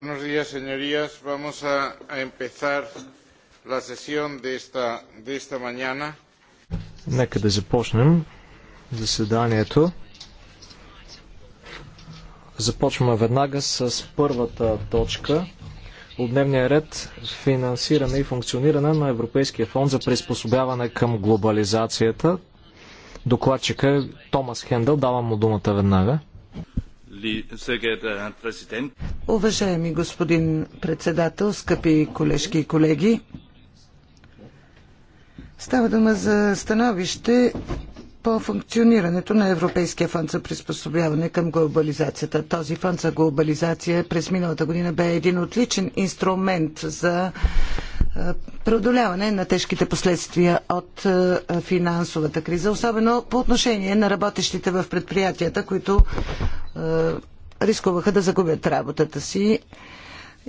Buenos días, señorías. Vamos a, empezar la sesión de esta, de esta mañana. Нека да започнем заседанието. Започваме веднага с първата точка от дневния ред финансиране и функциониране на Европейския фонд за приспособяване към глобализацията. Докладчика е Томас Хендъл, давам му думата веднага. Уважаеми господин председател, скъпи колежки и колеги, става дума за становище по функционирането на Европейския фонд за приспособяване към глобализацията. Този фонд за глобализация през миналата година бе един отличен инструмент за е, преодоляване на тежките последствия от е, финансовата криза, особено по отношение на работещите в предприятията, които е, рискуваха да загубят работата си.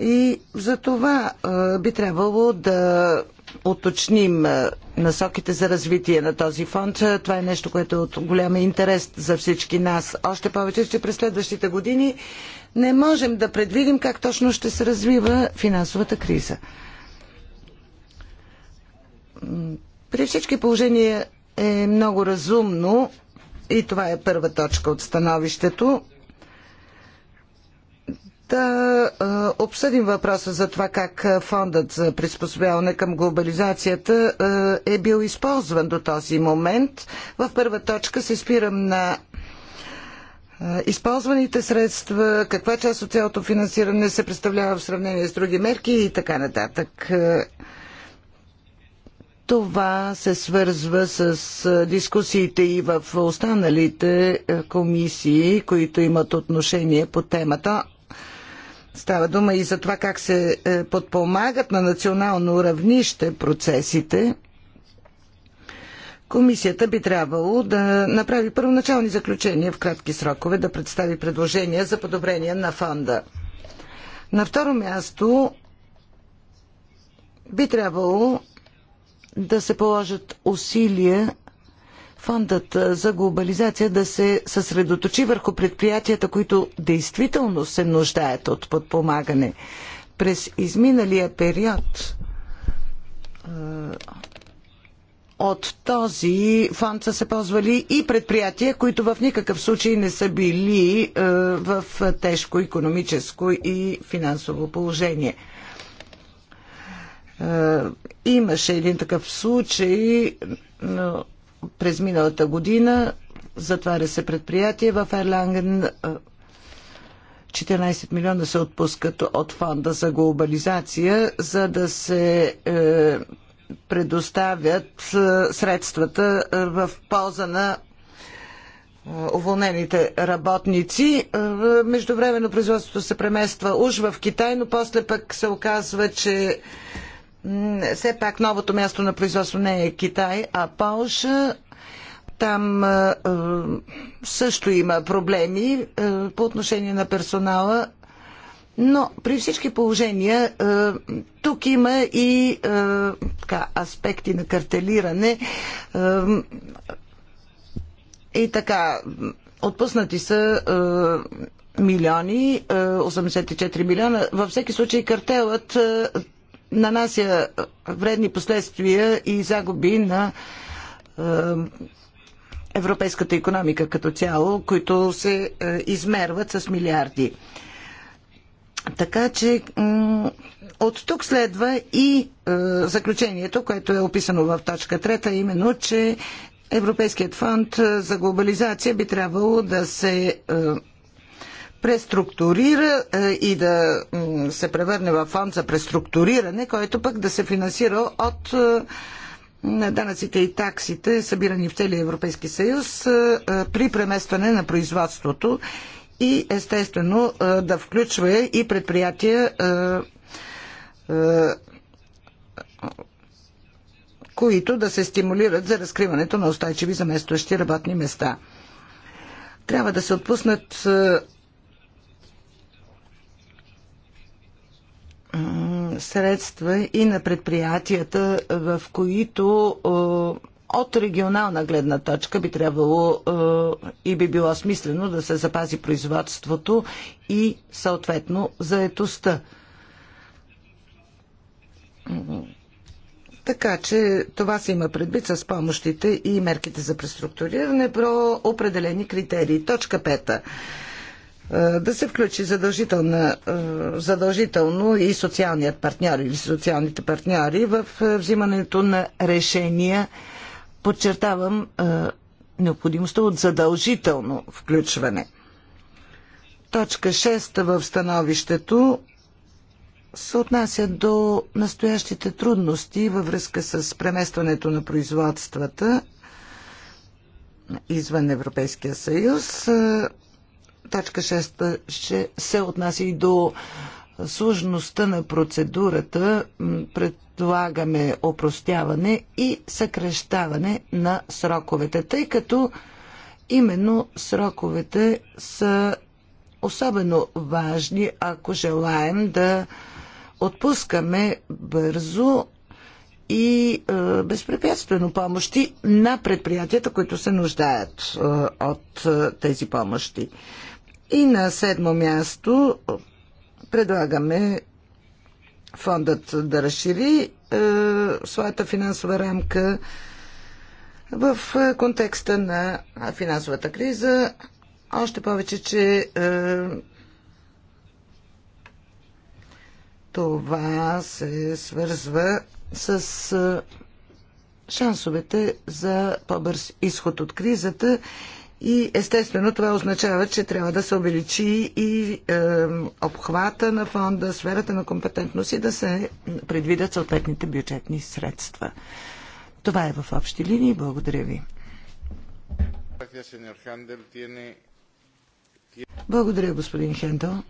И за това би трябвало да уточним насоките за развитие на този фонд. Това е нещо, което е от голям интерес за всички нас. Още повече, че през следващите години не можем да предвидим как точно ще се развива финансовата криза. При всички положения е много разумно и това е първа точка от становището да обсъдим въпроса за това как фондът за приспособяване към глобализацията е бил използван до този момент. В първа точка се спирам на използваните средства, каква част от цялото финансиране се представлява в сравнение с други мерки и така нататък. Това се свързва с дискусиите и в останалите комисии, които имат отношение по темата. Става дума и за това как се е, подпомагат на национално равнище процесите. Комисията би трябвало да направи първоначални заключения в кратки срокове, да представи предложения за подобрение на фонда. На второ място би трябвало да се положат усилия фондът за глобализация да се съсредоточи върху предприятията, които действително се нуждаят от подпомагане. През изминалия период от този фонд са се ползвали и предприятия, които в никакъв случай не са били в тежко економическо и финансово положение. Е, имаше един такъв случай през миналата година. Затваря се предприятие в Ерланген. 14 е, милиона се отпускат от фонда за глобализация, за да се е, предоставят средствата в полза на уволнените работници. Междувременно производството се премества уж в Китай, но после пък се оказва, че все пак новото място на производство не е Китай, а Полша. Там също има проблеми по отношение на персонала, но при всички положения тук има и така, аспекти на картелиране и така. Отпуснати са милиони, 84 милиона. Във всеки случай картелът нанася вредни последствия и загуби на е, европейската економика като цяло, които се е, измерват с милиарди. Така че от тук следва и е, заключението, което е описано в точка трета, именно, че Европейският фонд за глобализация би трябвало да се преструктурира е, и да се превърне в фонд за преструктуриране, който пък да се финансира от е, данъците и таксите, събирани в целия Европейски съюз е, при преместване на производството и естествено да включва и предприятия които да се стимулират за разкриването на устойчиви заместващи работни места. Трябва да се отпуснат средства и на предприятията, в които от регионална гледна точка би трябвало и би било смислено да се запази производството и съответно заетостта. Така че това се има предвид с помощите и мерките за преструктуриране про определени критерии. Точка пета. Е, да се включи задължително, е, задължително и социалният партньор или социалните партньори в е, взимането на решения. Подчертавам необходимостта от задължително включване. Точка 6 в становището се отнася до настоящите трудности във връзка с преместването на производствата извън Европейския съюз. Точка 6 се отнася и до сложността на процедурата. Предлагаме опростяване и съкрещаване на сроковете, тъй като именно сроковете са особено важни, ако желаем да отпускаме бързо и е, безпрепятствено помощи на предприятията, които се нуждаят е, от е, тези помощи. И на седмо място предлагаме фондът да разшири е, своята финансова рамка в контекста на финансовата криза. Още повече, че е, това се свързва с е, шансовете за по-бърз изход от кризата и естествено това означава, че трябва да се увеличи и е, обхвата на фонда, сферата на компетентност и да се предвидят съответните бюджетни средства. Това е в общи линии. Благодаря ви. Благодаря, господин Хендел.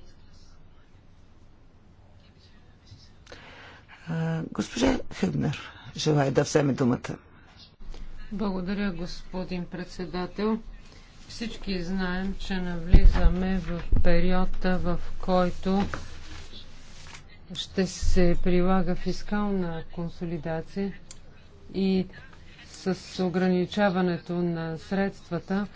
Е, госпожа Хъбнер желая да вземе думата. Благодаря, господин председател. Всички знаем, че навлизаме в периода, в който ще се прилага фискална консолидация и с ограничаването на средствата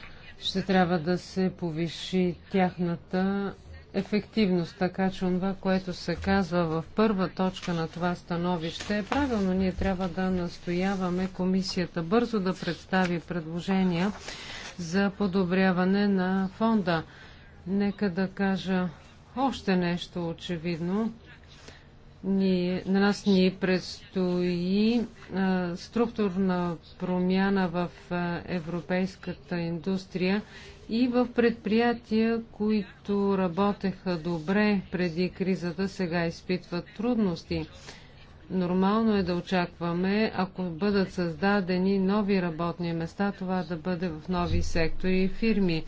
ще трябва да се повиши тяхната ефективност, така че това, което се казва в първа точка на това становище е правилно. Ние трябва да настояваме комисията бързо да представи предложения за подобряване на фонда. Нека да кажа още нещо очевидно. Ние, на нас ни предстои а, структурна промяна в а, европейската индустрия и в предприятия, които работеха добре преди кризата, сега изпитват трудности. Нормално е да очакваме, ако бъдат създадени нови работни места, това да бъде в нови сектори и фирми.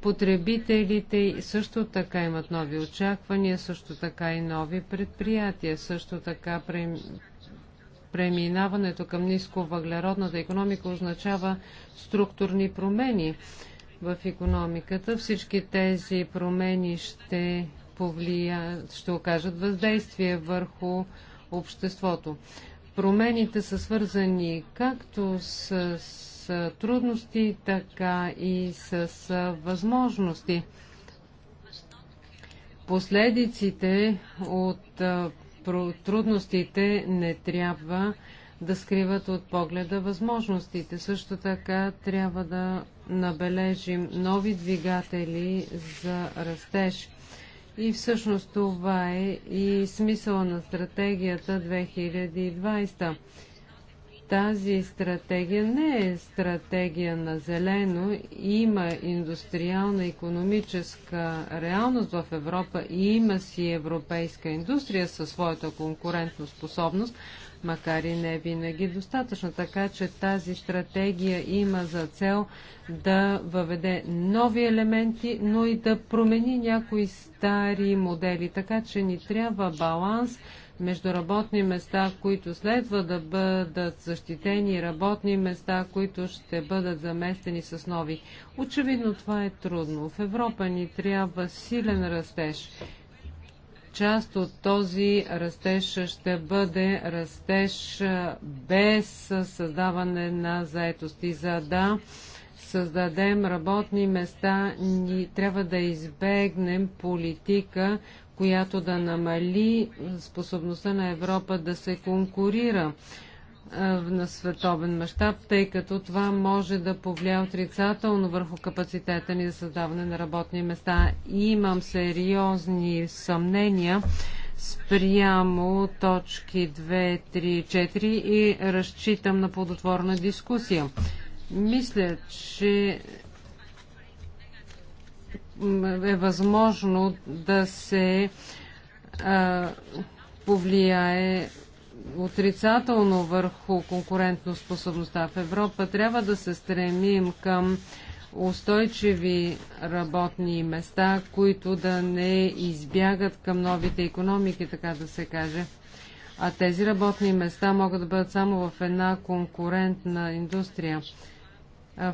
Потребителите също така имат нови очаквания, също така и нови предприятия, също така преминаването към ниско въглеродната економика означава структурни промени в економиката. Всички тези промени ще повлия, ще окажат въздействие върху обществото. Промените са свързани както с, с трудности, така и с, с възможности. Последиците от про, трудностите не трябва да скриват от погледа възможностите. Също така трябва да набележим нови двигатели за растеж и всъщност това е и смисъла на стратегията 2020. Тази стратегия не е стратегия на зелено. Има индустриална економическа реалност в Европа и има си европейска индустрия със своята конкурентно способност, макар и не винаги достатъчно. Така че тази стратегия има за цел да въведе нови елементи, но и да промени някои стари модели. Така че ни трябва баланс между работни места, които следва да бъдат защитени, работни места, които ще бъдат заместени с нови. Очевидно това е трудно. В Европа ни трябва силен растеж част от този растеж ще бъде растеж без създаване на заетости. За да създадем работни места, ни трябва да избегнем политика, която да намали способността на Европа да се конкурира. Е, на световен мащаб, тъй като това може да повлия отрицателно върху капацитета ни за създаване на работни места. И имам сериозни съмнения спрямо точки 2, 3, 4 и разчитам на плодотворна дискусия. Мисля, че е възможно да се а, е, повлияе отрицателно върху конкурентоспособността в Европа. Трябва да се стремим към устойчиви работни места, които да не избягат към новите економики, така да се каже. А тези работни места могат да бъдат само в една конкурентна индустрия.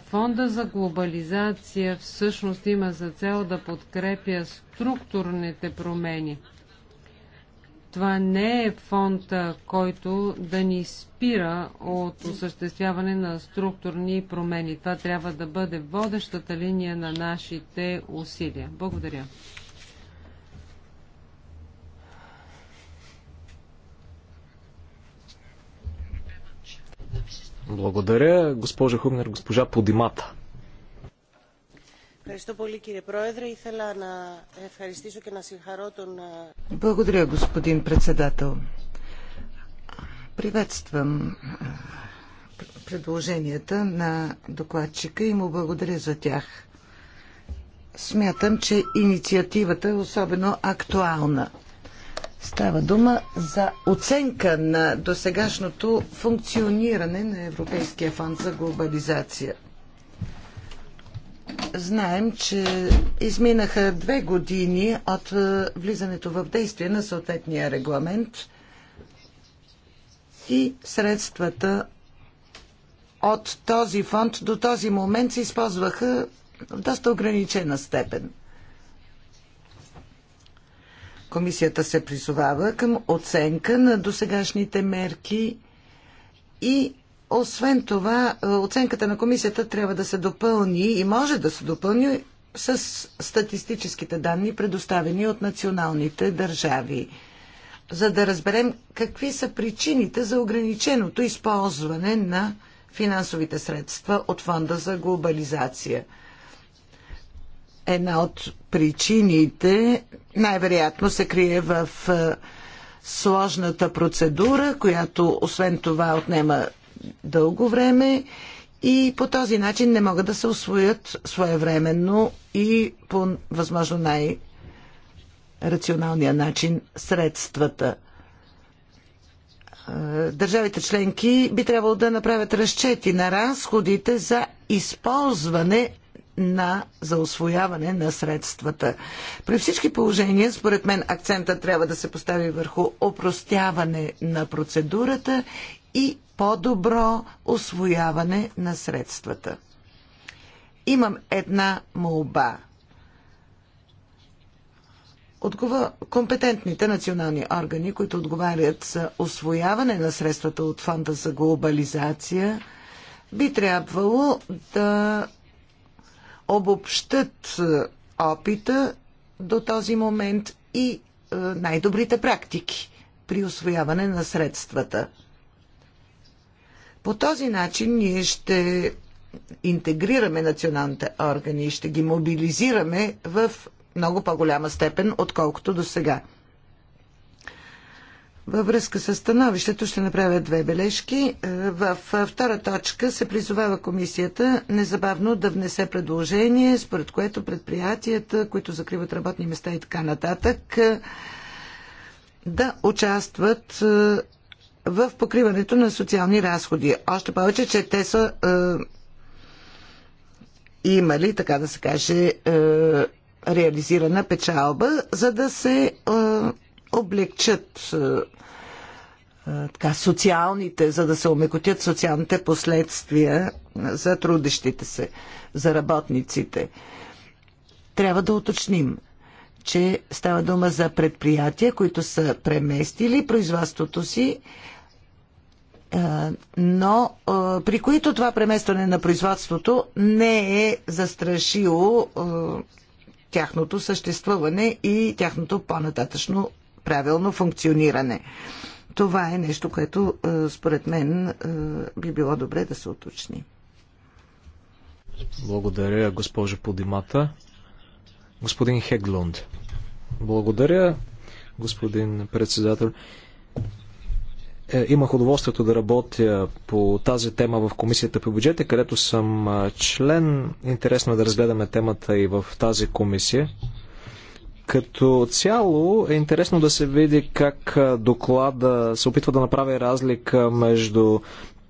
Фонда за глобализация всъщност има за цел да подкрепя структурните промени – това не е фонд, който да ни спира от осъществяване на структурни промени. Това трябва да бъде водещата линия на нашите усилия. Благодаря. Благодаря, госпожа Хубнер, госпожа Подимата. Благодаря, господин председател. Приветствам е, предложенията на докладчика и му благодаря за тях. Смятам, че инициативата е особено актуална. Става дума за оценка на досегашното функциониране на Европейския фонд за глобализация – знаем, че изминаха две години от е, влизането в действие на съответния регламент и средствата от този фонд до този момент се използваха в доста ограничена степен. Комисията се призовава към оценка на досегашните мерки и освен това, е, оценката на комисията трябва да се допълни и може да се допълни с статистическите данни, предоставени от националните държави, за да разберем какви са причините за ограниченото използване на финансовите средства от Фонда за глобализация. Една от причините най-вероятно се крие в е, сложната процедура, която освен това отнема дълго време и по този начин не могат да се освоят своевременно и по възможно най-рационалния начин средствата. Е, държавите членки би трябвало да направят разчети на разходите за използване на, за освояване на средствата. При всички положения, според мен, акцента трябва да се постави върху опростяване на процедурата и по-добро освояване на средствата. Имам една молба. Отгова... Компетентните национални органи, които отговарят за освояване на средствата от фонда за глобализация, би трябвало да обобщат е, опита до този момент и е, най-добрите практики при освояване на средствата по този начин ние ще интегрираме националните органи и ще ги мобилизираме в много по-голяма степен, отколкото до сега. Във връзка с становището ще направя две бележки. Е, в е, втора точка се призовава комисията незабавно да внесе предложение, според което предприятията, които закриват работни места и така нататък, е, да участват в покриването на социални разходи. Още повече, че те са е, имали, така да се каже, е, реализирана печалба, за да се е, облегчат е, е, така, социалните, за да се омекотят социалните последствия за трудещите се, за работниците. Трябва да уточним, че става дума за предприятия, които са преместили производството си е, но е, при които това преместване на производството не е застрашило е, тяхното съществуване и тяхното по-нататъчно правилно функциониране. Това е нещо, което според мен би било добре да се уточни. Благодаря, госпожо Подимата. Господин Хеглунд. Благодаря, господин председател. Е, имах удоволствието да работя по тази тема в Комисията по бюджета, където съм член. Интересно е да разгледаме темата и в тази комисия. Като цяло е интересно да се види как доклада се опитва да направи разлика между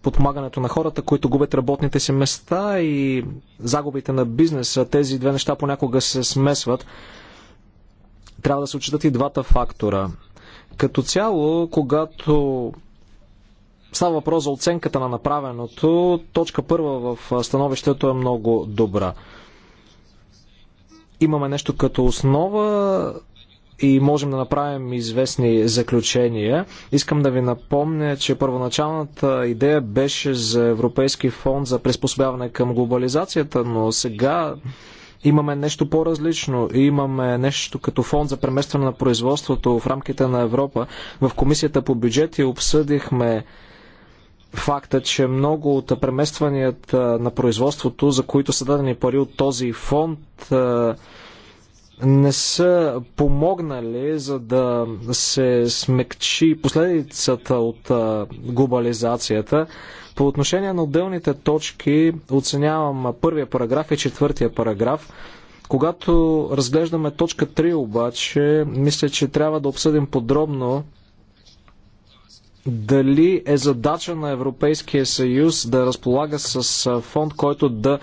подпомагането на хората, които губят работните си места и загубите на бизнеса. Тези две неща понякога се смесват. Трябва да се отчитат и двата фактора. Като цяло, когато Става въпрос за оценката на направеното. Точка първа в становището е много добра. Имаме нещо като основа и можем да направим известни заключения. Искам да ви напомня, че първоначалната идея беше за Европейски фонд за приспособяване към глобализацията, но сега имаме нещо по-различно. Имаме нещо като фонд за преместване на производството в рамките на Европа. В Комисията по бюджети обсъдихме факта, че много от преместванията на производството, за които са дадени пари от този фонд, не са помогнали за да се смекчи последицата от глобализацията. По отношение на отделните точки оценявам първия параграф и четвъртия параграф. Когато разглеждаме точка 3 обаче, мисля, че трябва да обсъдим подробно дали е задача на Европейския съюз да разполага с фонд, който да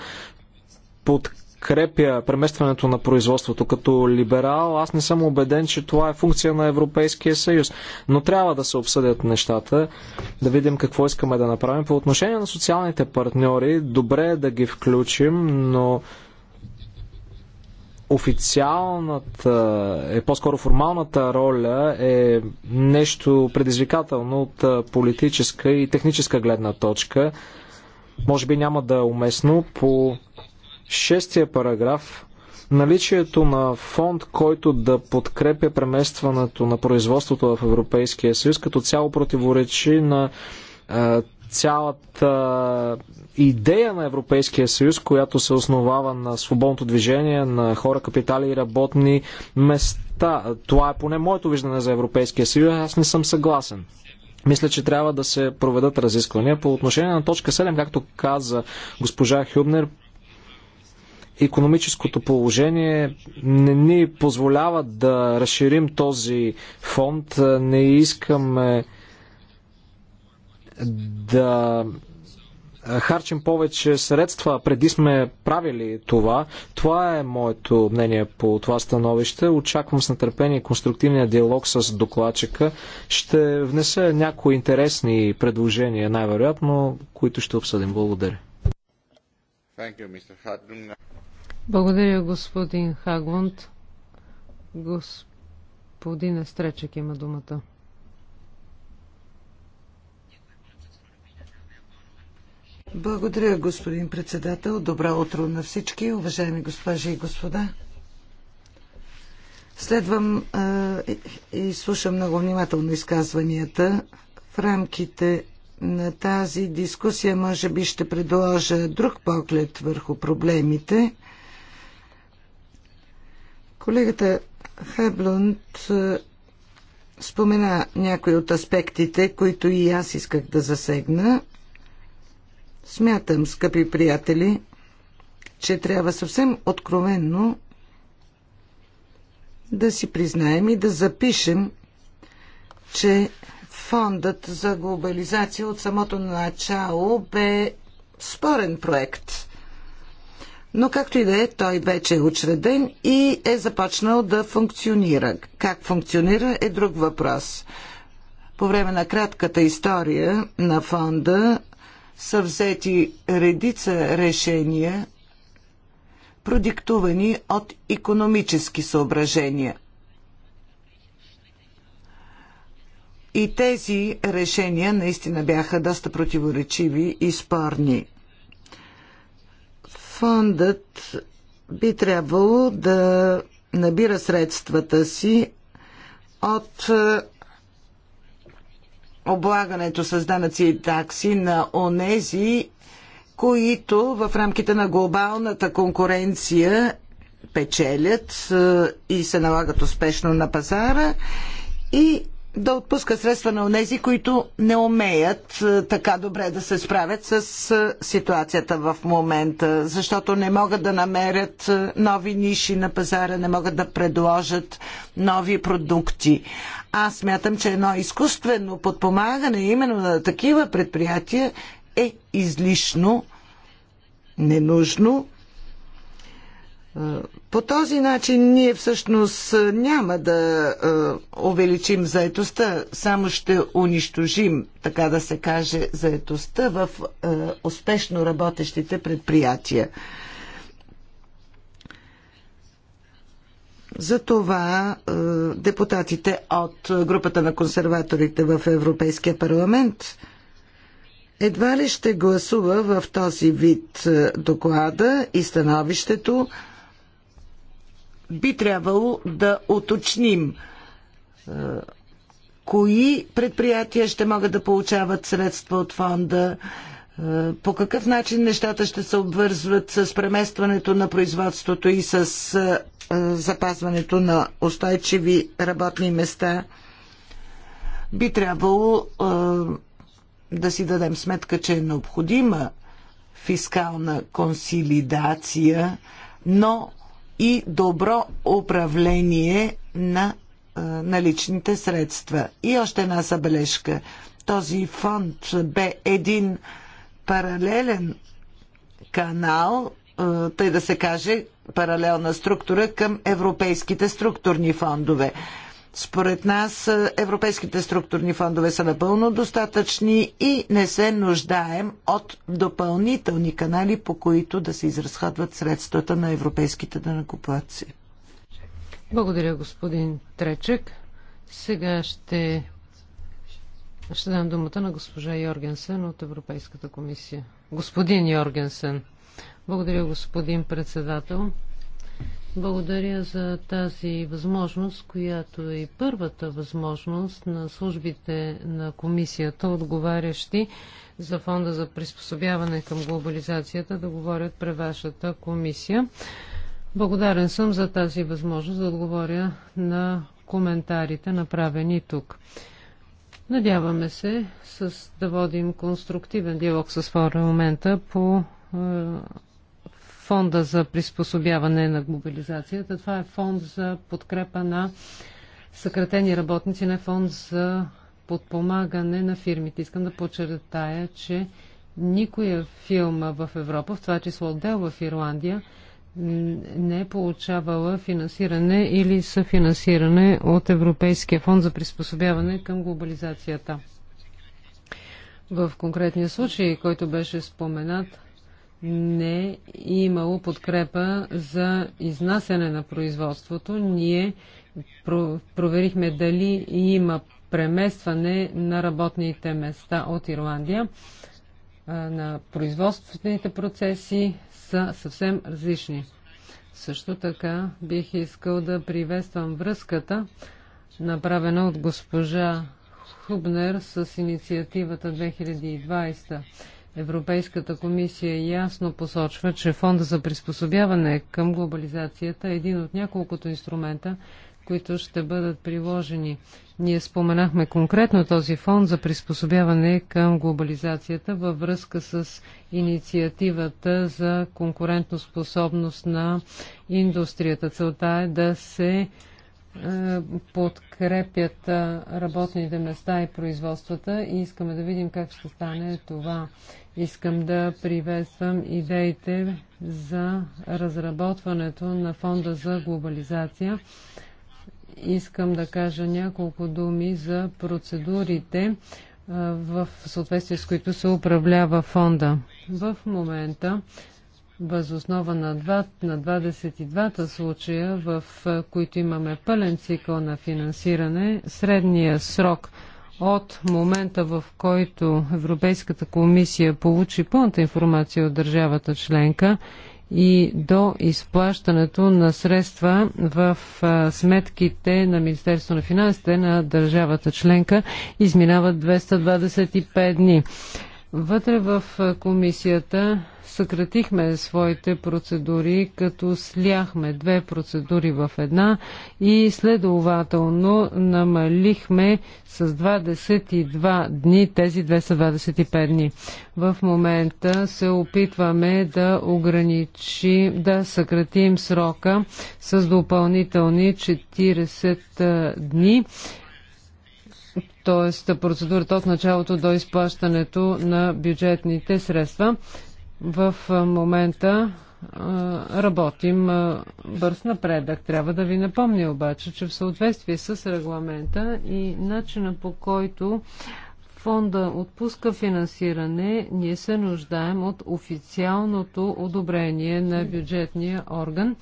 подкрепя преместването на производството. Като либерал аз не съм убеден, че това е функция на Европейския съюз. Но трябва да се обсъдят нещата, да видим какво искаме да направим. По отношение на социалните партньори, добре е да ги включим, но официалната, е по-скоро формалната роля е нещо предизвикателно от политическа и техническа гледна точка. Може би няма да е уместно. По шестия параграф наличието на фонд, който да подкрепя преместването на производството в Европейския съюз, като цяло противоречи на цялата идея на Европейския съюз, която се основава на свободното движение на хора, капитали и работни места. Това е поне моето виждане за Европейския съюз. Аз не съм съгласен. Мисля, че трябва да се проведат разисквания. По отношение на точка 7, както каза госпожа Хюбнер, економическото положение не ни позволява да разширим този фонд. Не искаме да харчим повече средства. Преди сме правили това. Това е моето мнение по това становище. Очаквам с нетърпение конструктивния диалог с докладчика. Ще внеса някои интересни предложения, най-вероятно, които ще обсъдим. Благодаря. Благодаря, господин Хагунд. Господин Стречек има думата. Благодаря, господин председател. Добро утро на всички, уважаеми госпожи и господа. Следвам и, и слушам много внимателно изказванията. В рамките на тази дискусия може би ще предложа друг поглед върху проблемите. Колегата Хеблунд спомена някои от аспектите, които и аз исках да засегна. Смятам, скъпи приятели, че трябва съвсем откровенно да си признаем и да запишем, че фондът за глобализация от самото начало бе спорен проект. Но както и да е, той вече е учреден и е започнал да функционира. Как функционира е друг въпрос. По време на кратката история на фонда са взети редица решения, продиктувани от економически съображения. И тези решения наистина бяха доста противоречиви и спорни. Фондът би трябвало да набира средствата си от облагането с данъци и такси на онези, които в рамките на глобалната конкуренция печелят е, и се налагат успешно на пазара и да отпуска средства на онези, които не умеят е, така добре да се справят с е, ситуацията в момента, защото не могат да намерят е, нови ниши на пазара, не могат да предложат нови продукти. Аз смятам, че едно изкуствено подпомагане именно на такива предприятия е излишно, ненужно е, по този начин ние всъщност е, няма да е, увеличим заетостта, само ще унищожим, така да се каже, заетостта в успешно работещите предприятия. Затова депутатите от групата на консерваторите в Европейския парламент едва ли ще гласува в този вид доклада и становището, би трябвало да уточним е, кои предприятия ще могат да получават средства от фонда, е, по какъв начин нещата ще се обвързват с преместването на производството и с е, запазването на устойчиви работни места. Би трябвало да си дадем сметка, че е необходима фискална консилидация, но и добро управление на наличните средства. И още една забележка. Този фонд бе един паралелен канал, тъй да се каже, паралелна структура към европейските структурни фондове. Според нас е, европейските структурни фондове са напълно достатъчни и не се нуждаем от допълнителни канали, по които да се изразходват средствата на европейските данакоплаци. Благодаря, господин Тречек. Сега ще, ще дам думата на госпожа Йоргенсен от Европейската комисия. Господин Йоргенсен. Благодаря, господин председател. Благодаря за тази възможност, която е и първата възможност на службите на комисията, отговарящи за Фонда за приспособяване към глобализацията, да говорят пред вашата комисия. Благодарен съм за тази възможност да отговоря на коментарите, направени тук. Надяваме се с, да водим конструктивен диалог с момента по е, фонда за приспособяване на глобализацията. Това е фонд за подкрепа на съкратени работници, не фонд за подпомагане на фирмите. Искам да подчертая, че никоя филма в Европа, в това число отдел в Ирландия, не е получавала финансиране или съфинансиране от Европейския фонд за приспособяване към глобализацията. В конкретния случай, който беше споменат, не е имало подкрепа за изнасяне на производството. Ние проверихме дали има преместване на работните места от Ирландия на производствените процеси са съвсем различни. Също така бих искал да приветствам връзката, направена от госпожа Хубнер с инициативата 2020. Европейската комисия ясно посочва, че Фонда за приспособяване към глобализацията е един от няколкото инструмента, които ще бъдат приложени. Ние споменахме конкретно този фонд за приспособяване към глобализацията във връзка с инициативата за конкурентоспособност на индустрията. Целта е да се е, подкрепят работните места и производствата и искаме да видим как ще стане това. Искам да приветствам идеите за разработването на фонда за глобализация. Искам да кажа няколко думи за процедурите, в съответствие с които се управлява фонда. В момента, възоснова на, на 22-та случая, в които имаме пълен цикъл на финансиране, средния срок – от момента, в който Европейската комисия получи пълната информация от държавата членка и до изплащането на средства в сметките на Министерство на финансите на държавата членка изминават 225 дни. Вътре в комисията съкратихме своите процедури, като сляхме две процедури в една и следователно намалихме с 22 дни, тези две са 25 дни. В момента се опитваме да ограничим, да съкратим срока с допълнителни 40 дни т.е. процедурата от началото до изплащането на бюджетните средства. В момента работим бърз напредък. Трябва да ви напомня обаче, че в съответствие с регламента и начина по който фонда отпуска финансиране, ние се нуждаем от официалното одобрение на бюджетния орган,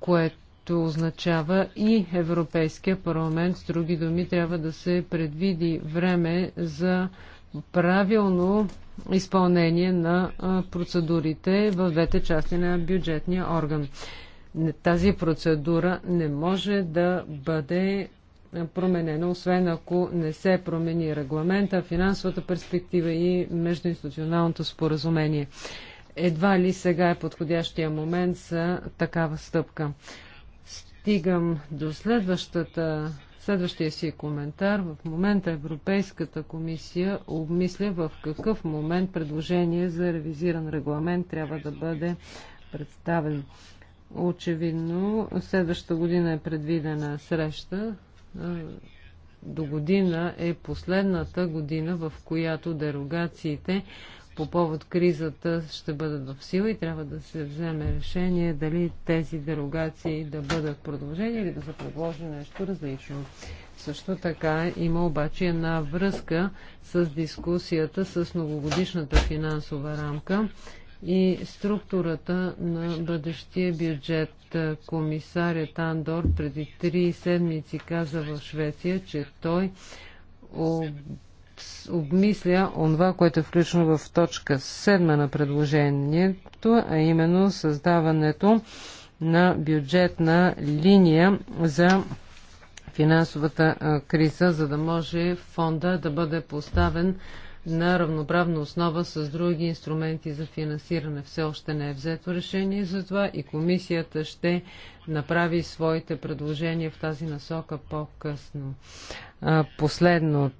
което което означава и Европейския парламент. С други думи, трябва да се предвиди време за правилно изпълнение на процедурите в двете части на бюджетния орган. Тази процедура не може да бъде променена, освен ако не се промени регламента, финансовата перспектива и междуинституционалното споразумение. Едва ли сега е подходящия момент за такава стъпка стигам до следващата, следващия си коментар. В момента Европейската комисия обмисля в какъв момент предложение за ревизиран регламент трябва да бъде представен. Очевидно, следващата година е предвидена среща. До година е последната година, в която дерогациите по повод кризата ще бъдат в сила и трябва да се вземе решение дали тези дерогации да бъдат продължени или да се предложи нещо различно. Също така има обаче една връзка с дискусията с новогодишната финансова рамка и структурата на бъдещия бюджет. Комисарят Андор преди три седмици каза в Швеция, че той обмисля онова, което е включено в точка 7 на предложението, а именно създаването на бюджетна линия за финансовата криза, за да може фонда да бъде поставен на равноправна основа с други инструменти за финансиране. Все още не е взето решение за това и комисията ще направи своите предложения в тази насока по-късно. Последно,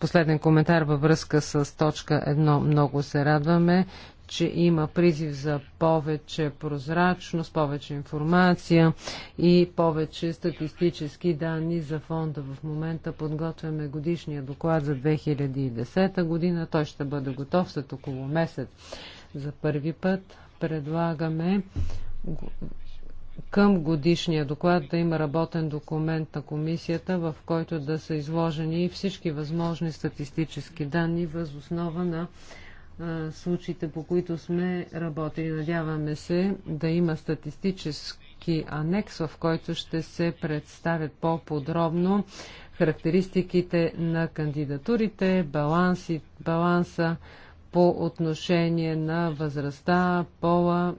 Последен коментар във връзка с точка 1. Много се радваме, че има призив за повече прозрачност, повече информация и повече статистически данни за фонда. В момента подготвяме годишния доклад за 2010 година. Той ще бъде готов след около месец. За първи път предлагаме към годишния доклад да има работен документ на комисията, в който да са изложени всички възможни статистически данни въз основа на случаите, по които сме работили. Надяваме се да има статистически анекс, в който ще се представят по-подробно характеристиките на кандидатурите, баланси, баланса, по отношение на възрастта, пола,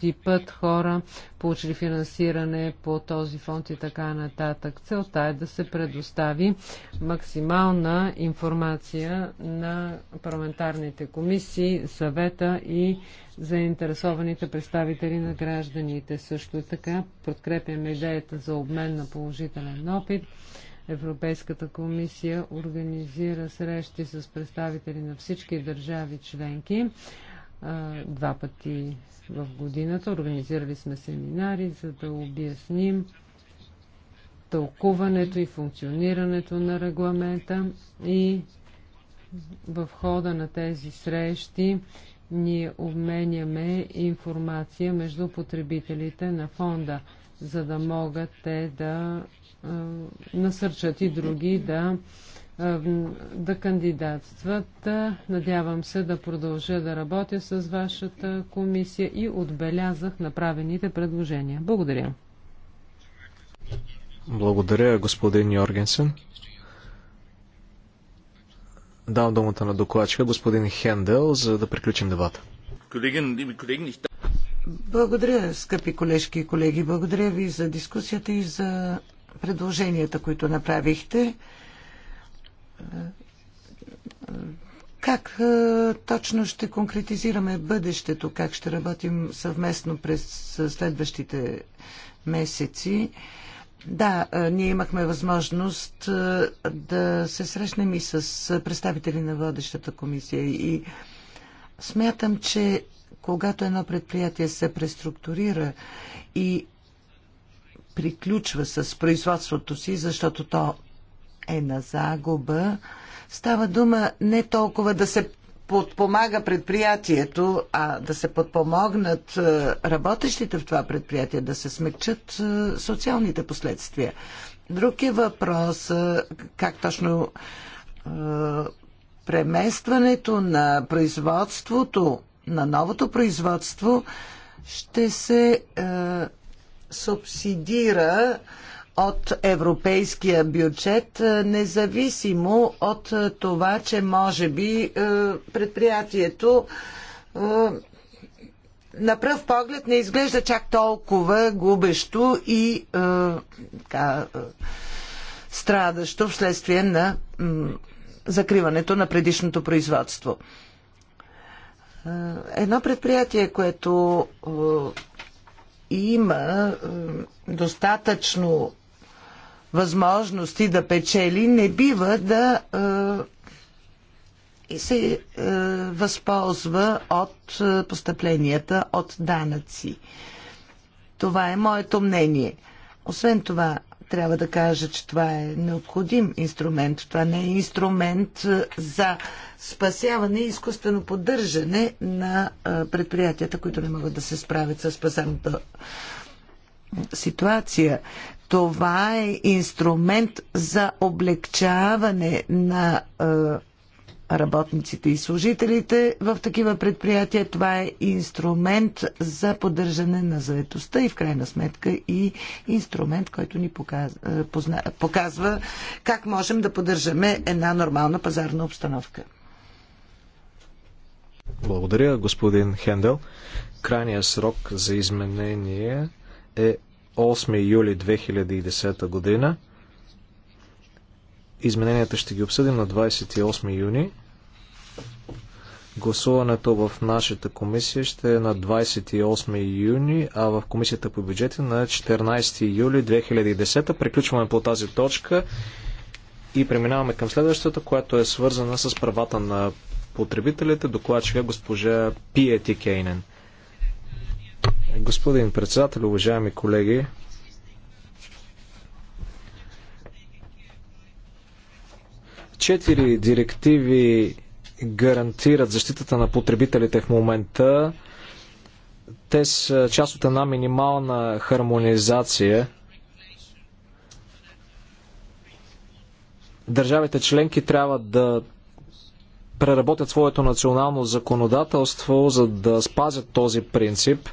типът хора, получили финансиране по този фонд и така нататък. Целта е да се предостави максимална информация на парламентарните комисии, съвета и заинтересованите представители на гражданите. Също така подкрепяме идеята за обмен на положителен опит Европейската комисия организира срещи с представители на всички държави членки два пъти в годината. Организирали сме семинари, за да обясним тълкуването и функционирането на регламента и в хода на тези срещи ние обменяме информация между потребителите на фонда, за да могат те да насърчат и други да, да кандидатстват. Надявам се да продължа да работя с вашата комисия и отбелязах направените предложения. Благодаря. Благодаря, господин Йоргенсен. Давам думата на докладчика, господин Хендел, за да приключим дебата. Нали Благодаря, скъпи колежки и колеги. Благодаря ви за дискусията и за предложенията, които направихте. Как е, точно ще конкретизираме бъдещето? Как ще работим съвместно през следващите месеци? Да, е, ние имахме възможност е, да се срещнем и с представители на водещата комисия и смятам, че когато едно предприятие се преструктурира и приключва с производството си, защото то е на загуба. Става дума не толкова да се подпомага предприятието, а да се подпомогнат е, работещите в това предприятие, да се смекчат е, социалните последствия. Друг е въпрос е, как точно преместването на производството, на новото производство, ще се е, субсидира от европейския бюджет, е, независимо от е, това, че може би е, предприятието на пръв поглед не изглежда чак толкова губещо и така, страдащо вследствие на закриването на предишното производство. Едно предприятие, което има достатъчно възможности да печели, не бива да е, и се е, възползва от е, постъпленията от данъци. Това е моето мнение. Освен това, трябва да кажа, че това е необходим инструмент. Това не е инструмент за спасяване и изкуствено поддържане на предприятията, които не могат да се справят с пазарната ситуация. Това е инструмент за облегчаване на работниците и служителите в такива предприятия. Това е инструмент за поддържане на заетостта и в крайна сметка и инструмент, който ни показва, позна, показва как можем да поддържаме една нормална пазарна обстановка. Благодаря, господин Хендел. Крайният срок за изменение е 8 юли 2010 година. Измененията ще ги обсъдим на 28 юни. Гласуването в нашата комисия ще е на 28 юни, а в комисията по бюджети на 14 юли 2010. Приключваме по тази точка и преминаваме към следващата, която е свързана с правата на потребителите. Докладчика е госпожа Пиети Кейнен. Господин председател, уважаеми колеги, Четири директиви гарантират защитата на потребителите в момента. Те са част от една минимална хармонизация. Държавите членки трябва да преработят своето национално законодателство, за да спазят този принцип.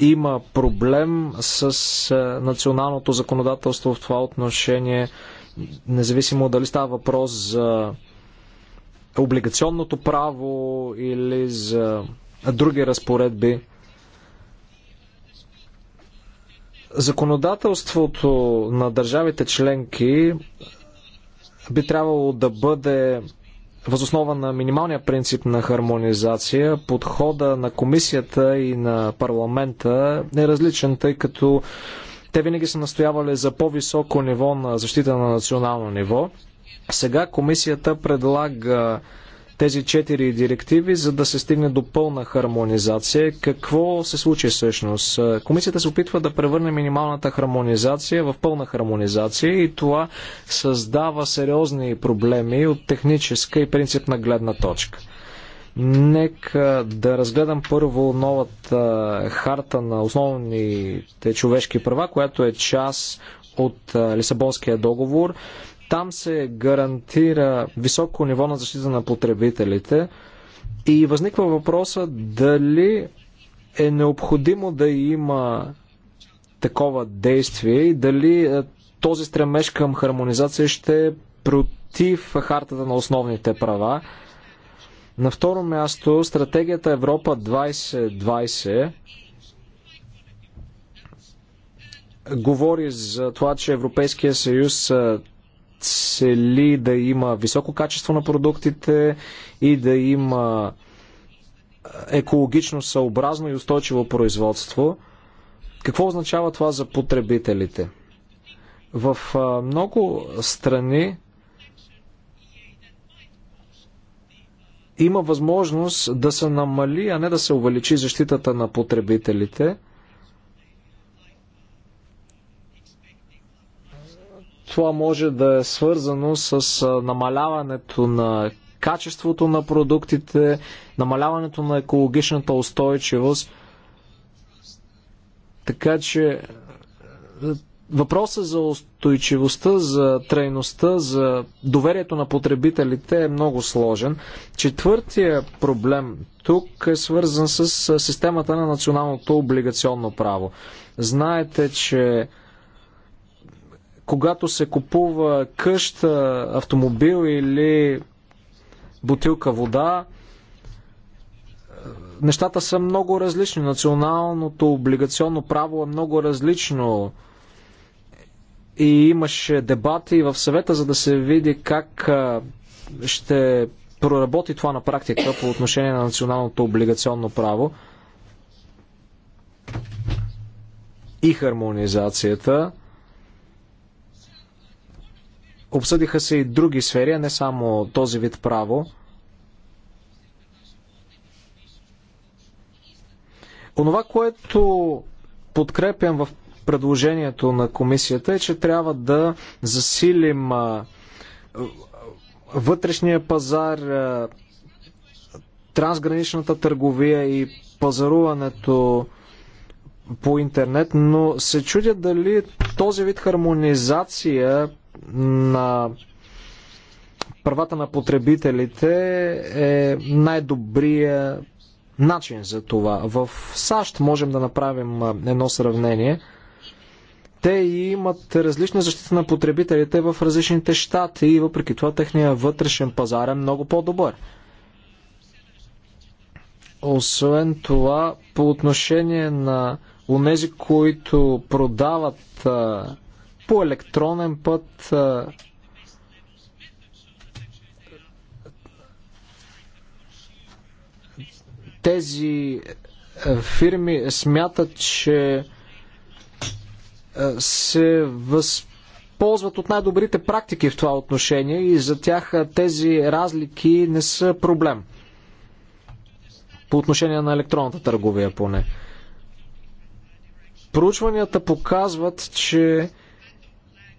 Има проблем с е, националното законодателство в това отношение независимо дали става въпрос за облигационното право или за други разпоредби. Законодателството на държавите членки би трябвало да бъде възоснова на минималния принцип на хармонизация. Подхода на комисията и на парламента е различен, тъй като те винаги са настоявали за по-високо ниво на защита на национално ниво. Сега комисията предлага тези четири директиви, за да се стигне до пълна хармонизация. Какво се случи всъщност? Комисията се опитва да превърне минималната хармонизация в пълна хармонизация и това създава сериозни проблеми от техническа и принципна гледна точка. Нека да разгледам първо новата харта на основните човешки права, която е част от Лисабонския договор. Там се гарантира високо ниво на защита на потребителите и възниква въпроса дали е необходимо да има такова действие и дали този стремеж към хармонизация ще е против хартата на основните права. На второ място, стратегията Европа 2020 говори за това, че Европейския съюз цели да има високо качество на продуктите и да има екологично съобразно и устойчиво производство. Какво означава това за потребителите? В много страни има възможност да се намали, а не да се увеличи защитата на потребителите. Това може да е свързано с намаляването на качеството на продуктите, намаляването на екологичната устойчивост. Така че Въпроса за устойчивостта, за трайността, за доверието на потребителите е много сложен. Четвъртия проблем тук е свързан с системата на националното облигационно право. Знаете, че когато се купува къща, автомобил или бутилка вода, нещата са много различни. Националното облигационно право е много различно и имаше дебати в съвета, за да се види как ще проработи това на практика по отношение на националното облигационно право и хармонизацията. Обсъдиха се и други сфери, а не само този вид право. Онова, което подкрепям в предложението на комисията е, че трябва да засилим вътрешния пазар, трансграничната търговия и пазаруването по интернет, но се чудя дали този вид хармонизация на правата на потребителите е най-добрия начин за това. В САЩ можем да направим едно сравнение – те имат различна защита на потребителите в различните щати и въпреки това техния вътрешен пазар е много по-добър. Освен това, по отношение на унези, които продават а, по електронен път а, тези фирми смятат, че е, се възползват от най-добрите практики в това отношение и за тях е, тези разлики не са проблем. По отношение на електронната търговия поне. Проучванията показват, че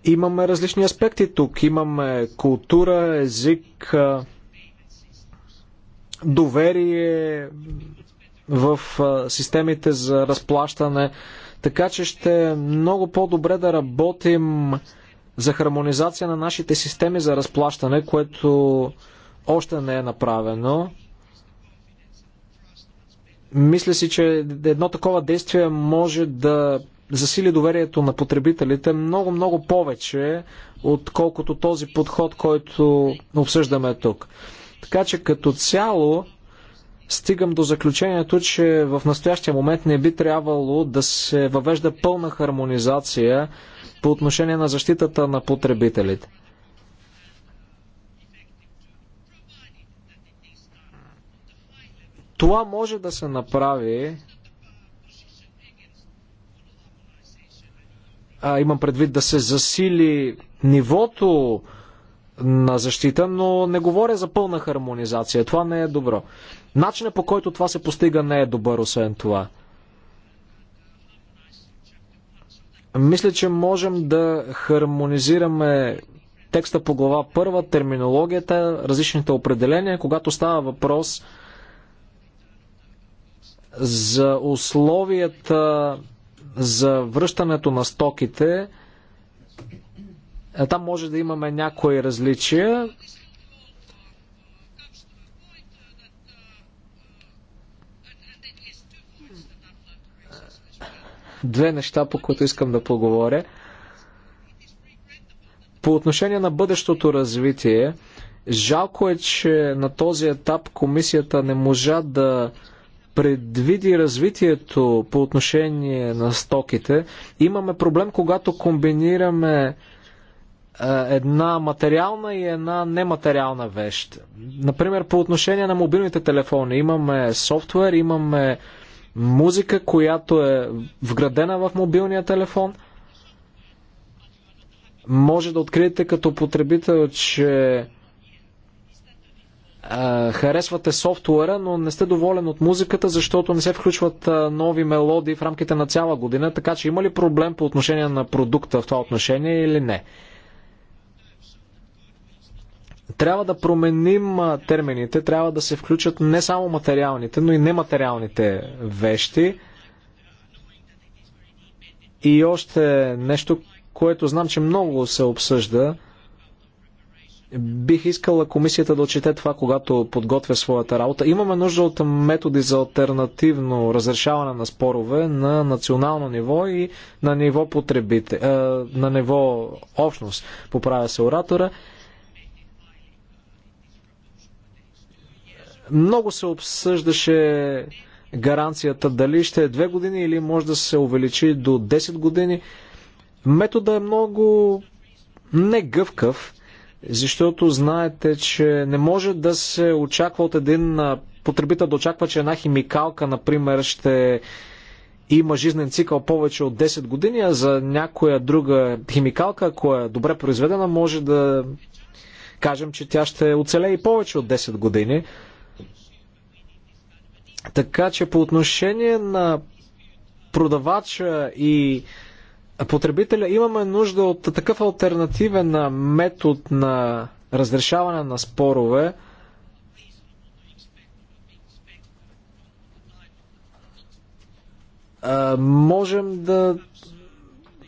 имаме различни аспекти тук. Имаме култура, език, е, доверие в системите за разплащане. Така че ще е много по-добре да работим за хармонизация на нашите системи за разплащане, което още не е направено. Мисля си, че едно такова действие може да засили доверието на потребителите много, много повече, отколкото този подход, който обсъждаме тук. Така че като цяло стигам до заключението, че в настоящия момент не би трябвало да се въвежда пълна хармонизация по отношение на защитата на потребителите. Това може да се направи. А, имам предвид да се засили нивото на защита, но не говоря за пълна хармонизация. Това не е добро. Начинът по който това се постига не е добър, освен това. Мисля, че можем да хармонизираме текста по глава първа, терминологията, различните определения, когато става въпрос за условията за връщането на стоките, е, там може да имаме някои различия. две неща, по които искам да поговоря. По отношение на бъдещото развитие, жалко е, че на този етап комисията не можа да предвиди развитието по отношение на стоките. Имаме проблем, когато комбинираме една материална и една нематериална вещ. Например, по отношение на мобилните телефони имаме софтуер, имаме музика, която е вградена в мобилния телефон. Може да откриете като потребител, че харесвате софтуера, но не сте доволен от музиката, защото не се включват нови мелодии в рамките на цяла година. Така че има ли проблем по отношение на продукта в това отношение или не? Трябва да променим термините, трябва да се включат не само материалните, но и нематериалните вещи. И още нещо, което знам, че много се обсъжда. Бих искала комисията да отчете това, когато подготвя своята работа. Имаме нужда от методи за альтернативно разрешаване на спорове на национално ниво и на ниво потребите, на ниво общност, поправя се оратора. Много се обсъждаше гаранцията дали ще е 2 години или може да се увеличи до 10 години. Метода е много негъвкав, защото знаете, че не може да се очаква от един потребител да очаква, че една химикалка, например, ще има жизнен цикъл повече от 10 години, а за някоя друга химикалка, ако е добре произведена, може да кажем, че тя ще оцелее и повече от 10 години. Така че по отношение на продавача и потребителя имаме нужда от такъв альтернативен метод на разрешаване на спорове, можем да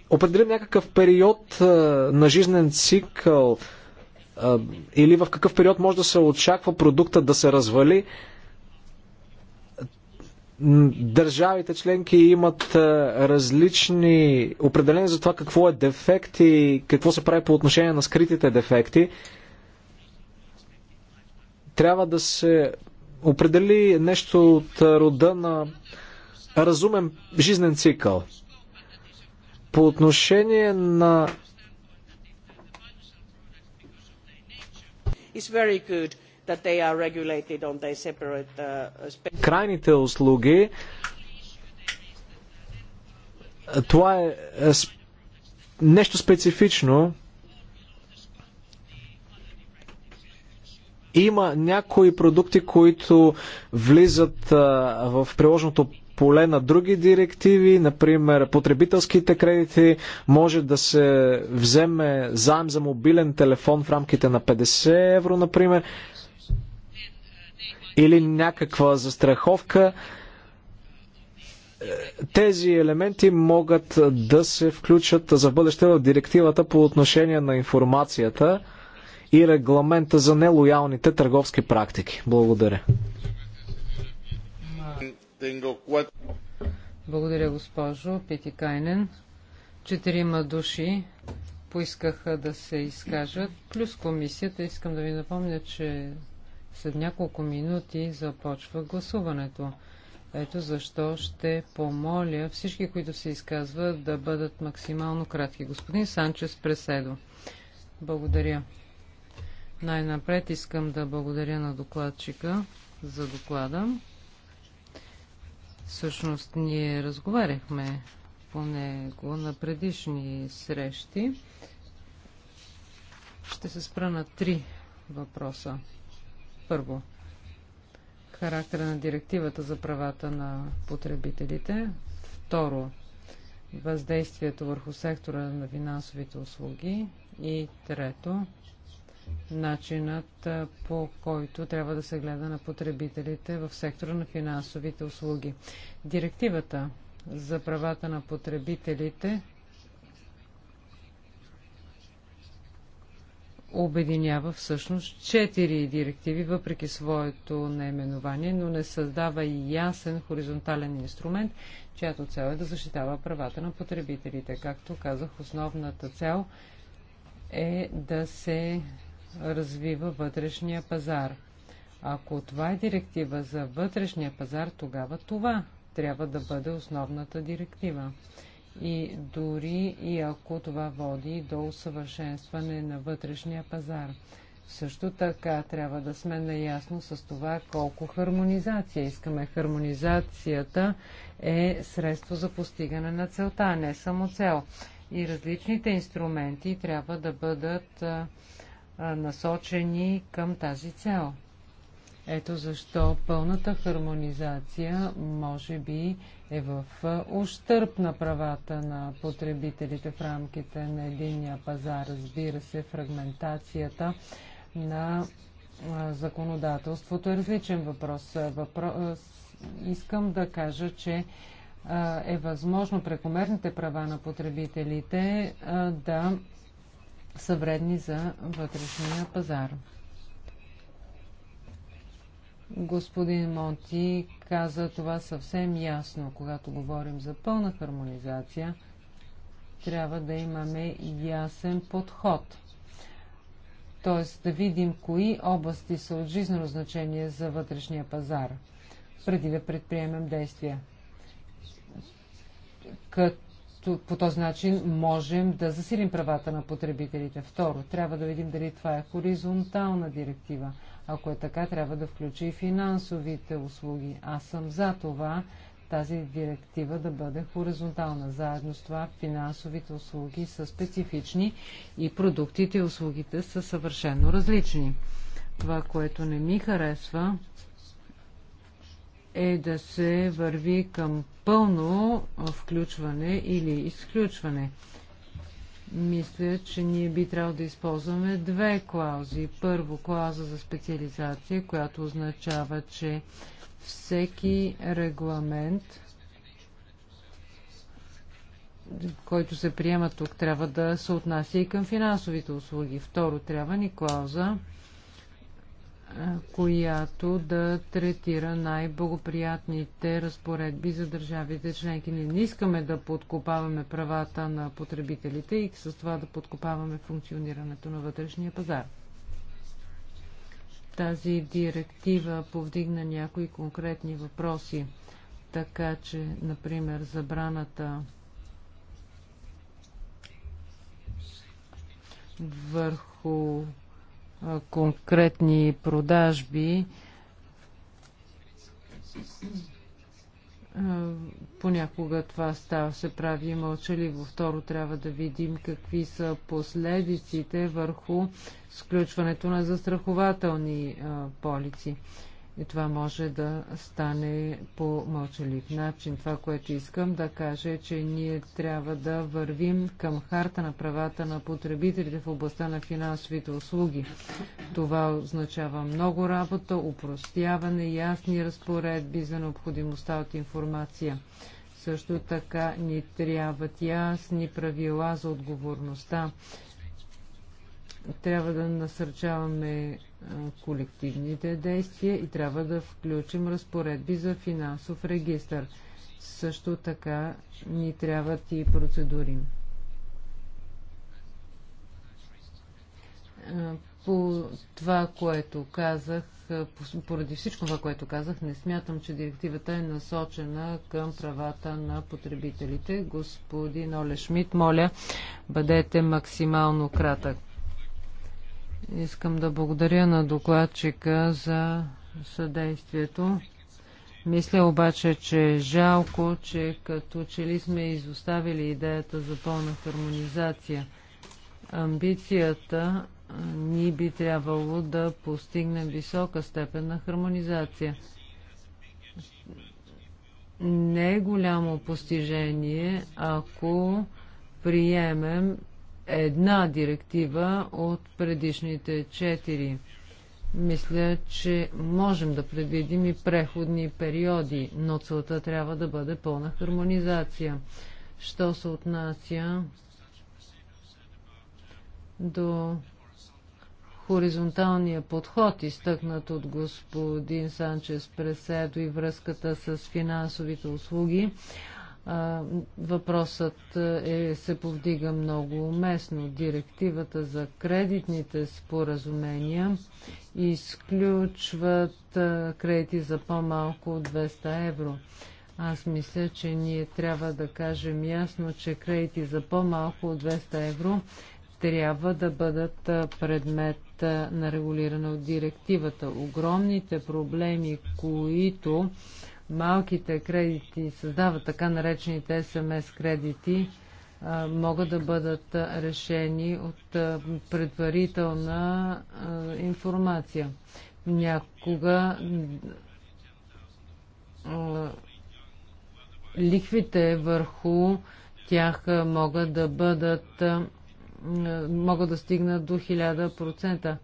определим някакъв период на жизнен цикъл или в какъв период може да се очаква продукта да се развали. Държавите членки имат различни определения за това какво е дефект и какво се прави по отношение на скритите дефекти. Трябва да се определи нещо от рода на разумен жизнен цикъл. По отношение на It's very good that they are regulated on their separate uh, Крайните услуги това е, е нещо специфично. Има някои продукти, които влизат в приложното поле на други директиви, например потребителските кредити, може да се вземе заем за мобилен телефон в рамките на 50 евро, например или някаква застраховка, е, тези елементи могат да се включат за бъдеще в директивата по отношение на информацията и регламента за нелоялните търговски практики. Благодаря. Благодаря, госпожо Кайнен. Четирима души поискаха да се изкажат, плюс комисията. Искам да ви напомня, че след няколко минути започва гласуването. Ето защо ще помоля всички, които се изказват, да бъдат максимално кратки. Господин Санчес Преседо. Благодаря. Най-напред искам да благодаря на докладчика за доклада. Всъщност ние разговаряхме по него на предишни срещи. Ще се спра на три въпроса. Първо, характера на директивата за правата на потребителите. Второ, въздействието върху сектора на финансовите услуги. И трето, начинът по който трябва да се гледа на потребителите в сектора на финансовите услуги. Директивата за правата на потребителите обединява всъщност четири директиви, въпреки своето наименование, но не създава и ясен хоризонтален инструмент, чиято цел е да защитава правата на потребителите. Както казах, основната цел е да се развива вътрешния пазар. Ако това е директива за вътрешния пазар, тогава това трябва да бъде основната директива и дори и ако това води до усъвършенстване на вътрешния пазар. Също така трябва да сме наясно с това колко хармонизация искаме. Хармонизацията е средство за постигане на целта, а не само цел. И различните инструменти трябва да бъдат а, а, насочени към тази цел. Ето защо пълната хармонизация може би е в е, ущърп на правата на потребителите в рамките на единния пазар. Разбира се, фрагментацията на е, законодателството е различен въпрос. Е, въпрос. Искам да кажа, че е възможно прекомерните права на потребителите да са вредни за вътрешния пазар. Господин Монти каза това съвсем ясно. Когато говорим за пълна хармонизация, трябва да имаме ясен подход. Т.е. да видим кои области са от жизнено значение за вътрешния пазар, преди да предприемем действия. Като по този начин можем да засилим правата на потребителите. Второ, трябва да видим дали това е хоризонтална директива. Ако е така, трябва да включи и финансовите услуги. Аз съм за това тази директива да бъде хоризонтална. Заедно с това финансовите услуги са специфични и продуктите и услугите са съвършенно различни. Това, което не ми харесва, е да се върви към пълно включване или изключване мисля, че ние би трябвало да използваме две клаузи. Първо, клауза за специализация, която означава, че всеки регламент, който се приема тук, трябва да се отнася и към финансовите услуги. Второ, трябва ни клауза която да третира най-благоприятните разпоредби за държавите членки. Ние не искаме да подкопаваме правата на потребителите и с това да подкопаваме функционирането на вътрешния пазар. Тази директива повдигна някои конкретни въпроси, така че, например, забраната върху конкретни продажби. Понякога това става, се прави мълчаливо. Второ, трябва да видим какви са последиците върху сключването на застрахователни полици. И това може да стане по мълчалив начин. Това, което искам да кажа е, че ние трябва да вървим към харта на правата на потребителите в областта на финансовите услуги. Това означава много работа, упростяване, ясни разпоредби за необходимостта от информация. Също така ни трябват ясни правила за отговорността. Трябва да насърчаваме колективните действия и трябва да включим разпоредби за финансов регистр. Също така ни трябват и процедури. По това, което казах, поради всичко това, което казах, не смятам, че директивата е насочена към правата на потребителите. Господин Оле Шмидт, моля, бъдете максимално кратък. Искам да благодаря на докладчика за съдействието. Мисля обаче, че е жалко, че като че ли сме изоставили идеята за пълна хармонизация. Амбицията ни би трябвало да постигнем висока степен на хармонизация. Не е голямо постижение, ако приемем една директива от предишните четири. Мисля, че можем да предвидим и преходни периоди, но целта трябва да бъде пълна хармонизация. Що се отнася до хоризонталния подход, изтъкнат от господин Санчес Преседо и връзката с финансовите услуги, Въпросът е, е, се повдига много уместно. Директивата за кредитните споразумения изключват кредити за по-малко от 200 евро. Аз мисля, че ние трябва да кажем ясно, че кредити за по-малко от 200 евро трябва да бъдат предмет на регулиране от директивата. Огромните проблеми, които малките кредити създават така наречените СМС кредити, могат да бъдат решени от предварителна информация. Някога лихвите върху тях могат да бъдат могат да стигнат до 1000%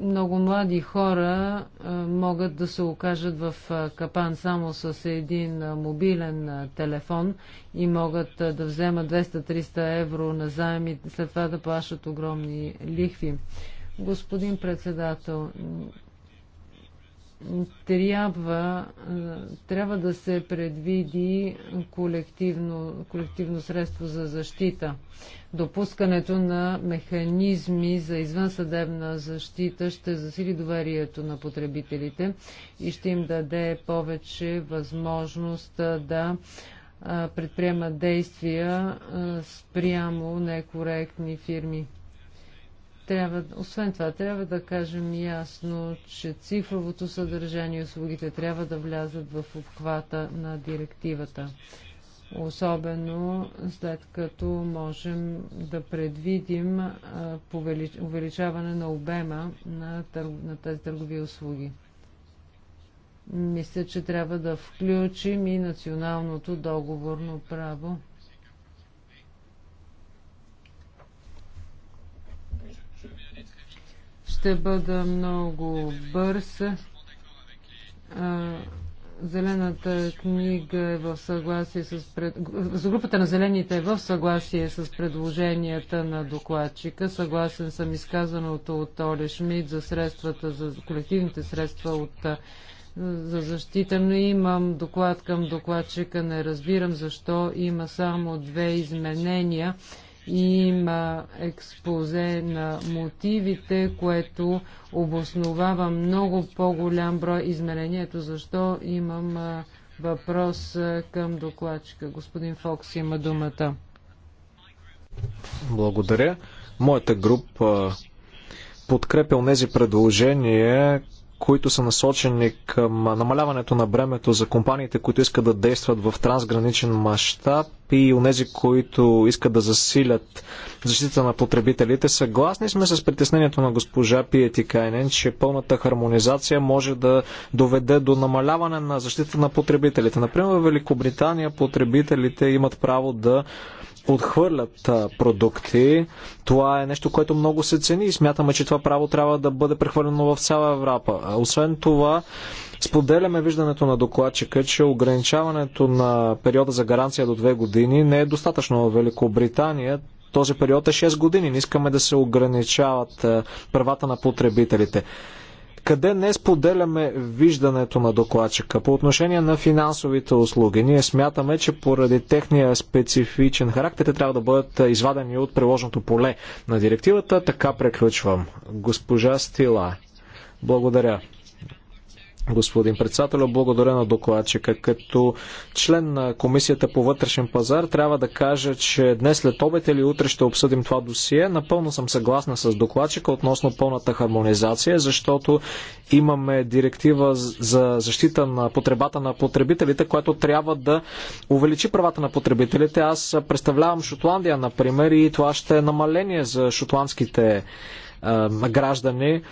много млади хора могат да се окажат в капан само с един мобилен телефон и могат да вземат 200-300 евро на заем и след това да плащат огромни лихви. Господин председател, трябва, е, трябва да се предвиди колективно, колективно средство за защита. Допускането на механизми за извънсъдебна защита ще засили доверието на потребителите и ще им даде повече възможност е, да е, предприемат действия спрямо некоректни фирми. Трябва, освен това, трябва да кажем ясно, че цифровото съдържание и услугите трябва да влязат в обхвата на директивата. Особено след като можем да предвидим увеличаване на обема на, на тези търгови услуги. Мисля, че трябва да включим и националното договорно право. Ще бъда много бърз. Зелената книга е в съгласие с... Пред... За групата на зелените е в съгласие с предложенията на докладчика. Съгласен съм изказаното от Оле Шмидт за средствата, за колективните средства от за защита, но имам доклад към докладчика. Не разбирам защо има само две изменения има експозе на мотивите, което обосновава много по-голям брой измерението, защо имам въпрос към докладчика. Господин Фокс има думата. Благодаря. Моята група подкрепя тези предложения, които са насочени към намаляването на бремето за компаниите, които искат да действат в трансграничен мащаб и нези, които искат да засилят защита на потребителите. Съгласни сме с притеснението на госпожа Пиети Кайнен, че пълната хармонизация може да доведе до намаляване на защита на потребителите. Например, в Великобритания потребителите имат право да отхвърлят продукти. Това е нещо, което много се цени и смятаме, че това право трябва да бъде прехвърлено в цяла Европа. Освен това, споделяме виждането на докладчика, че ограничаването на периода за гаранция до 2 години не е достатъчно в Великобритания. Този период е 6 години. Не искаме да се ограничават правата на потребителите. Къде не споделяме виждането на докладчика? По отношение на финансовите услуги, ние смятаме, че поради техния специфичен характер те трябва да бъдат извадени от приложното поле на директивата. Така преключвам. Госпожа Стила. Благодаря господин председател. Благодаря на докладчика. Като член на Комисията по вътрешен пазар трябва да кажа, че днес след обед или утре ще обсъдим това досие. Напълно съм съгласна с докладчика относно пълната хармонизация, защото имаме директива за защита на потребата на потребителите, която трябва да увеличи правата на потребителите. Аз представлявам Шотландия, например, и това ще е намаление за шотландските е, граждани.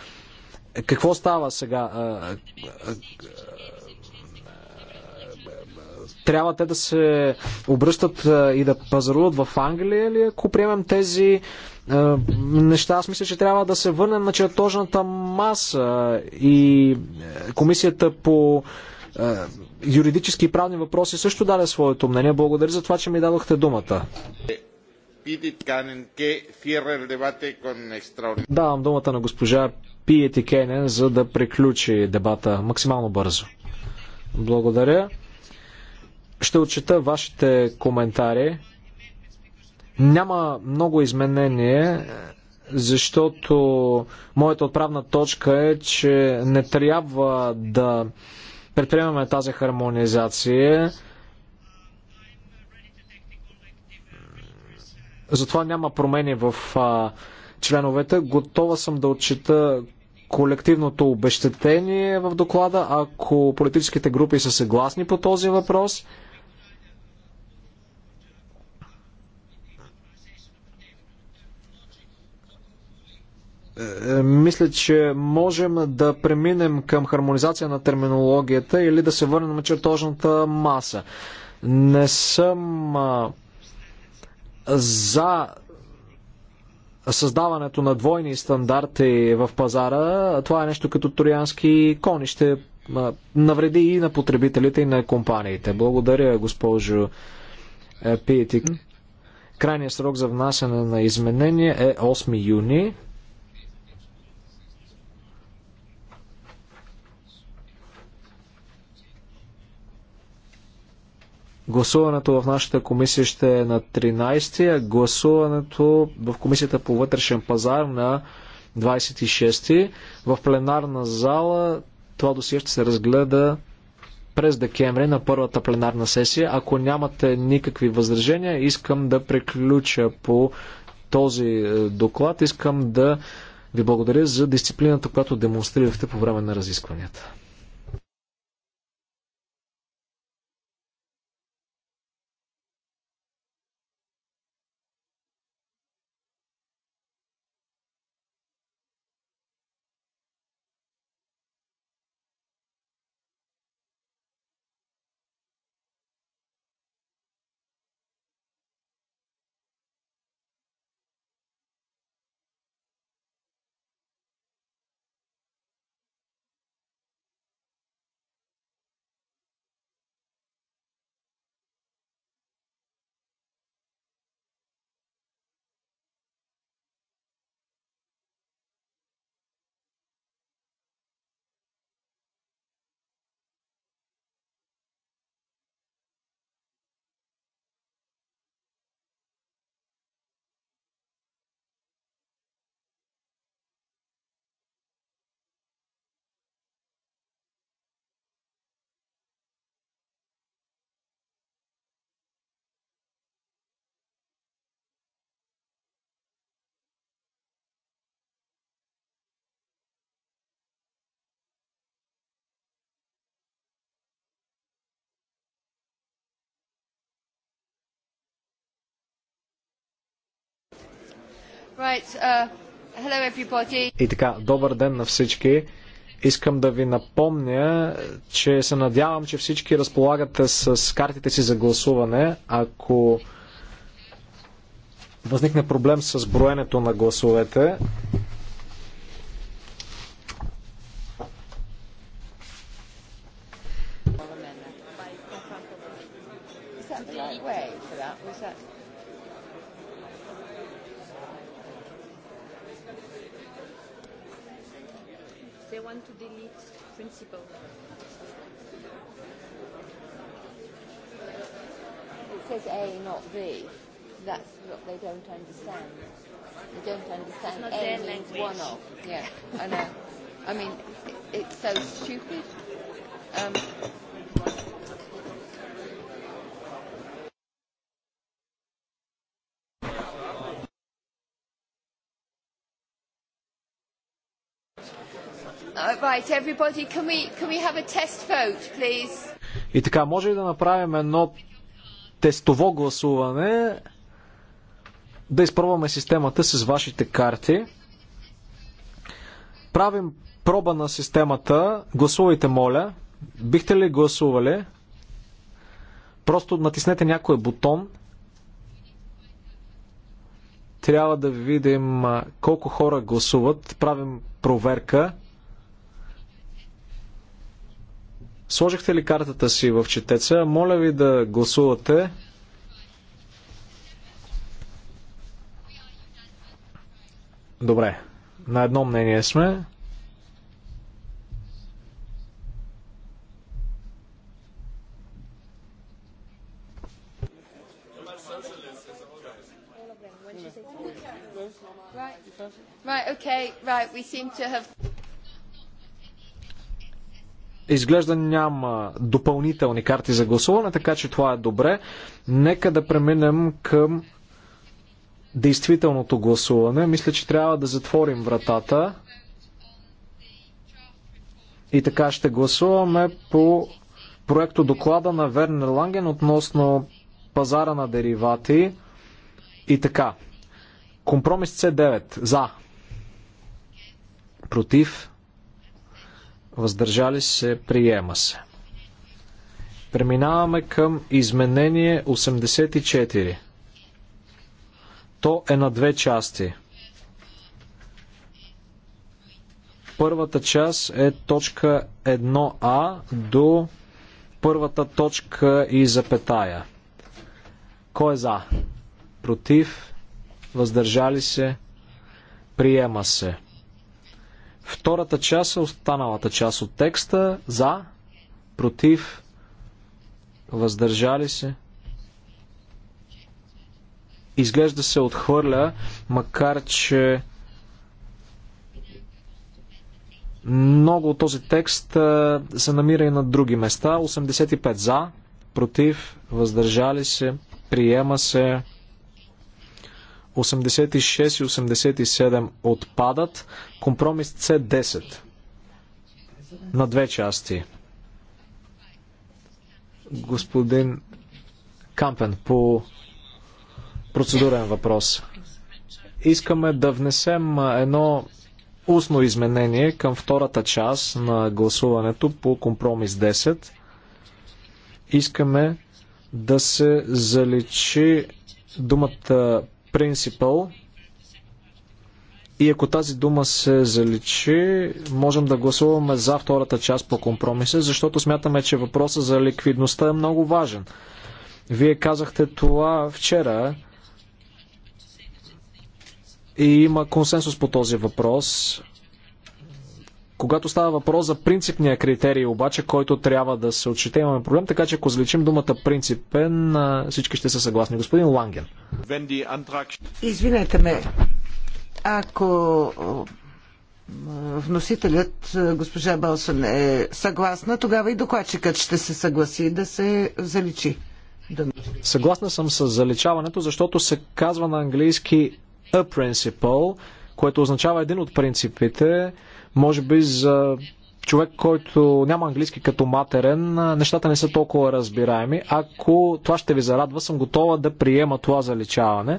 Какво става сега? Трябва те да се обръщат и да пазаруват в Англия или ако приемем тези неща, аз мисля, че трябва да се върнем на чертожната маса и комисията по юридически и правни въпроси също даде своето мнение. Благодаря за това, че ми дадохте думата. Давам думата на госпожа и Кейнен, за да приключи дебата максимално бързо. Благодаря. Ще отчета вашите коментари. Няма много изменение, защото моята отправна точка е, че не трябва да предприемаме тази хармонизация. Затова няма промени в а, членовете. Готова съм да отчита колективното обещетение в доклада, ако политическите групи са съгласни по този въпрос. Е, мисля, че можем да преминем към хармонизация на терминологията или да се върнем на чертожната маса. Не съм за създаването на двойни стандарти в пазара, това е нещо като троянски кони. Ще навреди и на потребителите, и на компаниите. Благодаря, госпожо е, Пиетик. Крайният срок за внасяне на изменения е 8 юни. Гласуването в нашата комисия ще е на 13, а гласуването в комисията по вътрешен пазар на 26. В пленарна зала това досие ще се разгледа през декември на първата пленарна сесия. Ако нямате никакви възражения, искам да приключа по този е, доклад. Искам да ви благодаря за дисциплината, която демонстрирахте по време на разискванията. Right, uh, И така, добър ден на всички. Искам да ви напомня, че се надявам, че всички разполагате с картите си за гласуване. Ако възникне проблем с броенето на гласовете, well. Yeah, I know. I mean, it's so stupid. Um, right, everybody, can we, can we have a test vote, please? И така, може ли да направим едно тестово гласуване, да изпробваме системата с вашите карти. Правим проба на системата. Гласувайте, моля. Бихте ли гласували? Просто натиснете някой бутон. Трябва да видим колко хора гласуват. Правим проверка. Сложихте ли картата си в четеца? Моля ви да гласувате. Добре. На едно мнение сме. Изглежда няма допълнителни карти за гласуване, така че това е добре. Нека да преминем към действителното гласуване. Мисля, че трябва да затворим вратата. И така ще гласуваме по проекто доклада на Вернер Ланген относно пазара на деривати. И така. Компромис С9. За. Против. Въздържали се. Приема се. Преминаваме към изменение 84. То е на две части. Първата част е точка 1а до първата точка и запетая. Кой е за? Против? Въздържали се? Приема се. Втората част е останалата част от текста. За? Против? Въздържали се? изглежда се отхвърля, макар че много от този текст се намира и на други места. 85 за, против, въздържали се, приема се. 86 и 87 отпадат. Компромис С10 на две части. Господин Кампен по процедурен въпрос. Искаме да внесем едно устно изменение към втората част на гласуването по компромис 10. Искаме да се заличи думата принципъл и ако тази дума се заличи, можем да гласуваме за втората част по компромиса, защото смятаме, че въпросът за ликвидността е много важен. Вие казахте това вчера, и има консенсус по този въпрос. Когато става въпрос за принципния критерий, обаче, който трябва да се отчете, имаме проблем, така че ако заличим думата принципен, всички ще са съгласни. Господин Ланген. Извинете ме, ако вносителят, госпожа Балсън, е съгласна, тогава и докладчикът ще се съгласи да се заличи. Съгласна съм с заличаването, защото се казва на английски a principle, което означава един от принципите, може би за човек, който няма английски като матерен, нещата не са толкова разбираеми. Ако това ще ви зарадва, съм готова да приема това заличаване.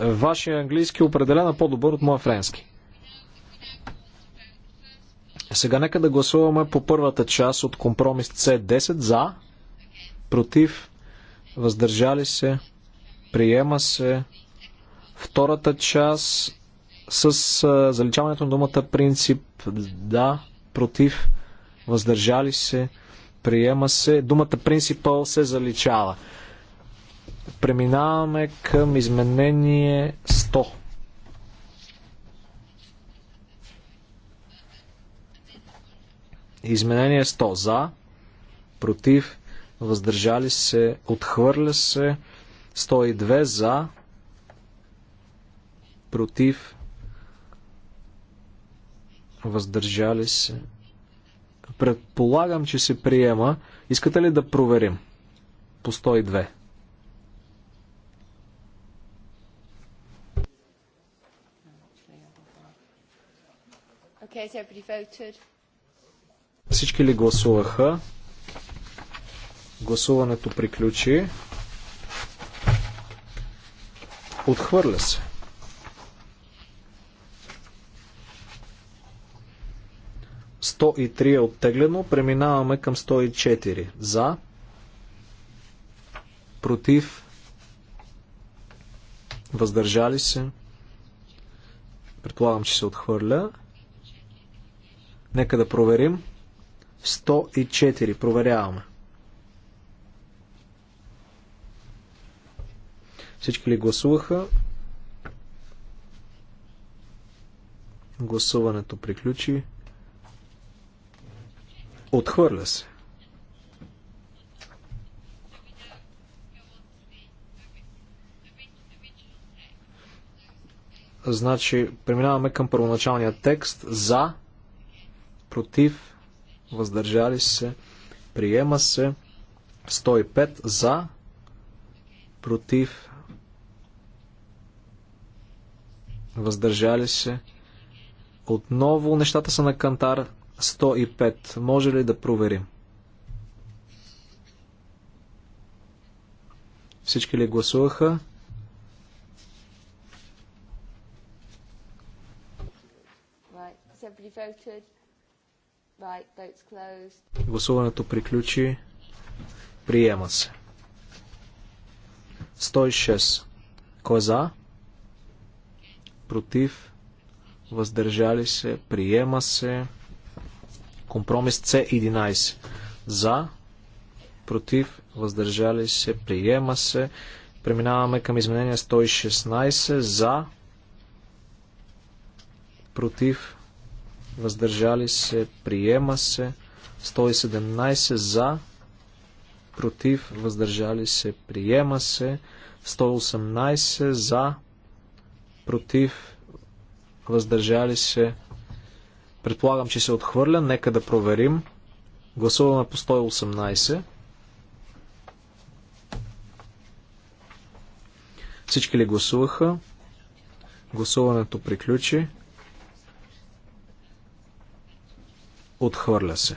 Вашия английски е определено по-добър от моя френски. Сега нека да гласуваме по първата част от компромис С10 за, против, въздържали се, приема се. Втората част с заличаването на думата принцип да, против, въздържали се, приема се. Думата принципъл се заличава. Преминаваме към изменение 100. Изменение 100 за, против, въздържали се, отхвърля се. 102 за, против, въздържали се. Предполагам, че се приема. Искате ли да проверим? По 102. Okay, has everybody voted? Всички ли гласуваха? Гласуването приключи. Отхвърля се. Сто и три е оттеглено. Преминаваме към 104. За. Против. Въздържали се. Предполагам, че се отхвърля. Нека да проверим. 104. Проверяваме. Всички ли гласуваха? Гласуването приключи. Отхвърля се. Значи, преминаваме към първоначалния текст. За, против, въздържали се, приема се. 105 за, против, въздържали се. Отново нещата са на кантар 105. Може ли да проверим? Всички ли гласуваха? Right. Гласуването приключи. Приема се. 106. Кой е за? Против? Въздържали се? Приема се. Компромис С11. За? Против? Въздържали се? Приема се. Преминаваме към изменение 116. За? Против? въздържали се, приема се. 117 за, против, въздържали се, приема се. 118 за, против, въздържали се. Предполагам, че се отхвърля. Нека да проверим. Гласуваме по 118. Всички ли гласуваха? Гласуването приключи. Отхвърля се.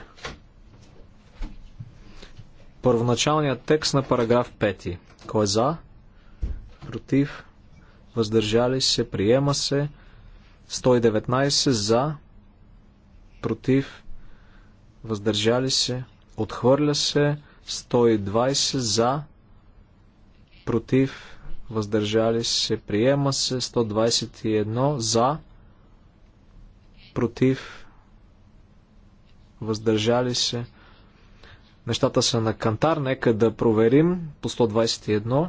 Първоначалният текст на параграф 5. Кой е за? Против? Въздържали се? Приема се? 119 за? Против? Въздържали се? Отхвърля се? 120 за? Против? Въздържали се? Приема се? 121 за? Против? въздържали се. Нещата са на кантар, нека да проверим по 121.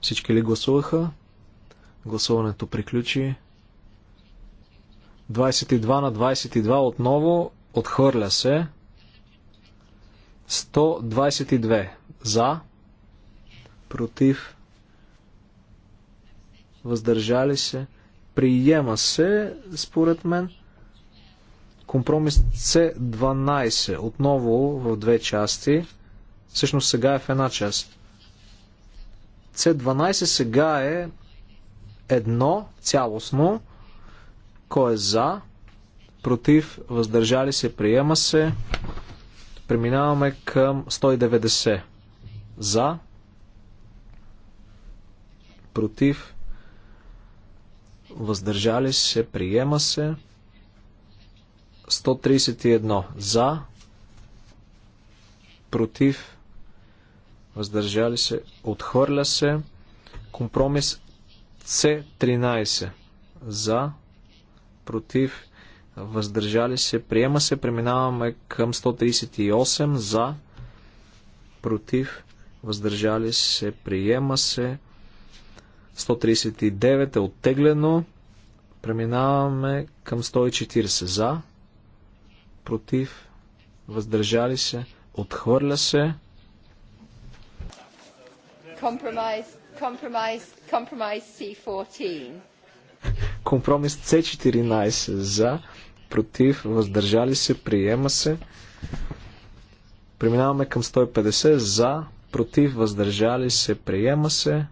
Всички ли гласуваха? Гласуването приключи. 22 на 22 отново отхвърля се. 122 за, против, въздържали се. Приема се, според мен. Компромис C12, отново в две части. Всъщност сега е в една част. C12 сега е едно цялостно. Кой е за? Против? Въздържали се? Приема се. Преминаваме към 190. За? Против? въздържали се, приема се. 131 за, против, въздържали се, отхвърля се. Компромис С13 за, против, въздържали се, приема се. Преминаваме към 138 за, против, въздържали се, приема се. 139 е оттеглено. Преминаваме към 140 за, против, въздържали се, отхвърля се. Компромис, с C14. Компромис C14 за, против, въздържали се, приема се. Преминаваме към 150 за, против, въздържали се, приема се.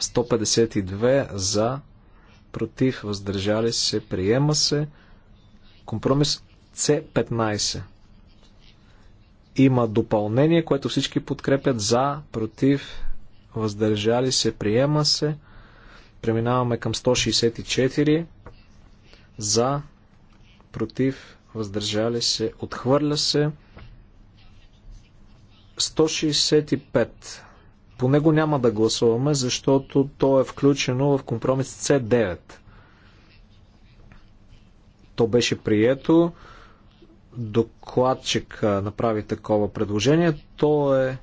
152 за, против, въздържали се, приема се. Компромис C15. Има допълнение, което всички подкрепят за, против, въздържали се, приема се. Преминаваме към 164 за, против, въздържали се, отхвърля се. 165 по него няма да гласуваме, защото то е включено в компромис C9. То беше прието. Докладчик направи такова предложение. То е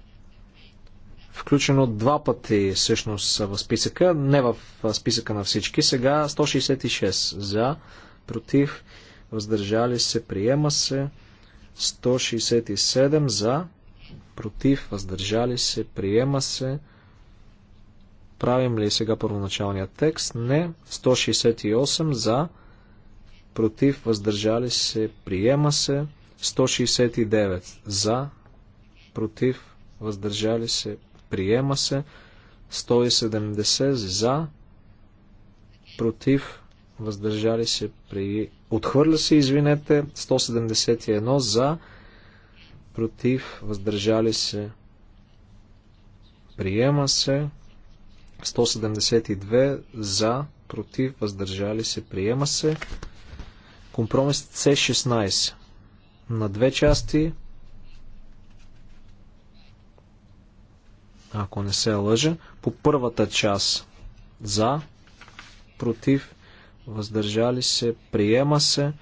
включено два пъти всъщност в списъка, не в списъка на всички. Сега 166 за, против, въздържали се, приема се. 167 за, против, въздържали се, приема се. Правим ли сега първоначалния текст? Не. 168 за, против, въздържали се, приема се. 169 за, против, въздържали се, приема се. 170 за, против, въздържали се, при... отхвърля се, извинете, 171 за, против, против, въздържали се, приема се. 172 за, против, въздържали се, приема се. Компромис С16 на две части. Ако не се лъжа, по първата част за, против, въздържали се, приема се.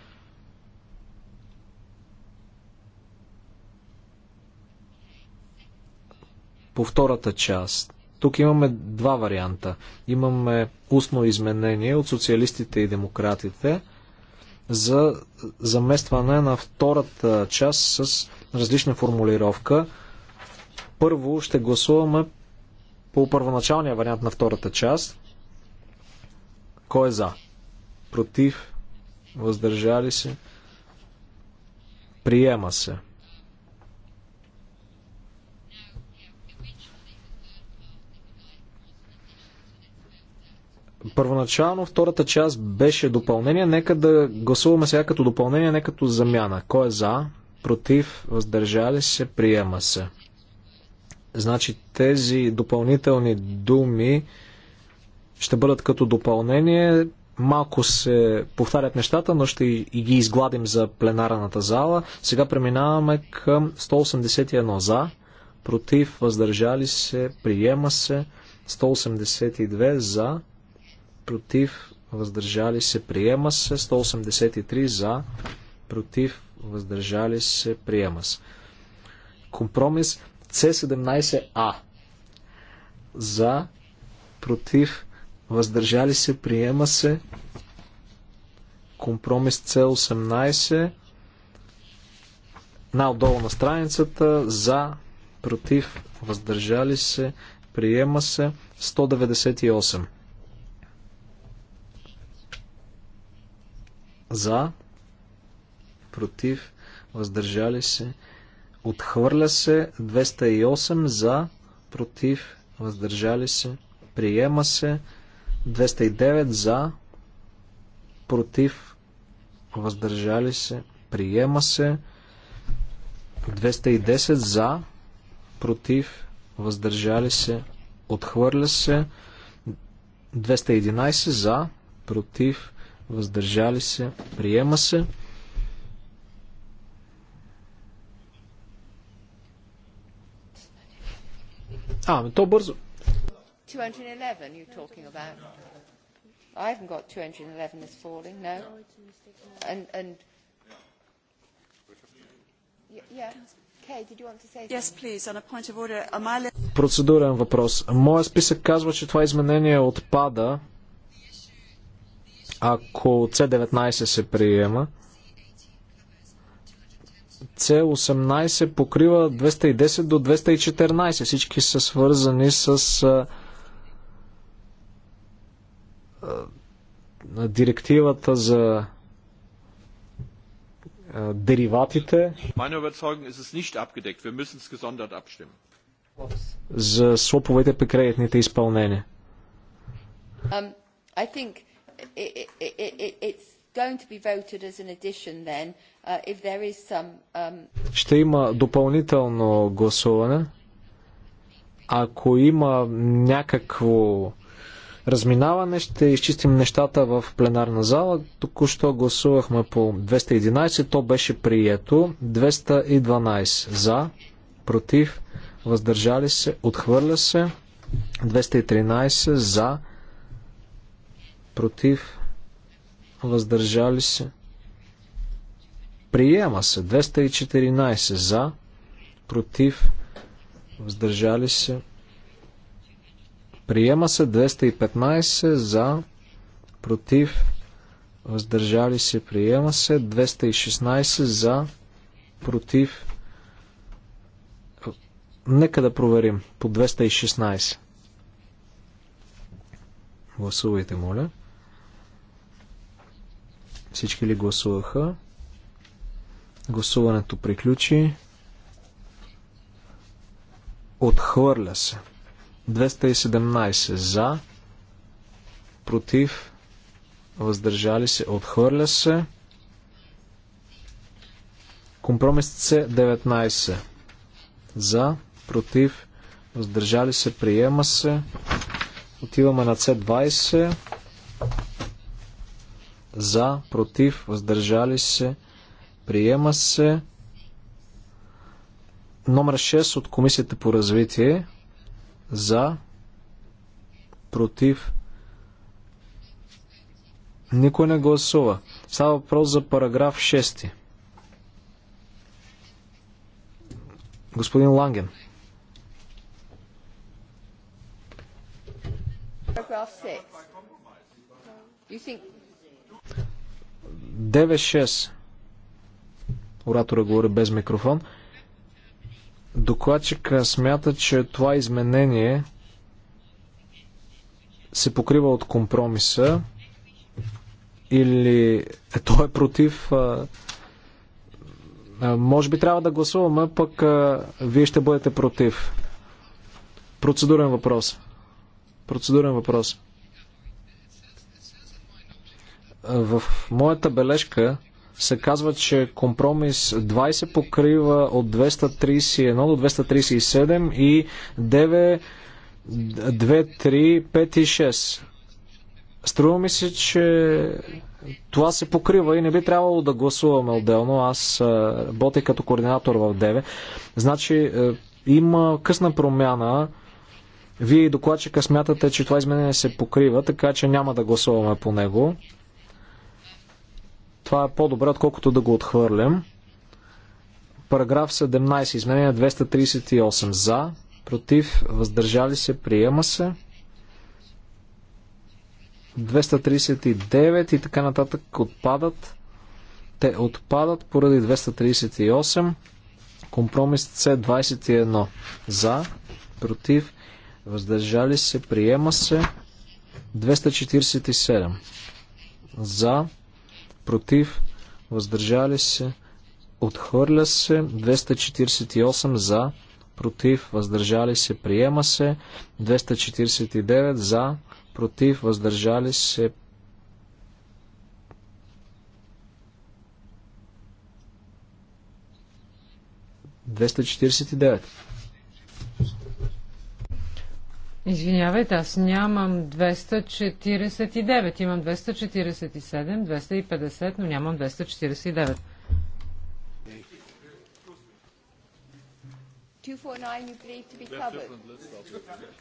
по втората част. Тук имаме два варианта. Имаме устно изменение от социалистите и демократите за заместване на втората част с различна формулировка. Първо ще гласуваме по първоначалния вариант на втората част. Кой е за? Против? Въздържали се? Приема се. Първоначално втората част беше допълнение. Нека да гласуваме сега като допълнение, не като замяна. Кой е за? Против? Въздържали се? Приема се. Значи тези допълнителни думи ще бъдат като допълнение. Малко се повтарят нещата, но ще и ги изгладим за пленарната зала. Сега преминаваме към 181 за, против, въздържали се, приема се, 182 за, против, въздържали се, приема се. 183 за, против, въздържали се, приема се. Компромис C17A. За, против, въздържали се, приема се. Компромис C18. Най-отдолу на страницата. За, против, въздържали се, приема се. 198. За. Против. Въздържали се. Отхвърля се. 208 за. Против. Въздържали се. Приема се. 209 за. Против. Въздържали се. Приема се. 210 за. Против. Въздържали се. Отхвърля се. 211 за. Против въздържали се, приема се. А, ме ами то бързо. 211 you're talking about. I haven't got 211 this falling, no. And, and yeah. Процедурен въпрос. Моя списък казва, че това изменение отпада. Ако C19 се приема, C18 покрива 210 до 214. Всички са свързани с директивата за дериватите. За слоповете при кредитните изпълнения. Um, I think it, it, it, going to be voted as an addition then, uh, if there is some... Um... Ще има допълнително гласуване. Ако има някакво разминаване, ще изчистим нещата в пленарна зала. Току-що гласувахме по 211, то беше прието. 212 за, против, въздържали се, отхвърля се. 213 за, против, въздържали се. Приема се 214 за, против, въздържали се. Приема се 215 за, против, въздържали се. Приема се 216 за, против. Нека да проверим по 216. Гласувайте, моля. 216. Всички ли гласуваха? Гласуването приключи. Отхвърля се. 217 за, против, въздържали се, отхвърля се. Компромис С 19 за, против, въздържали се, приема се. Отиваме на С20 за, против, въздържали се, приема се. Номер 6 от Комисията по развитие за, против, никой не гласува. Става въпрос за параграф 6. Господин Ланген. Параграф 6. You think 9-6. Оратора говори без микрофон. Докладчика смята, че това изменение се покрива от компромиса или е, той е против. А, а, може би трябва да гласуваме, пък а, вие ще бъдете против. Процедурен въпрос. Процедурен въпрос. В моята бележка се казва, че компромис 20 покрива от 231 до 237 и 9, 2, 3, 5 и 6. Струва ми се, че това се покрива и не би трябвало да гласуваме отделно. Аз работя като координатор в 9. Значи има късна промяна. Вие и докладчика смятате, че това изменение се покрива, така че няма да гласуваме по него. Това е по-добре, отколкото да го отхвърлям. Параграф 17, изменение 238 за, против, въздържали се, приема се. 239 и така нататък отпадат. Те отпадат поради 238. Компромис С21 за, против, въздържали се, приема се. 247 за, против, въздържали се, отхвърля се, 248 за, против, въздържали се, приема се, 249 за, против, въздържали се, Двеста Извинявайте, аз нямам 249. Имам 247, 250, но нямам 249.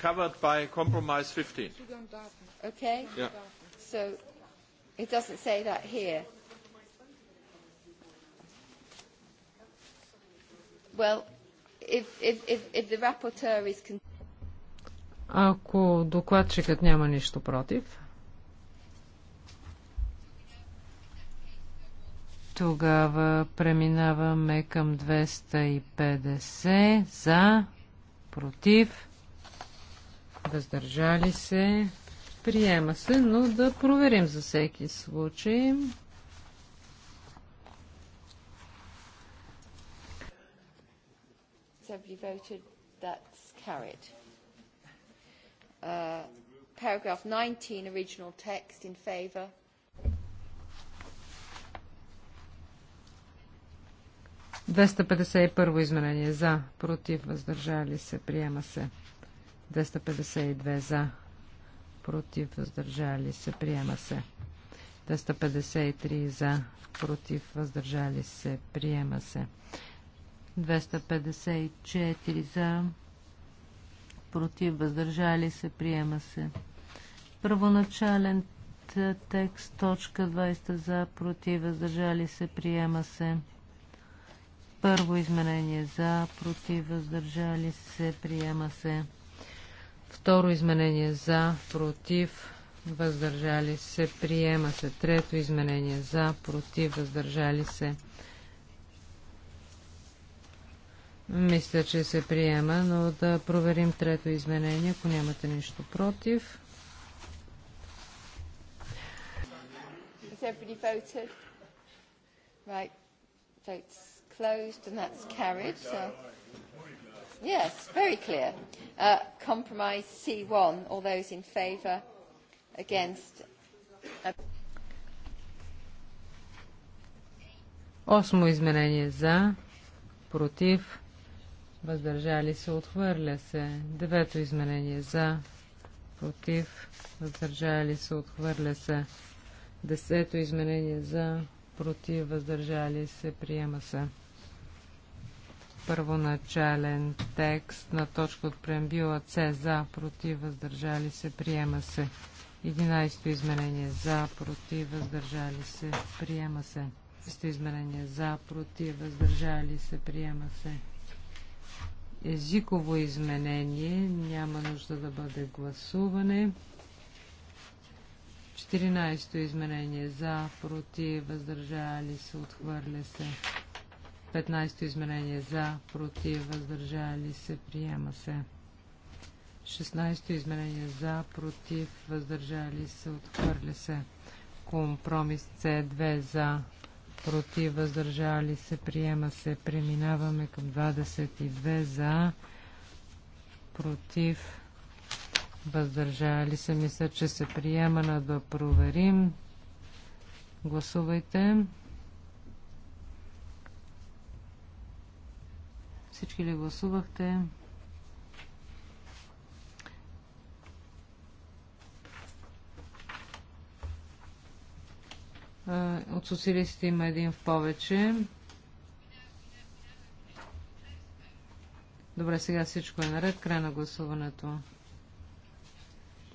covered? by compromise 15. Okay? Yeah. So it doesn't say that here. Well, if, if, if, if the rapporteur is... concerned. Ако докладчикът няма нищо против, тогава преминаваме към 250 за, против, въздържали се, приема се, но да проверим за всеки случай. Have voted? That's carried. Uh, paragraph 19, original text, in favour. Двеста изменение за, против, въздържали се, приема се. 252 за, против, въздържали се, приема се. 253 за, против, въздържали се, приема се. 254 за, против, въздържали се, приема се. Първоначален текст, точка 20 за, против, въздържали се, приема се. Първо изменение за, против, въздържали се, приема се. Второ изменение за, против, въздържали се, приема се. Трето изменение за, против, въздържали се, приема се. Мисля, че се приема, но да проверим трето изменение, ако нямате нищо против. closed and that's carried. So. Yes, very clear. Uh, compromise C1. All those in favour? Against? Осмо изменение за, против, въздържали се, отхвърля се. Девето изменение за, против, въздържали се, отхвърля се. Десето изменение за, против, въздържали се, приема се. Първоначален текст на точка от преамбила С за, против, въздържали се, приема се. Единайсто изменение за, против, въздържали се, приема се. Десето изменение за, против, въздържали се, приема се езиково изменение. Няма нужда да бъде гласуване. 14-то изменение за, против, въздържали се, отхвърля се. 15-то изменение за, против, въздържали се, приема се. 16-то изменение за, против, въздържали се, отхвърля се. Компромис С2 за, против, въздържали се, приема се. Преминаваме към 22 за, против, въздържали се. Мисля, че се приема на да проверим. Гласувайте. Всички ли гласувахте? От социалистите има един в повече. Добре, сега всичко е наред. Край на гласуването.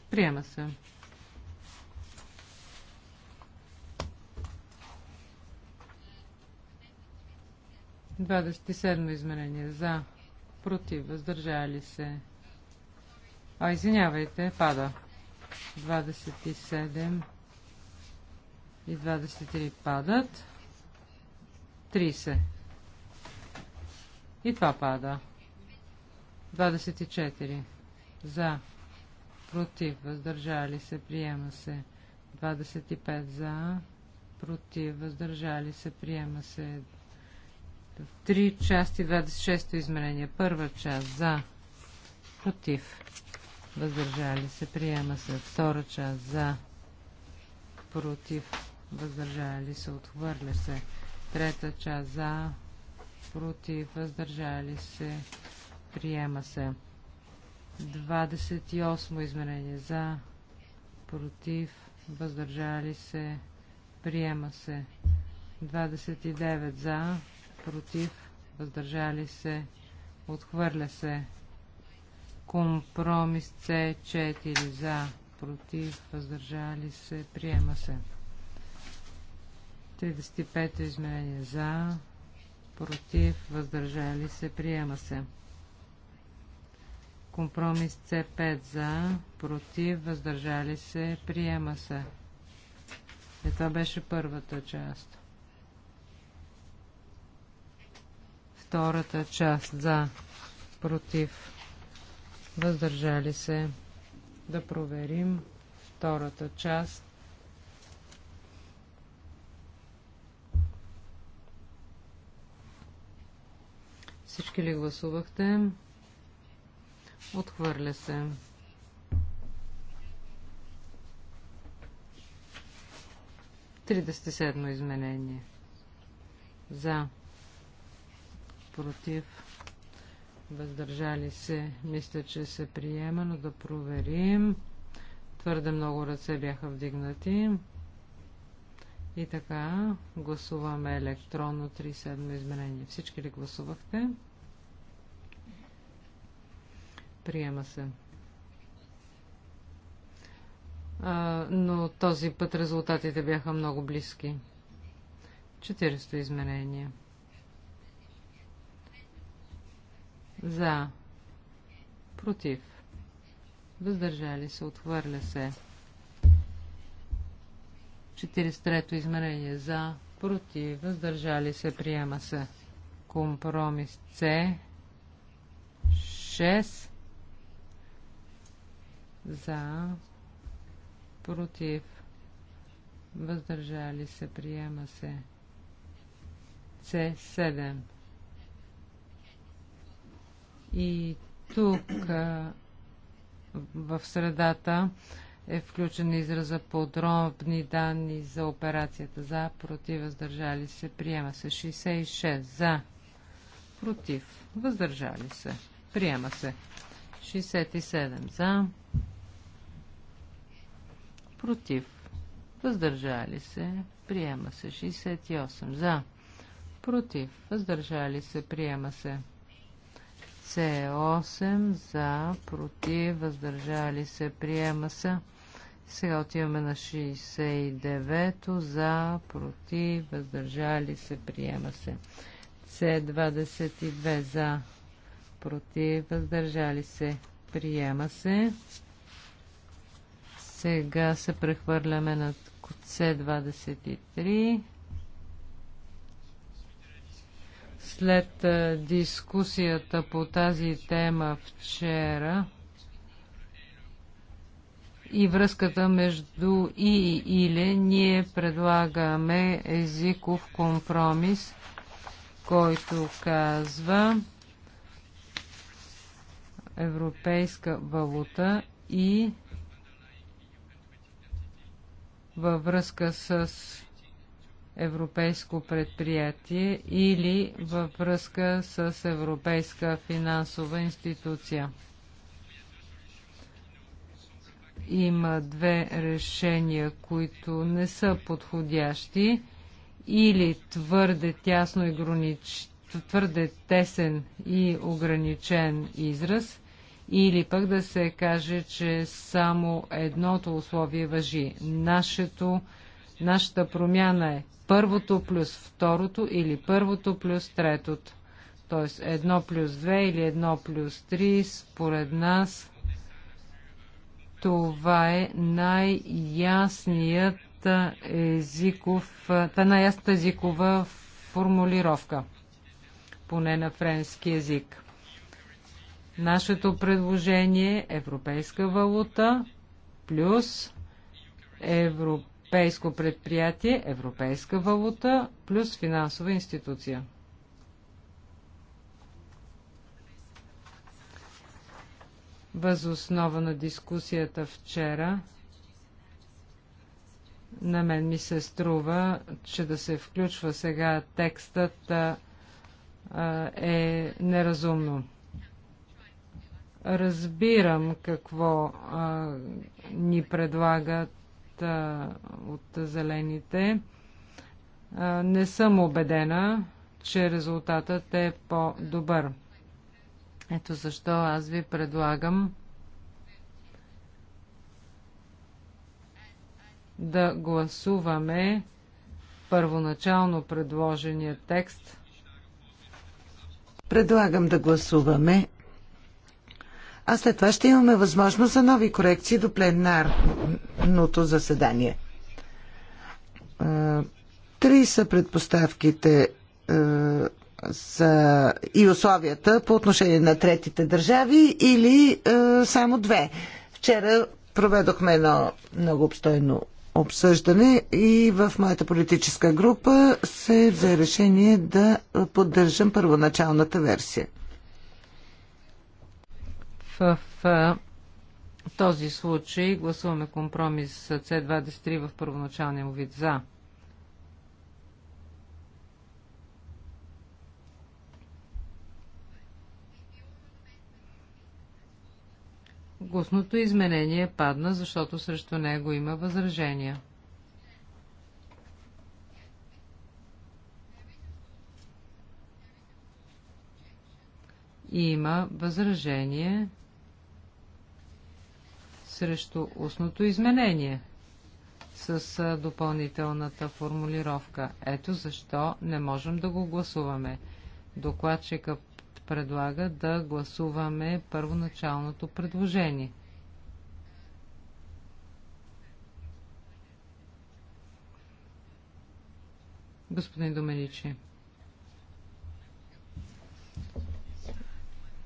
Приема се. Двадесет и седмо измерение. За. Против. Въздържали се. А, извинявайте, пада. 27 и 23 падат. 30. И това пада. 24. За. Против. Въздържали се. Приема се. 25 за. Против. Въздържали се. Приема се. Три части. 26 измерение. Първа част. За. Против. Въздържали се. Приема се. Втора част. За. Против въздържали се, отхвърля се. Трета част за, против, въздържали се, приема се. 28 изменение за, против, въздържали се, приема се. 29 за, против, въздържали се, отхвърля се. Компромис С4 за, против, въздържали се, приема се. 35 изменения изменение за, против, въздържали се, приема се. Компромис С5 за, против, въздържали се, приема се. И е, това беше първата част. Втората част за, против, въздържали се. Да проверим втората част Всички ли гласувахте? Отхвърля се. Тридесет седмо изменение. За. Против. Въздържали се. Мисля, че се приема, но да проверим. Твърде много ръце бяха вдигнати. И така, гласуваме електронно 37 изменение. Всички ли гласувахте? Приема се. А, но този път резултатите бяха много близки. 400 изменение. За. Против. Въздържали се. Отхвърля се. 43-то измерение за, против, въздържали се, приема се. Компромис С. 6 за, против, въздържали се, приема се. С7. И тук в средата е включен израза подробни данни за операцията за, против, въздържали се, приема се 66 за, против, въздържали се, приема се 67 за, против, въздържали се, приема се 68 за, против, въздържали се, приема се с 8 за, против, въздържали се, приема се сега отиваме на 69-то за, против, въздържали се, приема се. С22 за, против, въздържали се, приема се. Сега се прехвърляме на С23. След дискусията по тази тема вчера, и връзката между и и или, ние предлагаме езиков компромис, който казва европейска валута и във връзка с европейско предприятие или във връзка с европейска финансова институция има две решения, които не са подходящи или твърде тясно и гронич, твърде тесен и ограничен израз, или пък да се каже, че само едното условие въжи. Нашето, нашата промяна е първото плюс второто или първото плюс третото. Тоест едно плюс две или едно плюс три, според нас – това е най-ясният езиков, е най-ясната езикова формулировка, поне на френски език. Нашето предложение е европейска валута плюс европейско предприятие, европейска валута плюс финансова институция. Възоснова на дискусията вчера, на мен ми се струва, че да се включва сега текстът а, е неразумно. Разбирам какво а, ни предлагат а, от зелените. А, не съм убедена, че резултатът е по-добър. Ето защо аз ви предлагам да гласуваме първоначално предложения текст. Предлагам да гласуваме. А след това ще имаме възможност за нови корекции до пленарното заседание. Е, три са предпоставките е, са и условията по отношение на третите държави или е, само две. Вчера проведохме едно много обстойно обсъждане и в моята политическа група се взе решение да поддържам първоначалната версия. В, в е, този случай гласуваме компромис C23 в първоначалния му вид за. Гусното изменение падна, защото срещу него има възражения. Има възражение срещу устното изменение с допълнителната формулировка. Ето защо не можем да го гласуваме. Докладчика предлага да гласуваме първоначалното предложение. Господин Доменичи.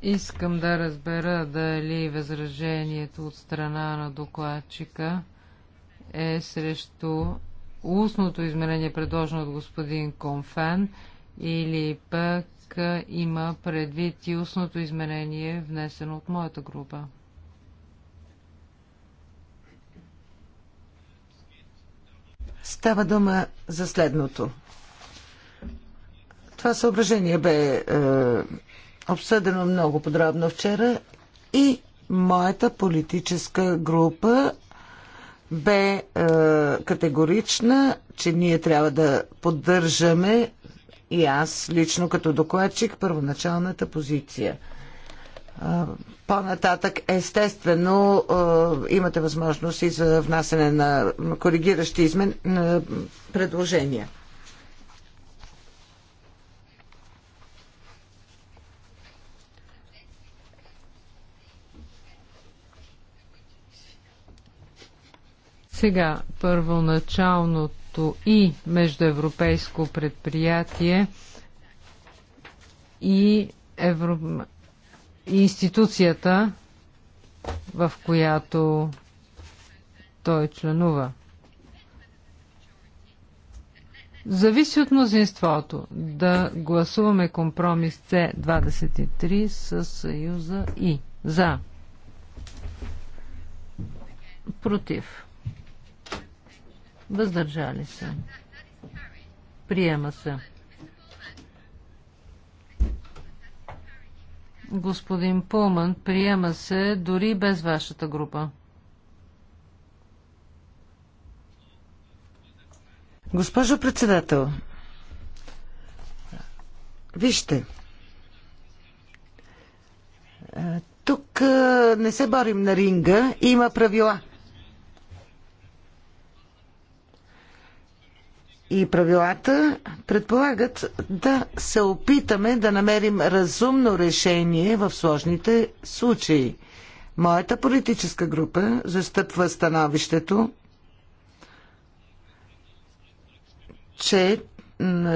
Искам да разбера дали възражението от страна на докладчика е срещу устното изменение, предложено от господин Конфен, или пък връзка има предвид и устното изменение, внесено от моята група. Става дума за следното. Това съображение бе е, обсъдено много подробно вчера и моята политическа група бе е, категорична, че ние трябва да поддържаме и аз лично като докладчик първоначалната позиция. По-нататък, естествено, имате възможност и за внасене на коригиращи измен... на предложения. Сега, първоначалното както и междуевропейско предприятие и евро... институцията, в която той членува. Зависи от мнозинството да гласуваме компромис С23 с съюза И. За. Против. Въздържали се. Приема се. Господин Пулман, приема се дори без вашата група. Госпожо председател, вижте, тук не се борим на ринга, има правила. и правилата предполагат да се опитаме да намерим разумно решение в сложните случаи. Моята политическа група застъпва становището, че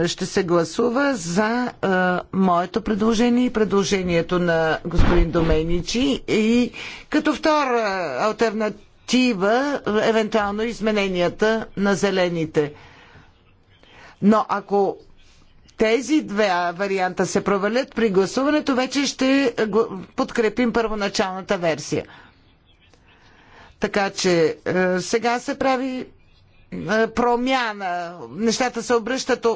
ще се гласува за а, моето предложение и предложението на господин Доменичи и като втора альтернатива, евентуално измененията на зелените. Но ако тези две варианта се провалят при гласуването, вече ще подкрепим първоначалната версия. Така че е, сега се прави е, промяна. Нещата се обръщат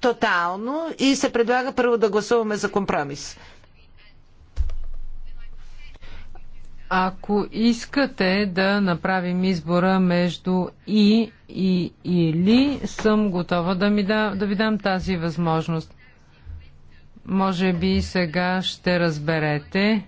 тотално и се предлага първо да гласуваме за компромис. Ако искате да направим избора между и и или, съм готова да, ми да, да ви дам тази възможност. Може би сега ще разберете,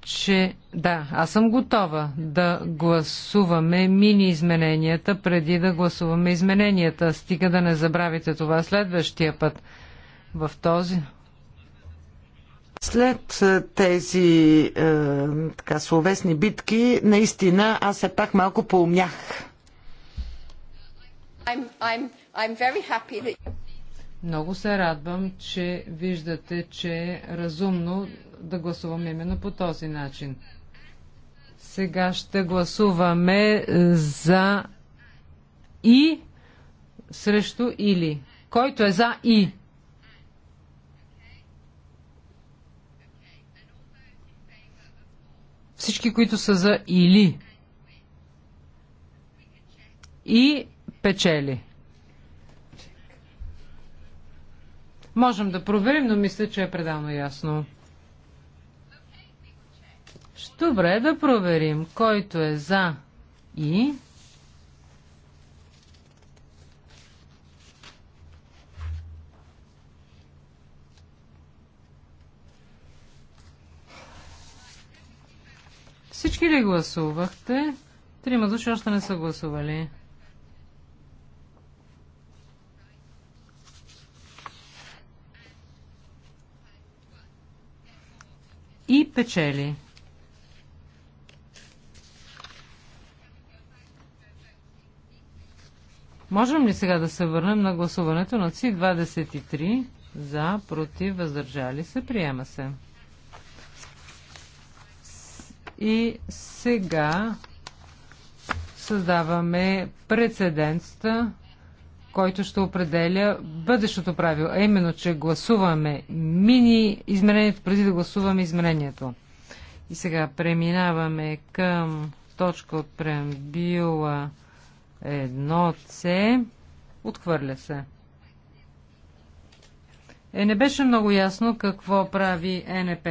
че да, аз съм готова да гласуваме мини измененията преди да гласуваме измененията. Стига да не забравите това следващия път. В този, след е, тези е, така словесни битки, наистина аз все пак малко поумях. I'm, I'm, I'm that... Много се радвам, че виждате, че е разумно да гласувам именно по този начин. Сега ще гласуваме е, за и срещу или. Който е за и? всички, които са за или и печели. Можем да проверим, но мисля, че е предално ясно. Добре, е да проверим. Който е за и... Всички ли гласувахте? Трима души още не са гласували. И печели. Можем ли сега да се върнем на гласуването на ЦИ 23 за, против, въздържали се, приема се. И сега създаваме прецедент, който ще определя бъдещото правило, а именно, че гласуваме мини изменението преди да гласуваме изменението. И сега преминаваме към точка от преамбила 1C. Отхвърля се. Е, не беше много ясно какво прави НП.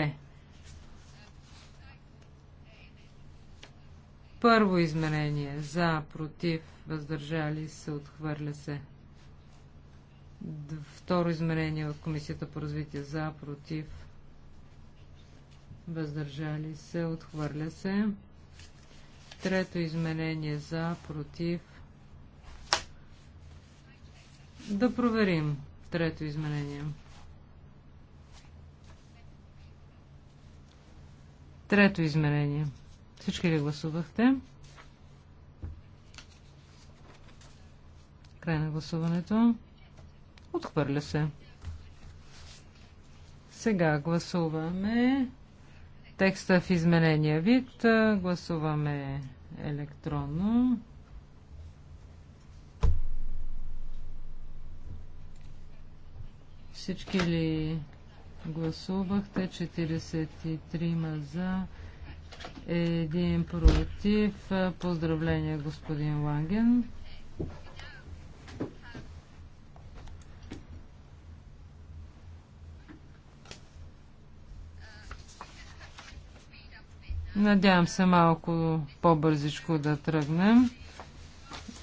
Първо изменение. За, против, въздържали се, отхвърля се. Второ измерение от Комисията по развитие за, против, въздържали се, отхвърля се. Трето измерение за, против. Да проверим трето изменение. Трето измерение. Всички ли гласувахте? Край на гласуването. Отхвърля се. Сега гласуваме текста в изменения вид. Гласуваме електронно. Всички ли гласувахте? 43 за, един против. Поздравления, господин Ланген. Надявам се малко по-бързичко да тръгнем.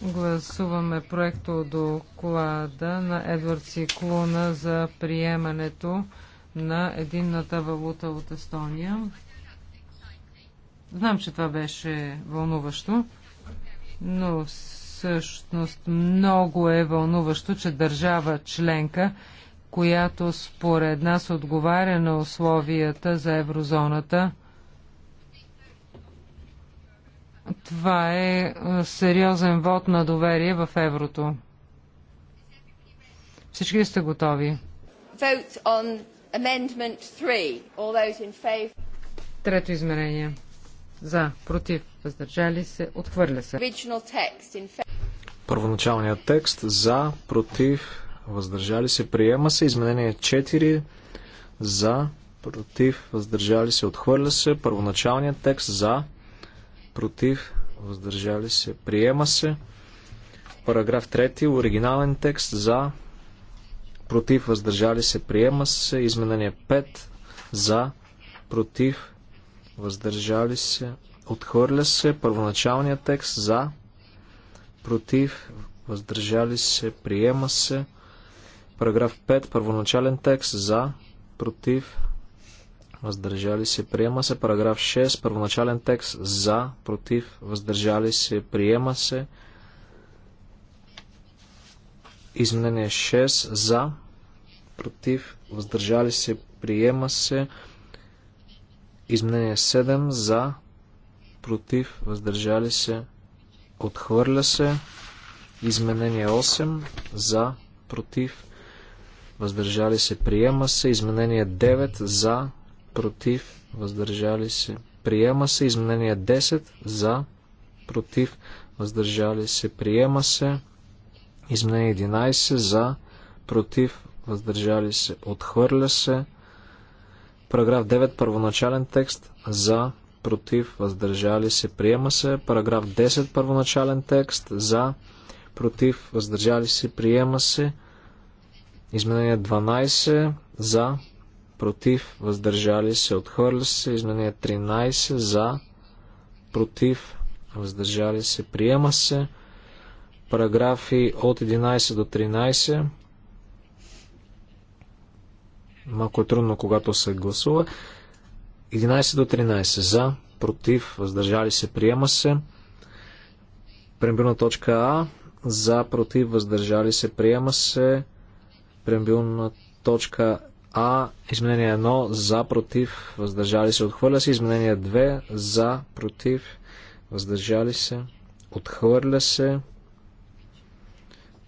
Гласуваме проекто доклада на Едвард Сиклуна за приемането на единната валута от Естония. Знам, че това беше вълнуващо, но всъщност много е вълнуващо, че държава членка, която според нас отговаря на условията за еврозоната, това е, е сериозен вод на доверие в еврото. Всички сте готови. Трето измерение. За, против, въздържали се, отхвърля се. Първоначалният текст за, против, въздържали се, приема се. Изменение 4 за, против, въздържали се, отхвърля се. Първоначалният текст за, против, въздържали се, приема се. Параграф 3, оригинален текст за, против, въздържали се, приема се. Изменение 5 за, против, въздържали се, отхвърля се, първоначалният текст за, против, въздържали се, приема се, параграф 5, първоначален текст за, против, въздържали се, приема се, параграф 6, първоначален текст за, против, въздържали се, приема се, изменение 6 за, против, въздържали се, приема се, Изменение 7 за, против, въздържали се, отхвърля се. Изменение 8 за, против, въздържали се, приема се. Изменение 9 за, против, въздържали се, приема се. Изменение 10 за, против, въздържали се, приема се. Изменение 11 за, против, въздържали се, отхвърля се. Параграф 9, първоначален текст, за, против, въздържали се, приема се. Параграф 10, първоначален текст, за, против, въздържали се, приема се. Изменение 12, за, против, въздържали се, отхвърля се. Изменение 13, за, против, въздържали се, приема се. Параграфи от 11 до 13, Малко е трудно, когато се гласува. 11 до 13 за, против, въздържали се, приема се. Прембилна точка А, за, против, въздържали се, приема се. Прембилна точка а. Изменение 1. За, против, въздържали се, отхвърля се. Изменение 2. За, против, въздържали се, отхвърля се.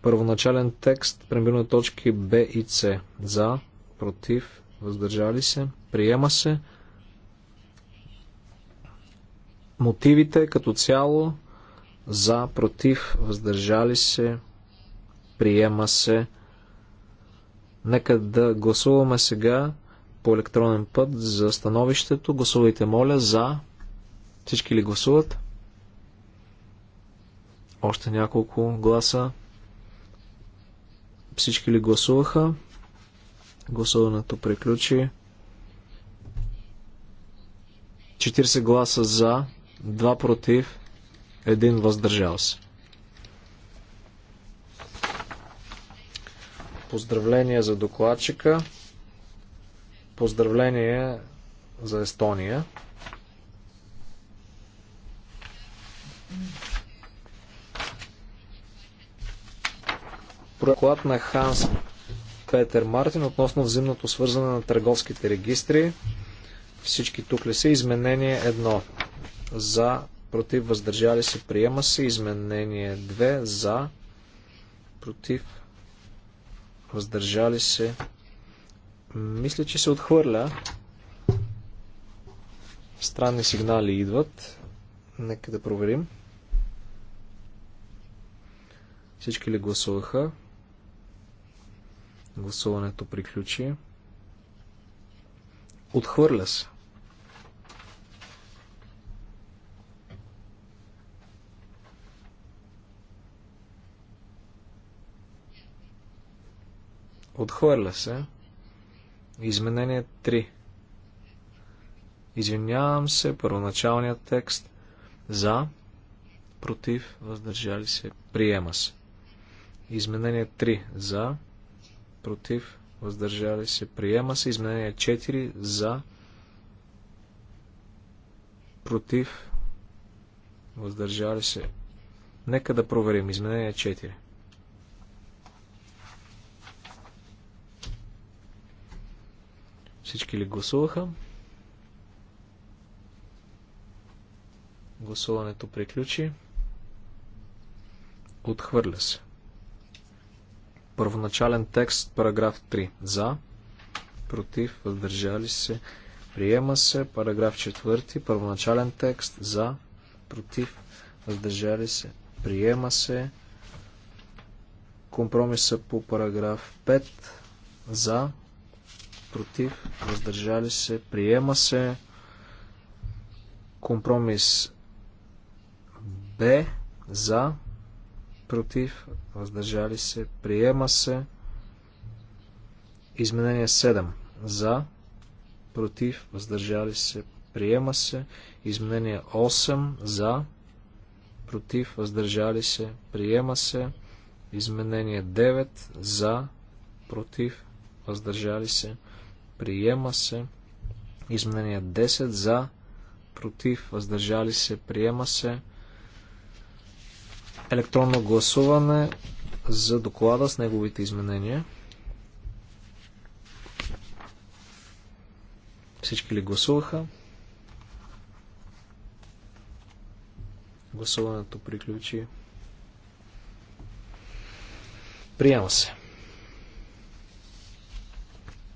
Първоначален текст, примерно точки Б и С. За, против, въздържали се, приема се. Мотивите като цяло за, против, въздържали се, приема се. Нека да гласуваме сега по електронен път за становището. Гласувайте, моля, за. Всички ли гласуват? Още няколко гласа. Всички ли гласуваха? Гласуването приключи. 40 гласа за, 2 против, 1 въздържал се. Поздравление за докладчика. Поздравление за Естония. Проклад на Ханс Петър Мартин относно взаимното свързване на търговските регистри. Всички тук ли са? Изменение 1. За, против, въздържали се, приема се. Изменение 2. За, против, въздържали се. Мисля, че се отхвърля. Странни сигнали идват. Нека да проверим. Всички ли гласуваха? Гласуването приключи. Отхвърля се. Отхвърля се. Изменение 3. Извинявам се, първоначалният текст за, против, въздържали се, приема се. Изменение 3 за, против, въздържали се, приема се. Изменение 4 за, против, въздържали се. Нека да проверим. Изменение 4. Всички ли гласуваха? Гласуването приключи. Отхвърля се. Първоначален текст, параграф 3. За, против, въздържали се, приема се. Параграф 4. Първоначален текст. За, против, въздържали се, приема се. Компромиса по параграф 5. За, против, въздържали се, приема се. Компромис Б. За, против, въздържали се, приема се. Изменение 7 за, против, въздържали се, приема се. Изменение 8 за, против, въздържали се, приема се. Изменение 9 за, против, въздържали се, приема се. Изменение 10 за, против, въздържали се, приема се. Електронно гласуване за доклада с неговите изменения. Всички ли гласуваха? Гласуването приключи. Приема се.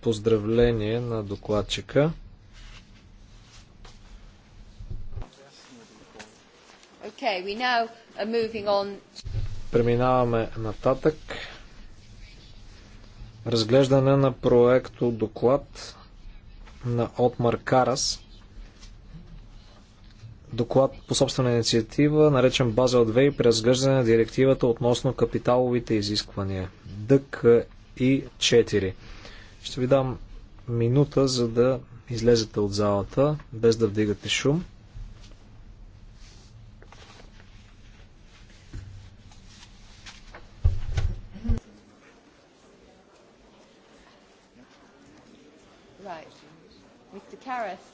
Поздравление на докладчика. Okay, we now are moving on. Преминаваме нататък. Разглеждане на проекто доклад на Отмар Карас. Доклад по собствена инициатива, наречен от 2 и преразглеждане на директивата относно капиталовите изисквания. ДК и 4. Ще ви дам минута, за да излезете от залата, без да вдигате шум. Karas.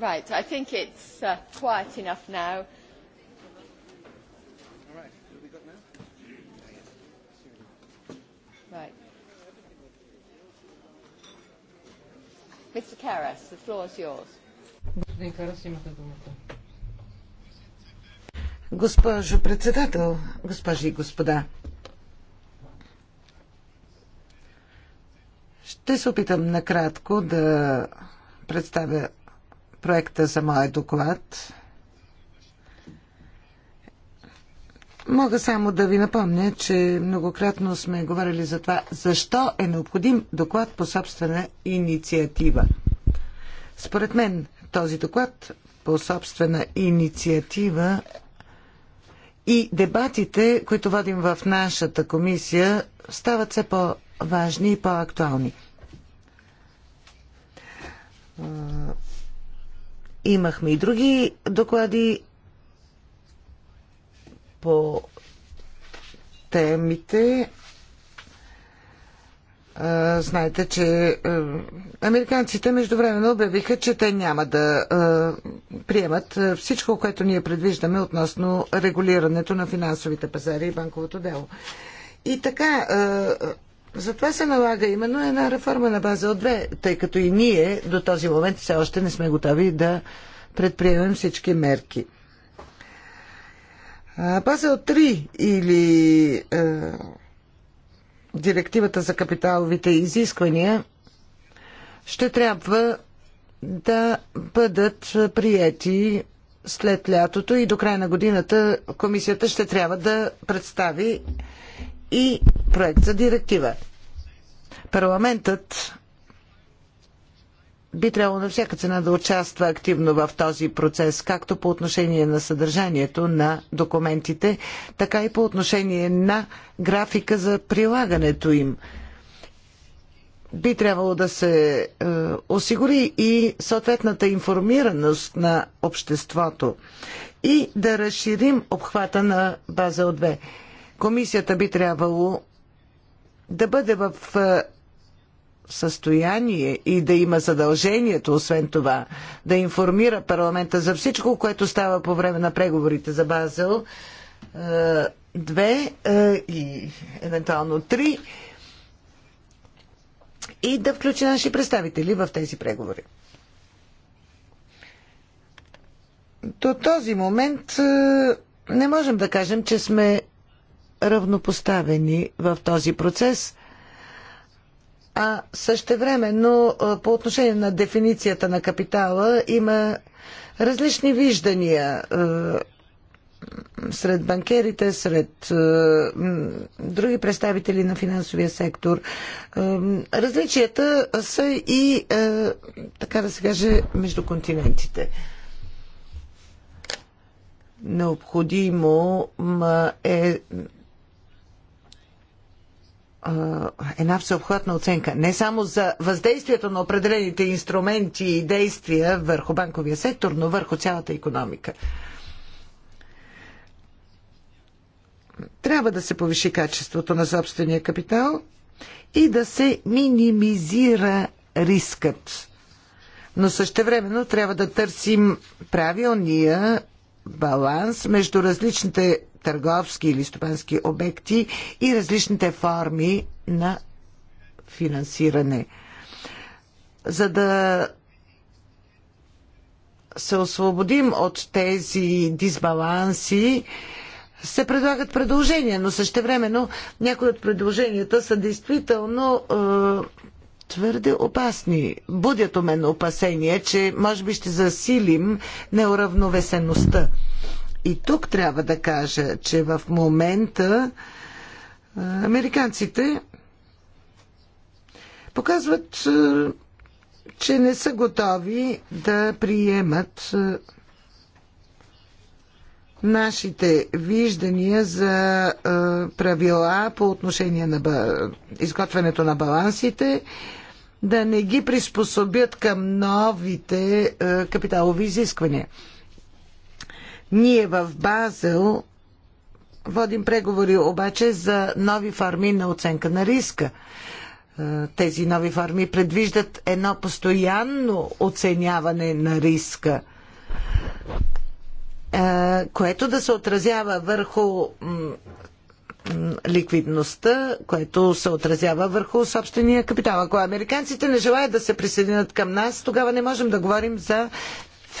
Right, I think it's uh, quiet enough now. Right. Mr. Karras, the floor is yours. Господин Карас, имате думата. Госпожо председател, госпожи и господа, ще се опитам накратко да представя проекта за моя доклад. Мога само да ви напомня, че многократно сме говорили за това, защо е необходим доклад по собствена инициатива. Според мен този доклад по собствена инициатива и дебатите, които водим в нашата комисия, стават все по-важни и по-актуални. Имахме и други доклади по темите. Знаете, че американците междувременно обявиха, че те няма да приемат всичко, което ние предвиждаме относно регулирането на финансовите пазари и банковото дело. И така, затова се налага именно една реформа на база от две, тъй като и ние до този момент все още не сме готови да предприемем всички мерки. База от 3 или е, директивата за капиталовите изисквания ще трябва да бъдат приети след лятото и до края на годината комисията ще трябва да представи и проект за директива. Парламентът би трябвало на всяка цена да участва активно в този процес, както по отношение на съдържанието на документите, така и по отношение на графика за прилагането им. Би трябвало да се е, осигури и съответната информираност на обществото и да разширим обхвата на база от две комисията би трябвало да бъде в е, състояние и да има задължението, освен това, да информира парламента за всичко, което става по време на преговорите за Базел е, две е, и евентуално три и да включи наши представители в тези преговори. До този момент не можем да кажем, че сме равнопоставени в този процес. А същевременно по отношение на дефиницията на капитала има различни виждания сред банкерите, сред е, други представители на финансовия сектор. Е, различията са и, е, така да се каже, между континентите. Необходимо е една всеобхватна оценка не само за въздействието на определените инструменти и действия върху банковия сектор, но върху цялата економика. Трябва да се повиши качеството на собствения капитал и да се минимизира рискът. Но същевременно трябва да търсим правилния баланс между различните търговски или стопански обекти и различните форми на финансиране. За да се освободим от тези дисбаланси, се предлагат предложения, но същевременно някои от предложенията са действително е, твърде опасни. Будят у мен опасение, че може би ще засилим неуравновесеността и тук трябва да кажа, че в момента американците показват, че не са готови да приемат нашите виждания за правила по отношение на изготвянето на балансите, да не ги приспособят към новите капиталови изисквания. Ние в Базел водим преговори обаче за нови форми на оценка на риска. Е, тези нови форми предвиждат едно постоянно оценяване на риска, е, което да се отразява върху ликвидността, което се отразява върху собствения капитал. Ако американците не желаят да се присъединят към нас, тогава не можем да говорим за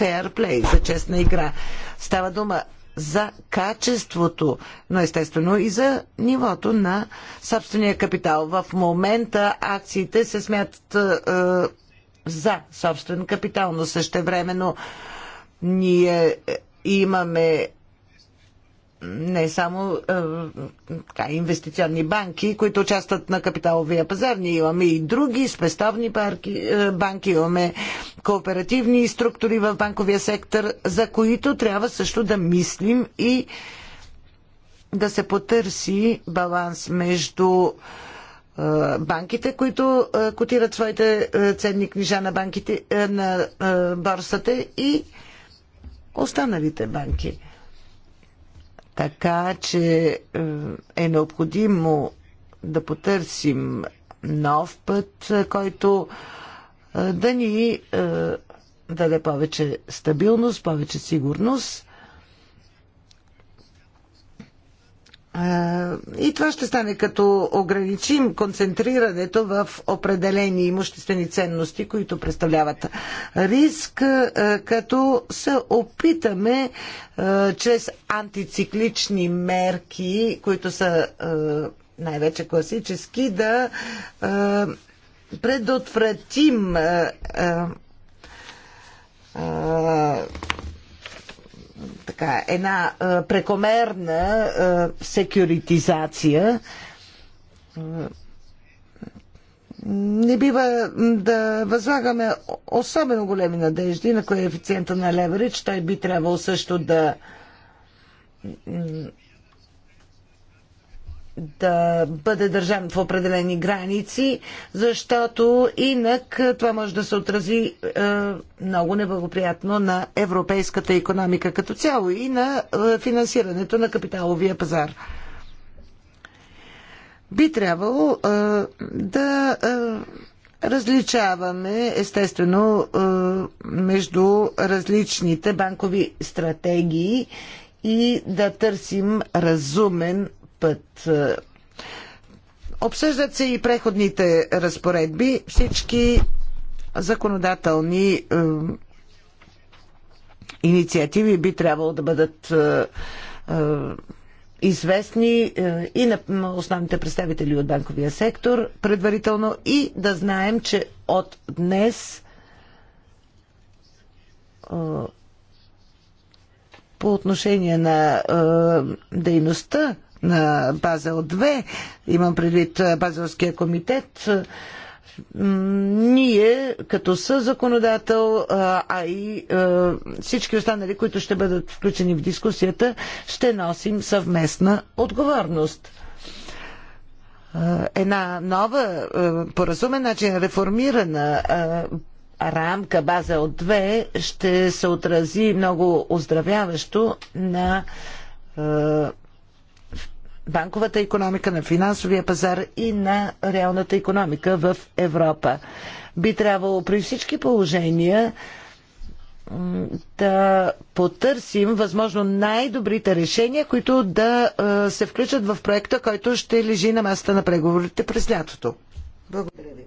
фейерплей, за честна игра. Става дума за качеството, но естествено и за нивото на собствения капитал. В момента акциите се смятат е, за собствен капитал, но същевременно ние имаме не само е, така, инвестиционни банки, които участват на капиталовия пазар. Ние имаме и други спестовни банки, е, банки, имаме кооперативни структури в банковия сектор, за които трябва също да мислим и да се потърси баланс между е, банките, които е, котират своите е, ценни книжа на, банките, е, на е, борсата и останалите банки. Така че е, е необходимо да потърсим нов път, е, който е, да ни даде повече стабилност, повече сигурност И това ще стане като ограничим концентрирането в определени имуществени ценности, които представляват риск, като се опитаме чрез антициклични мерки, които са най-вече класически, да предотвратим така, една прекомерна секюритизация не бива да възлагаме особено големи надежди на коефициента на леверидж. Той би трябвало също да да бъде държан в определени граници, защото инак това може да се отрази е, много неблагоприятно на европейската економика като цяло и на е, финансирането на капиталовия пазар. Би трябвало е, да е, различаваме, естествено, е, между различните банкови стратегии и да търсим разумен път. Е, обсъждат се и преходните разпоредби. Всички законодателни е, инициативи би трябвало да бъдат е, е, известни е, и на основните представители от банковия сектор предварително и да знаем, че от днес е, по отношение на дейността на Базел 2, имам предвид Базелския комитет, ние като законодател, а и всички останали, които ще бъдат включени в дискусията, ще носим съвместна отговорност една нова, по разумен начин реформирана рамка база от две ще се отрази много оздравяващо на банковата економика, на финансовия пазар и на реалната економика в Европа. Би трябвало при всички положения да потърсим възможно най-добрите решения, които да се включат в проекта, който ще лежи на масата на преговорите през лятото. Благодаря ви.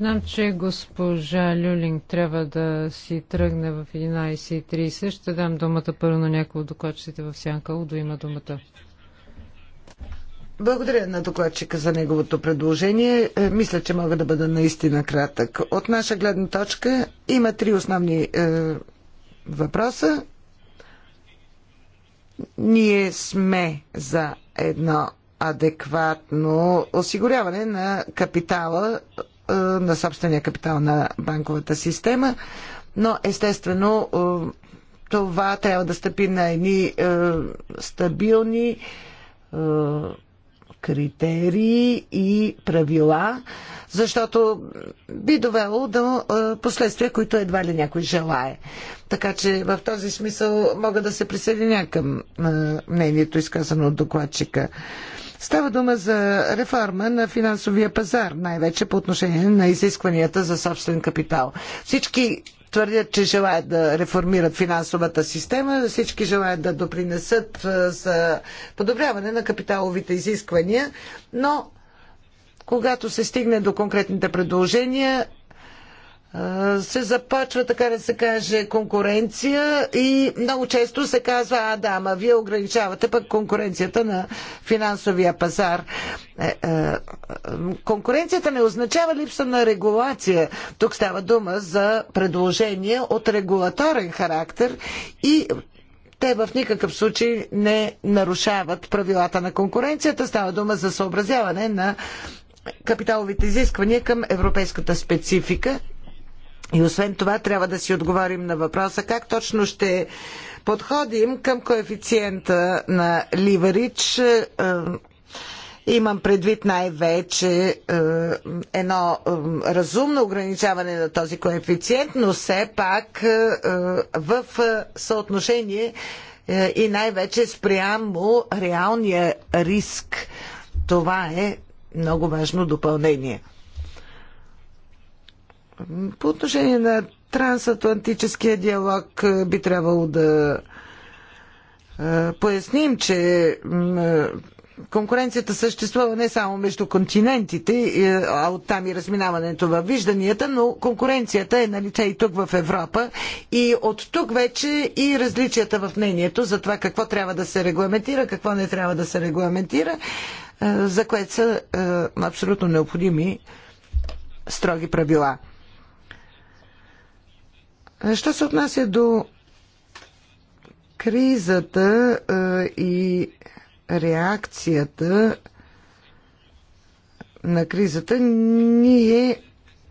Знам, че госпожа Люлинг трябва да си тръгне в 11.30. Ще дам думата първо на някои от докладчиците в сянка. Удо има думата. Благодаря на докладчика за неговото предложение. Е, мисля, че мога да бъда наистина кратък. От наша гледна точка има три основни е, въпроса. Ние сме за едно адекватно осигуряване на капитала, е, на собствения капитал на банковата система, но естествено е, това трябва да стъпи на едни е, стабилни е, критерии и правила, защото би довело до е, последствия, които едва ли някой желае. Така че в този смисъл мога да се присъединя към е, мнението, изказано от докладчика. Става дума за реформа на финансовия пазар, най-вече по отношение на изискванията за собствен капитал. Всички твърдят, че желаят да реформират финансовата система, всички желаят да допринесат за подобряване на капиталовите изисквания, но когато се стигне до конкретните предложения, се започва, така да се каже, конкуренция и много често се казва, а да, ама вие ограничавате пък конкуренцията на финансовия пазар. Е, е, конкуренцията не означава липса на регулация. Тук става дума за предложения от регулаторен характер и те в никакъв случай не нарушават правилата на конкуренцията. Става дума за съобразяване на капиталовите изисквания към европейската специфика и освен това трябва да си отговорим на въпроса как точно ще подходим към коефициента на ливарич. Е, е, имам предвид най-вече е, едно разумно ограничаване на този коефициент, но все пак в съотношение и най-вече спрямо реалния риск. Това е много важно допълнение. По отношение на трансатлантическия диалог е, би трябвало да е, поясним, че е, конкуренцията съществува не само между континентите, а оттам и разминаването във вижданията, но конкуренцията е налице и тук в Европа и от тук вече и различията в мнението за това какво трябва да се регламентира, какво не трябва да се регламентира, за което са абсолютно необходими строги правила. Що се отнася до кризата и реакцията на кризата, ние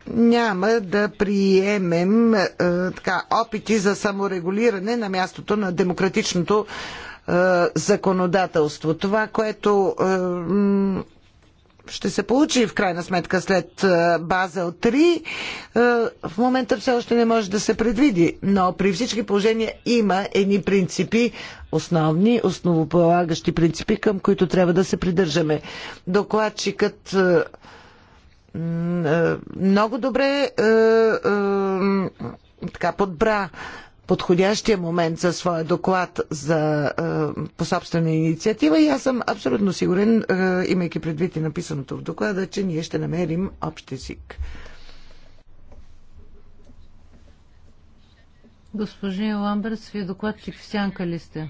няма да приемем така, опити за саморегулиране на мястото на демократичното законодателство. Това, което ще се получи в крайна сметка след Базел 3, в момента все още не може да се предвиди. Но при всички положения има едни принципи, основни, основополагащи принципи, към които трябва да се придържаме. Докладчикът много добре така подбра подходящия момент за своя доклад за, е, по собствена инициатива и аз съм абсолютно сигурен, е, имайки предвид и написаното в доклада, че ние ще намерим общ език. Госпожин Ламберт, вие докладчик в сянка ли сте?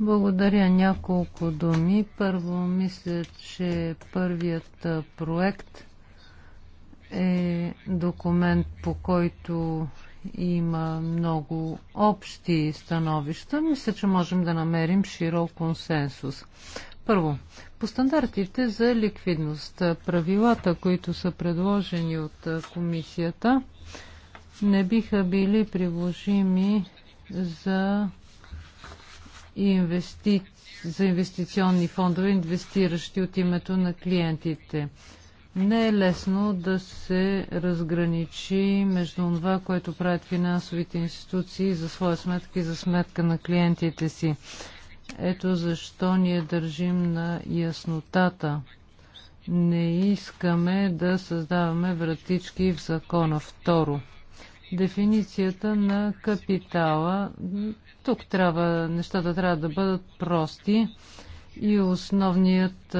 Благодаря. Няколко думи. Първо, мисля, че първият е, проект е документ, по който има много общи становища, мисля, че можем да намерим широк консенсус. Първо, по стандартите за ликвидност, правилата, които са предложени от комисията, не биха били приложими за, инвести... за инвестиционни фондове, инвестиращи от името на клиентите. Не е лесно да се разграничи между това, което правят финансовите институции за своя сметка и за сметка на клиентите си. Ето защо ние държим на яснотата. Не искаме да създаваме вратички в закона. Второ, дефиницията на капитала. Тук трябва, нещата трябва да бъдат прости и основният,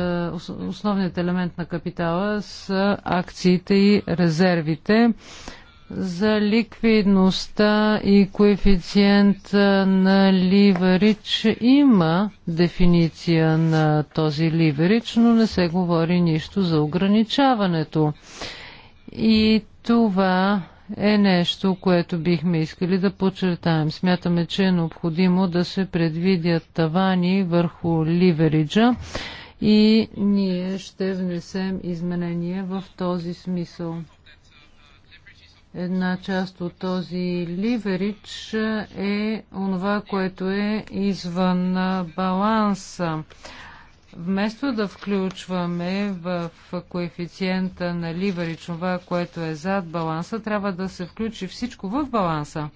основният елемент на капитала са акциите и резервите. За ликвидността и коефициент на ливерич има дефиниция на този ливерич, но не се говори нищо за ограничаването. И това е нещо, което бихме искали да подчертаем. Смятаме, че е необходимо да се предвидят тавани върху ливериджа и ние ще внесем изменения в този смисъл. Една част от този ливерич е онова, което е извън баланса. Вместо да включваме в коефициента на ливарич това, което е зад баланса, трябва да се включи всичко в баланса.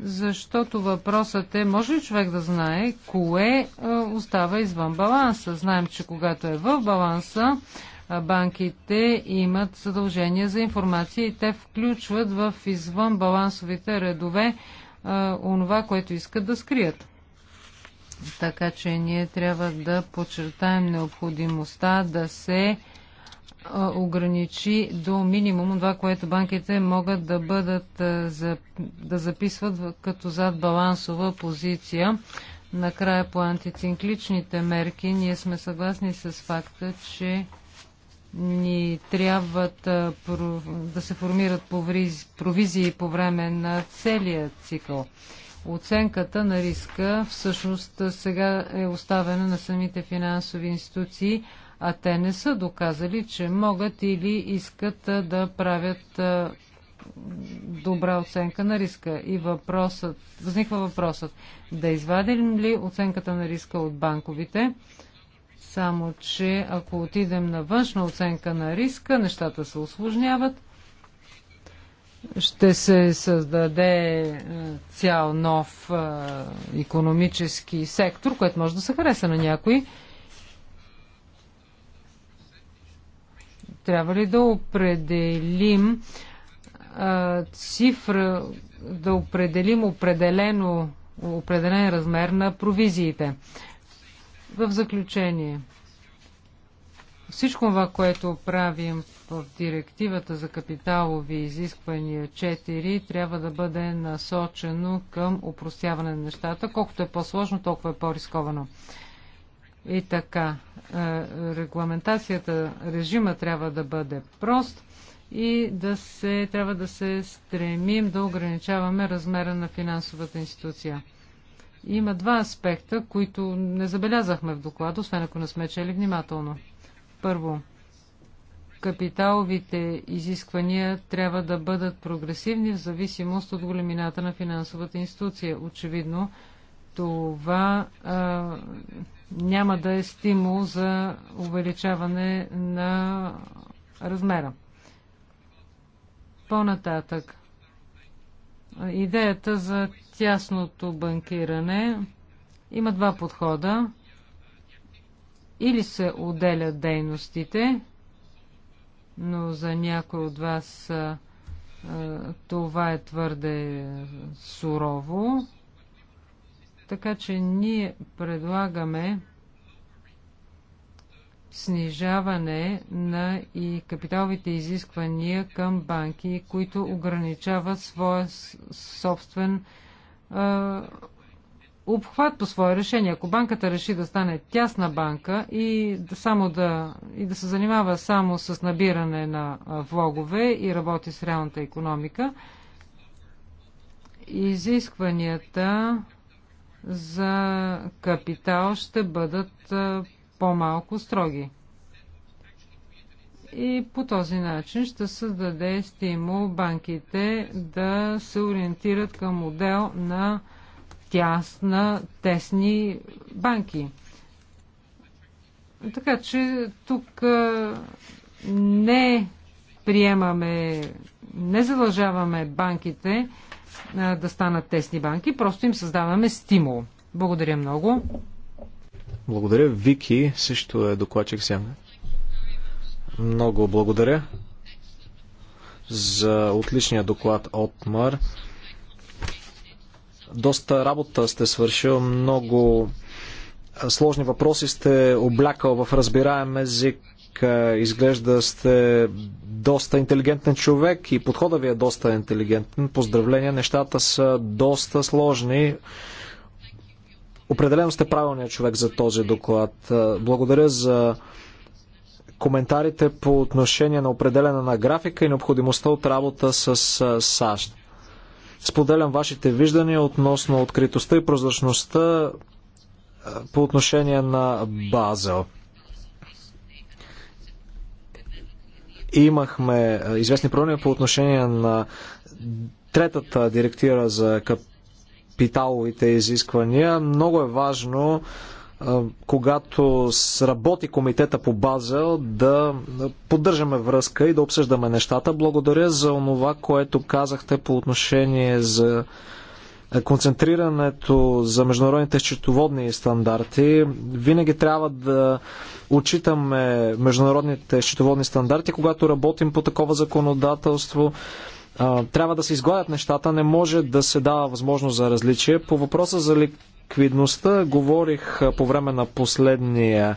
Защото въпросът е, може ли човек да знае кое е, остава извън баланса? Знаем, че когато е в баланса, банките имат задължения за информация и те включват в извън балансовите редове онова, което искат да скрият. Така че ние трябва да подчертаем необходимостта да се ограничи до минимум това, което банките могат да бъдат да записват като зад балансова позиция. Накрая по антицикличните мерки ние сме съгласни с факта, че ни трябва да се формират провизии по време на целия цикъл. Оценката на риска всъщност сега е оставена на самите финансови институции, а те не са доказали, че могат или искат да правят добра оценка на риска. И въпросът, възниква въпросът, да извадим ли оценката на риска от банковите, само че ако отидем на външна оценка на риска, нещата се осложняват ще се създаде е, цял нов економически сектор, което може да се хареса на някой. Трябва ли да определим е, цифра, да определим определено, определен размер на провизиите? В заключение – всичко това, което правим в директивата за капиталови изисквания 4, трябва да бъде насочено към упростяване на нещата. Колкото е по-сложно, толкова е по-рисковано. И така, е, регламентацията, режима трябва да бъде прост и да се, трябва да се стремим да ограничаваме размера на финансовата институция. Има два аспекта, които не забелязахме в доклада, освен ако не сме чели внимателно. Първо, капиталовите изисквания трябва да бъдат прогресивни в зависимост от големината на финансовата институция. Очевидно, това а, няма да е стимул за увеличаване на размера. По-нататък. Идеята за тясното банкиране има два подхода. Или се отделят дейностите, но за някой от вас това е твърде сурово. Така че ние предлагаме снижаване на и капиталовите изисквания към банки, които ограничават своя собствен а, обхват по свое решение. Ако банката реши да стане тясна банка и да, само да, и да се занимава само с набиране на влогове и работи с реалната економика, изискванията за капитал ще бъдат по-малко строги. И по този начин ще създаде стимул банките да се ориентират към модел на тясна, тесни банки. Така че тук не приемаме, не задължаваме банките да станат тесни банки, просто им създаваме стимул. Благодаря много. Благодаря. Вики също е докладчик сега. Много благодаря за отличния доклад от МАР. Доста работа сте свършил, много сложни въпроси сте облякал в разбираем език. Изглежда сте доста интелигентен човек и подхода ви е доста интелигентен. Поздравления, нещата са доста сложни. Определено сте правилният човек за този доклад. Благодаря за коментарите по отношение на определена на графика и необходимостта от работа с САЩ. Споделям вашите виждания относно откритостта и прозрачността по отношение на Базел. Имахме известни проблеми по отношение на третата директива за капиталовите изисквания. Много е важно когато сработи комитета по база да поддържаме връзка и да обсъждаме нещата. Благодаря за онова, което казахте по отношение за концентрирането за международните счетоводни стандарти. Винаги трябва да отчитаме международните счетоводни стандарти, когато работим по такова законодателство трябва да се изгладят нещата, не може да се дава възможност за различие. По въпроса за ли ликвидността говорих по време на последния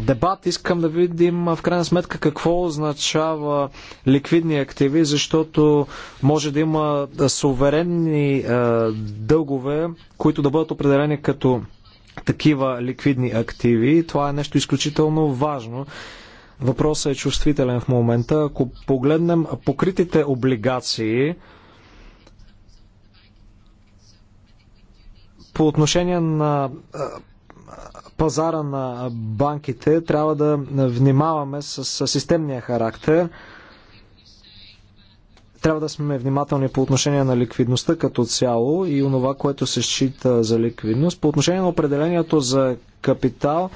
дебат. Искам да видим в крайна сметка какво означава ликвидни активи, защото може да има суверенни дългове, които да бъдат определени като такива ликвидни активи. Това е нещо изключително важно. Въпросът е чувствителен в момента. Ако погледнем покритите облигации, По отношение на пазара на банките, трябва да внимаваме с системния характер. Трябва да сме внимателни по отношение на ликвидността като цяло и онова, което се счита за ликвидност. По отношение на определението за капитал,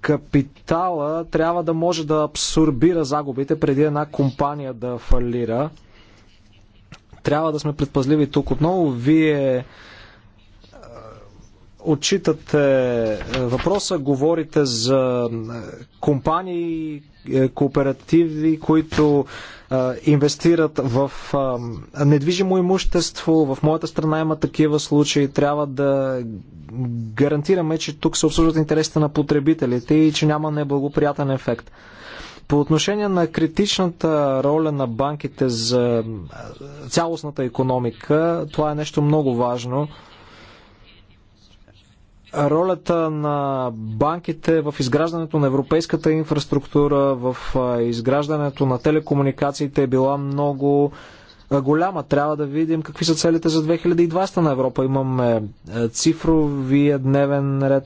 капитала трябва да може да абсорбира загубите преди една компания да фалира. Трябва да сме предпазливи тук отново. Вие отчитате въпроса, говорите за компании, е, кооперативи, които е, инвестират в е, недвижимо имущество. В моята страна има такива случаи. Трябва да гарантираме, че тук се обслужват интересите на потребителите и че няма неблагоприятен ефект. По отношение на критичната роля на банките за цялостната економика, това е нещо много важно ролята на банките в изграждането на европейската инфраструктура, в изграждането на телекомуникациите е била много голяма. Трябва да видим какви са целите за 2020 на Европа. Имаме цифровия дневен ред,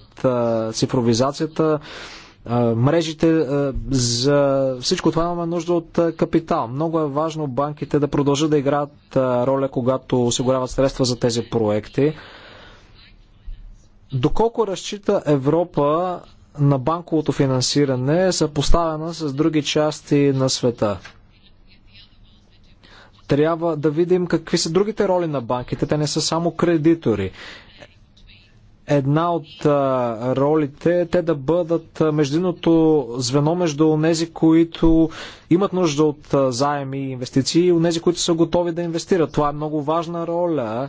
цифровизацията, мрежите. За всичко това имаме нужда от капитал. Много е важно банките да продължат да играят роля, когато осигуряват средства за тези проекти. Доколко разчита Европа на банковото финансиране, съпоставена с други части на света? Трябва да видим какви са другите роли на банките. Те не са само кредитори една от а, ролите е те да бъдат междуното звено между онези, които имат нужда от а, заеми и инвестиции и онези, които са готови да инвестират. Това е много важна роля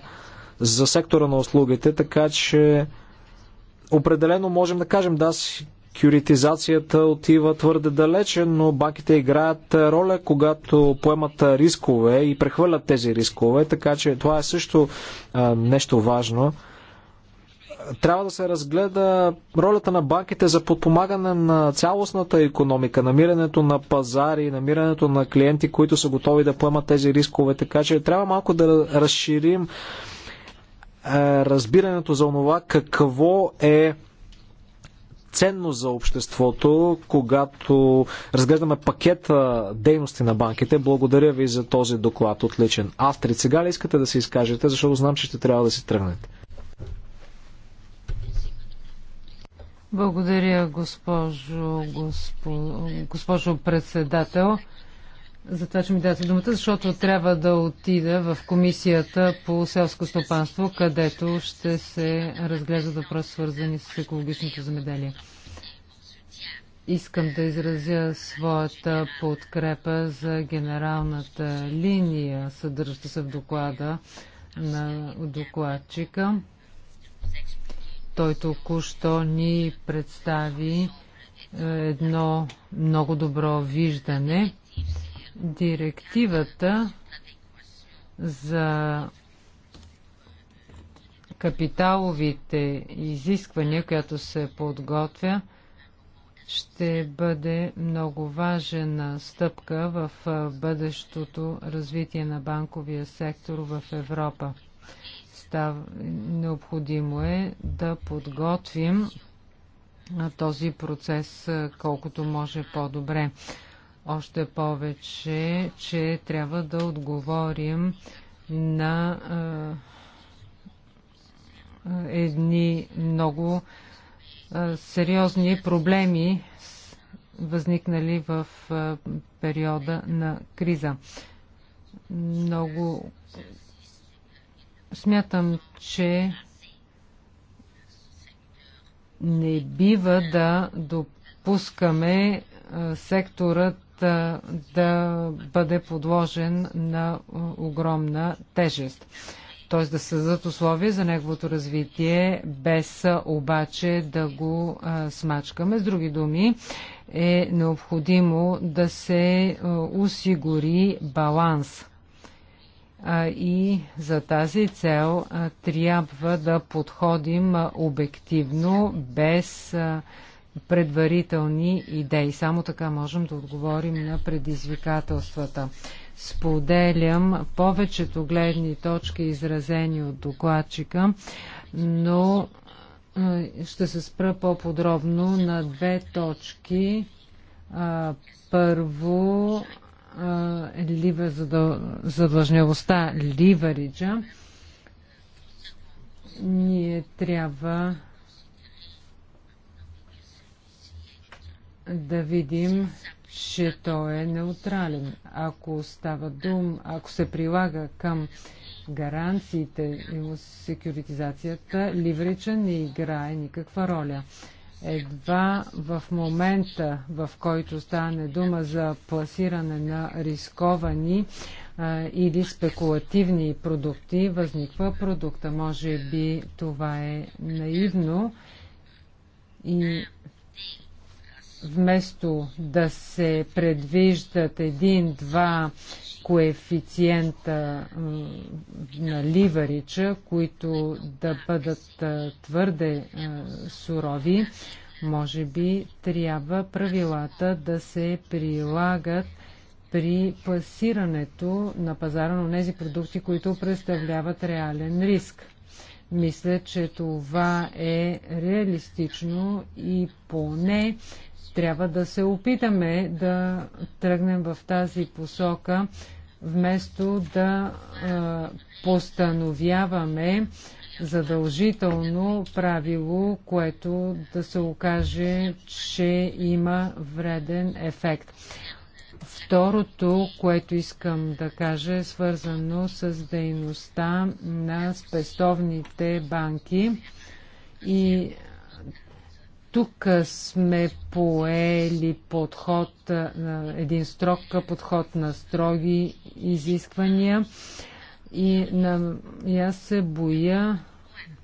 за сектора на услугите, така че определено можем да кажем да, секюритизацията отива твърде далече, но банките играят роля, когато поемат рискове и прехвърлят тези рискове, така че това е също а, нещо важно. Трябва да се разгледа ролята на банките за подпомагане на цялостната економика, намирането на пазари, намирането на клиенти, които са готови да поемат тези рискове, така че трябва малко да разширим е, разбирането за това какво е ценно за обществото, когато разглеждаме пакета дейности на банките. Благодаря ви за този доклад. Отличен. Астрид, сега ли искате да се изкажете, защото знам, че ще трябва да си тръгнете? Благодаря, госпожо, госпо, госпожо председател за това, че ми дадете думата, защото трябва да отида в комисията по селско стопанство, където ще се разглеждат въпроси, свързани с екологичното замеделие. Искам да изразя своята подкрепа за генералната линия, съдържаща се в доклада на докладчика. Той току-що ни представи е, едно много добро виждане директивата за капиталовите изисквания, която се подготвя, ще бъде много важна стъпка в бъдещото развитие на банковия сектор в Европа. Став... Необходимо е да подготвим този процес колкото може по-добре. Още повече, че трябва да отговорим на е, едни много е, сериозни проблеми, възникнали в е, периода на криза. Много смятам, че не бива да допускаме секторът да бъде подложен на огромна тежест. Т.е. да създадат условия за неговото развитие, без обаче да го смачкаме. С други думи, е необходимо да се осигури баланс и за тази цел трябва да подходим обективно, без предварителни идеи. Само така можем да отговорим на предизвикателствата. Споделям повечето гледни точки, изразени от докладчика, но ще се спра по-подробно на две точки. Първо, лива задължнявостта ливариджа. Ние трябва да видим, че той е неутрален. Ако става дум, ако се прилага към гаранциите и секюритизацията, ливрича не играе никаква роля. Едва в момента, в който стане дума за пласиране на рисковани а, или спекулативни продукти, възниква продукта. Може би това е наивно и вместо да се предвиждат един-два коефициента на ливарича, които да бъдат твърде сурови, може би трябва правилата да се прилагат при пласирането на пазара на тези продукти, които представляват реален риск. Мисля, че това е реалистично и поне трябва да се опитаме да тръгнем в тази посока, вместо да а, постановяваме задължително правило, което да се окаже, че има вреден ефект. Второто, което искам да кажа, е свързано с дейността на спестовните банки и тук сме поели подход, един строг подход на строги изисквания и, на, и аз се боя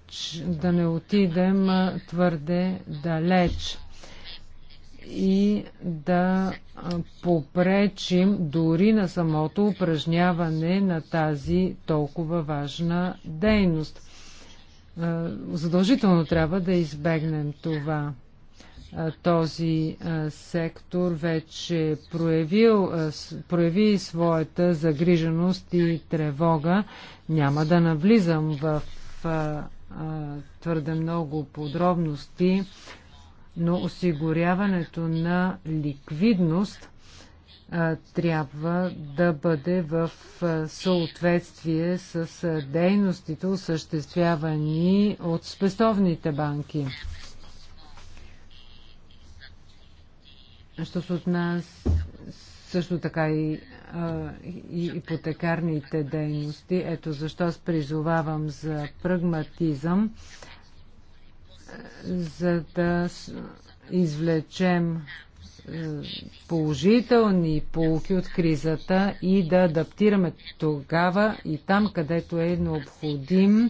че, да не отидем твърде далеч и да попречим дори на самото упражняване на тази толкова важна дейност. Задължително трябва да избегнем това този сектор вече проявил, прояви своята загриженост и тревога. Няма да навлизам в твърде много подробности, но осигуряването на ликвидност трябва да бъде в съответствие с дейностите, осъществявани от спестовните банки. Що се нас също така и, а, и ипотекарните дейности. Ето защо аз призовавам за прагматизъм, за да извлечем положителни полки от кризата и да адаптираме тогава и там, където е необходим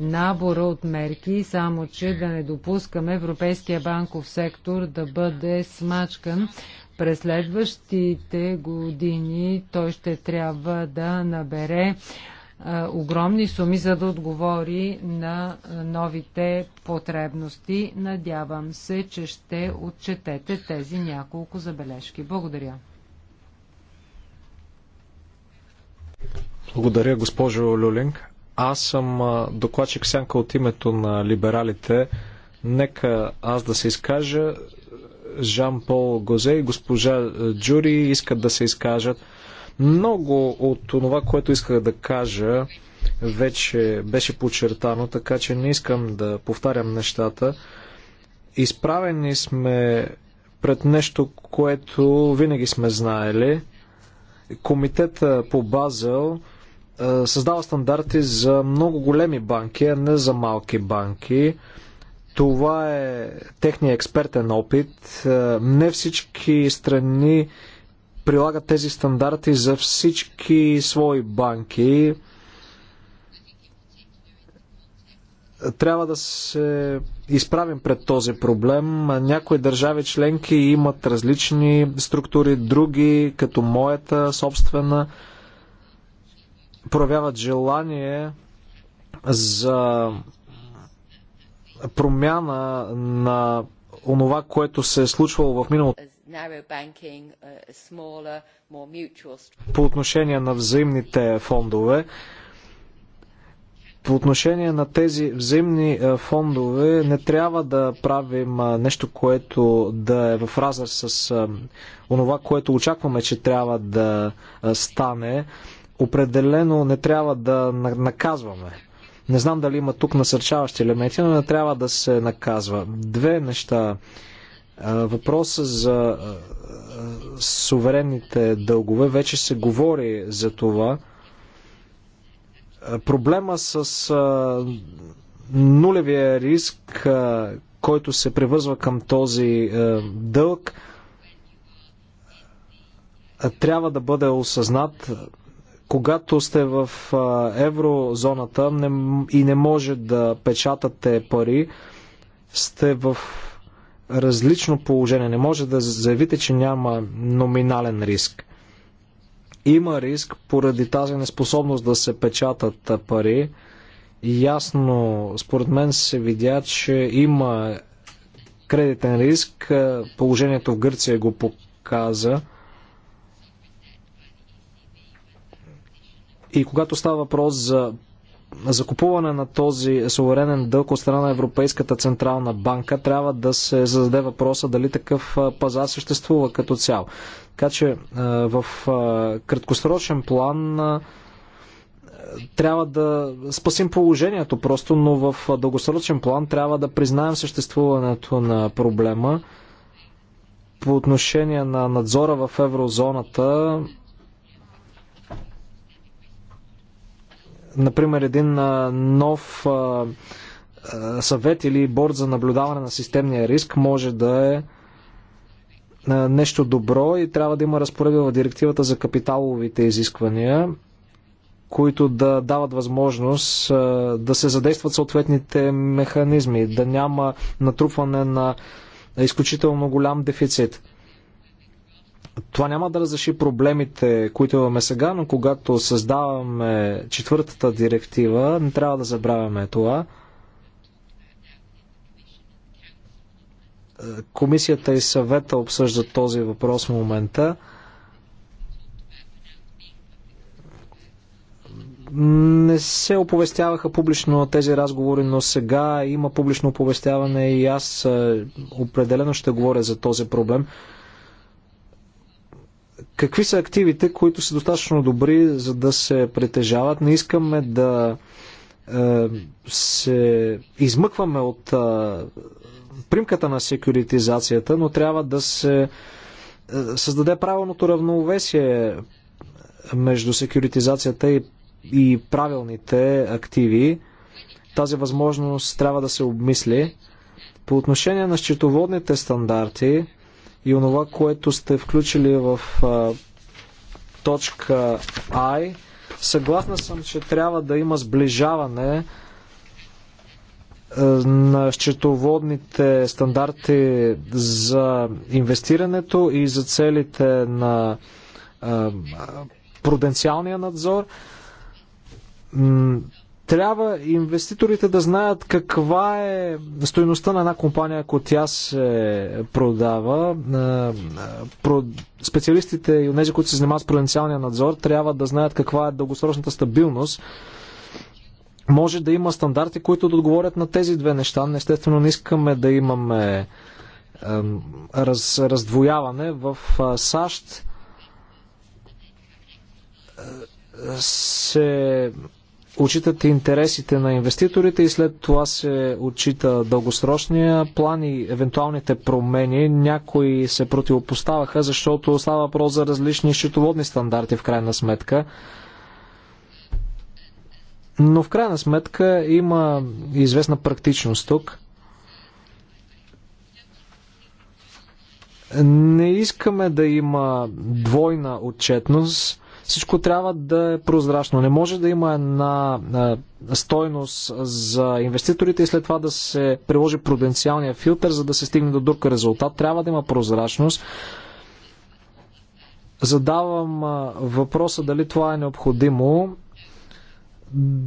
набора от мерки, само че да не допускаме европейския банков сектор да бъде смачкан. През следващите години той ще трябва да набере огромни суми, за да отговори на новите потребности. Надявам се, че ще отчетете тези няколко забележки. Благодаря. Благодаря, госпожо Люлинг. Аз съм докладчик Сянка от името на либералите. Нека аз да се изкажа. Жан-Пол Гозе и госпожа Джури искат да се изкажат. Много от това, което исках да кажа, вече беше подчертано, така че не искам да повтарям нещата. Изправени сме пред нещо, което винаги сме знаели. Комитета по Базел е, създава стандарти за много големи банки, а не за малки банки. Това е техния експертен опит. Е, не всички страни прилагат тези стандарти за всички свои банки. Трябва да се изправим пред този проблем. Някои държави членки имат различни структури, други, като моята собствена, проявяват желание за промяна на онова, което се е случвало в миналото uh, по отношение на взаимните фондове. По отношение на тези взаимни е, фондове не трябва да правим е, нещо, което да е в разрез с е, онова, което очакваме, че трябва да стане определено не трябва да наказваме. Не знам дали има тук насърчаващи елементи, но не трябва да се наказва. Две неща. Въпроса за суверенните дългове вече се говори за това. Проблема с нулевия риск, който се привързва към този дълг, трябва да бъде осъзнат когато сте в еврозоната и не може да печатате пари, сте в различно положение. Не може да заявите, че няма номинален риск. Има риск поради тази неспособност да се печатат пари. Ясно, според мен се видя, че има кредитен риск. Положението в Гърция го показа. И когато става въпрос за закупуване на този суверенен дълг от страна на Европейската централна банка, трябва да се зададе въпроса дали такъв пазар съществува като цяло. Така че в краткосрочен план трябва да спасим положението просто, но в дългосрочен план трябва да признаем съществуването на проблема. По отношение на надзора в еврозоната, например, един нов съвет или борд за наблюдаване на системния риск може да е нещо добро и трябва да има разпоредба в директивата за капиталовите изисквания, които да дават възможност да се задействат съответните механизми, да няма натрупване на изключително голям дефицит това няма да разреши проблемите, които имаме сега, но когато създаваме четвъртата директива, не трябва да забравяме това. Комисията и съвета обсъждат този въпрос в момента. Не се оповестяваха публично тези разговори, но сега има публично оповестяване и аз е, определено ще говоря за този проблем какви са активите, които са достатъчно добри, за да се притежават. Не искаме да е, се измъкваме от е, примката на секюритизацията, но трябва да се е, създаде правилното равновесие между секюритизацията и, и правилните активи. Тази възможност трябва да се обмисли. По отношение на счетоводните стандарти, и онова, което сте включили в а, точка I. Съгласна съм, че трябва да има сближаване е, на счетоводните стандарти за инвестирането и за целите на а, пруденциалния надзор трябва инвеститорите да знаят каква е стоеността на една компания, ако тя се продава. Е, е, специалистите и тези, които се занимават с провинциалния надзор, трябва да знаят каква е дългосрочната стабилност може да има стандарти, които да отговорят на тези две неща. Естествено, не искаме да имаме раз, раздвояване. В САЩ е, се отчитат интересите на инвеститорите и след това се отчита дългосрочния план и евентуалните промени. Някои се противопоставаха, защото става въпрос за различни счетоводни стандарти в крайна сметка. Но в крайна сметка има известна практичност тук. Не искаме да има двойна отчетност всичко трябва да е прозрачно. Не може да има една стойност за инвеститорите и след това да се приложи пруденциалния филтър, за да се стигне до друг резултат. Трябва да има прозрачност. Задавам въпроса дали това е необходимо.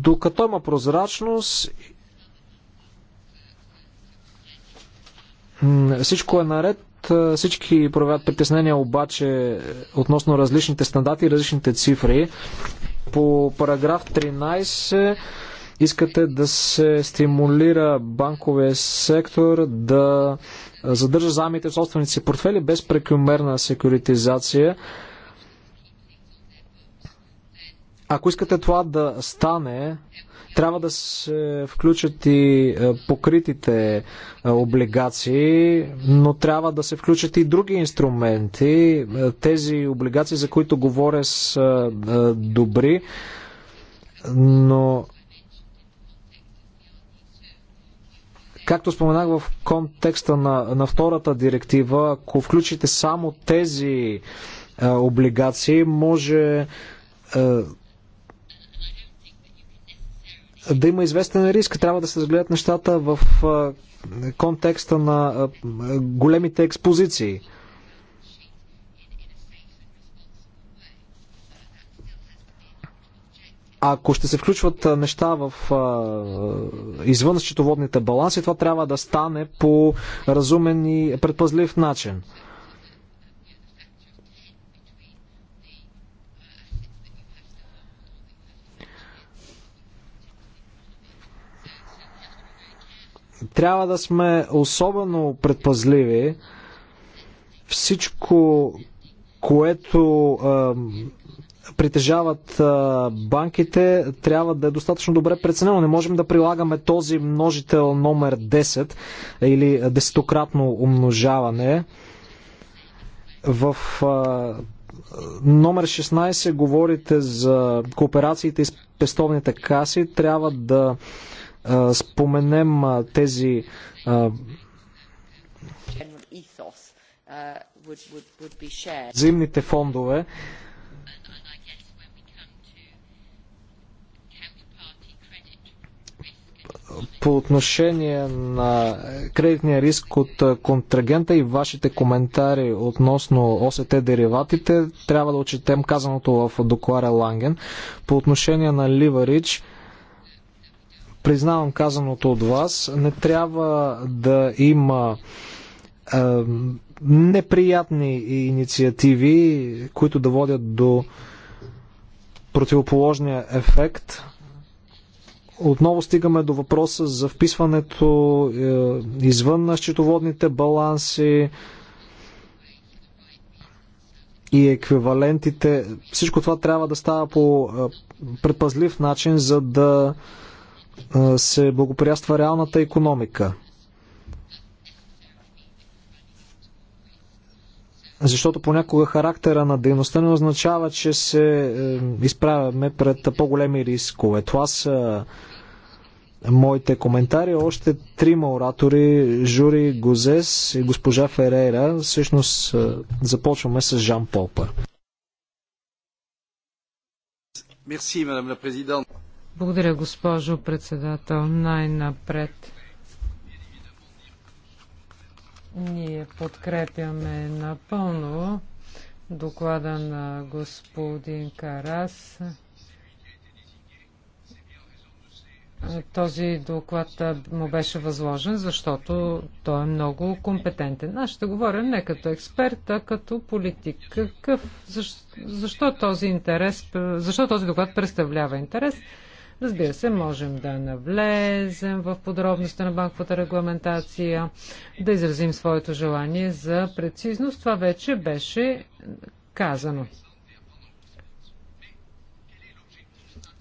Докато има прозрачност всичко е наред. Е, всички проявяват притеснения обаче е, относно различните стандарти и различните цифри. По параграф 13 искате да се стимулира банковия сектор да е, задържа заемите в собствените си портфели без прекомерна секюритизация. Ако искате това да стане, трябва да се включат и е, покритите е, облигации, но трябва да се включат и други инструменти. Е, тези облигации, за които говоря, са добри, но както споменах в контекста на, на втората директива, ако включите само тези а, облигации, може а, да има известен риск. Трябва да се разгледат нещата в контекста на големите експозиции. Ако ще се включват неща в извън счетоводните баланси, това трябва да стане по разумен и предпазлив начин. Трябва да сме особено предпазливи. Всичко, което е, притежават е, банките, трябва да е достатъчно добре преценено. Не можем да прилагаме този множител номер 10 или десетократно умножаване. В е, номер 16 говорите за кооперациите и спестовните каси. Трябва да е, споменем тези uh, взаимните фондове. По отношение на кредитния риск от контрагента и вашите коментари относно ОСТ дериватите, трябва да отчетем казаното в доклада Ланген. По отношение на Ливарич, признавам казаното от вас. Не трябва да има е, неприятни инициативи, които да водят до противоположния ефект. Отново стигаме до въпроса за вписването е, извън на счетоводните баланси и еквивалентите. Всичко това трябва да става по е, предпазлив начин, за да е, се благоприятства реалната економика. Защото понякога характера на дейността не означава, че се е, изправяме пред по-големи рискове. Това са моите коментари. Още трима оратори, Жури Гозес и госпожа Ферейра. Всъщност е, започваме с Жан Полпър. Мерси, мадам президент. Благодаря, госпожо председател. Най-напред. Ние подкрепяме напълно доклада на господин Карас. Този доклад му беше възложен, защото той е много компетентен. Аз ще говоря не като експерт, а като политик. Какъв, защо, защо, този, интерес, защо този доклад представлява интерес? Разбира се, можем да навлезем в подробността на банковата регламентация, да изразим своето желание за прецизност. Това вече беше казано.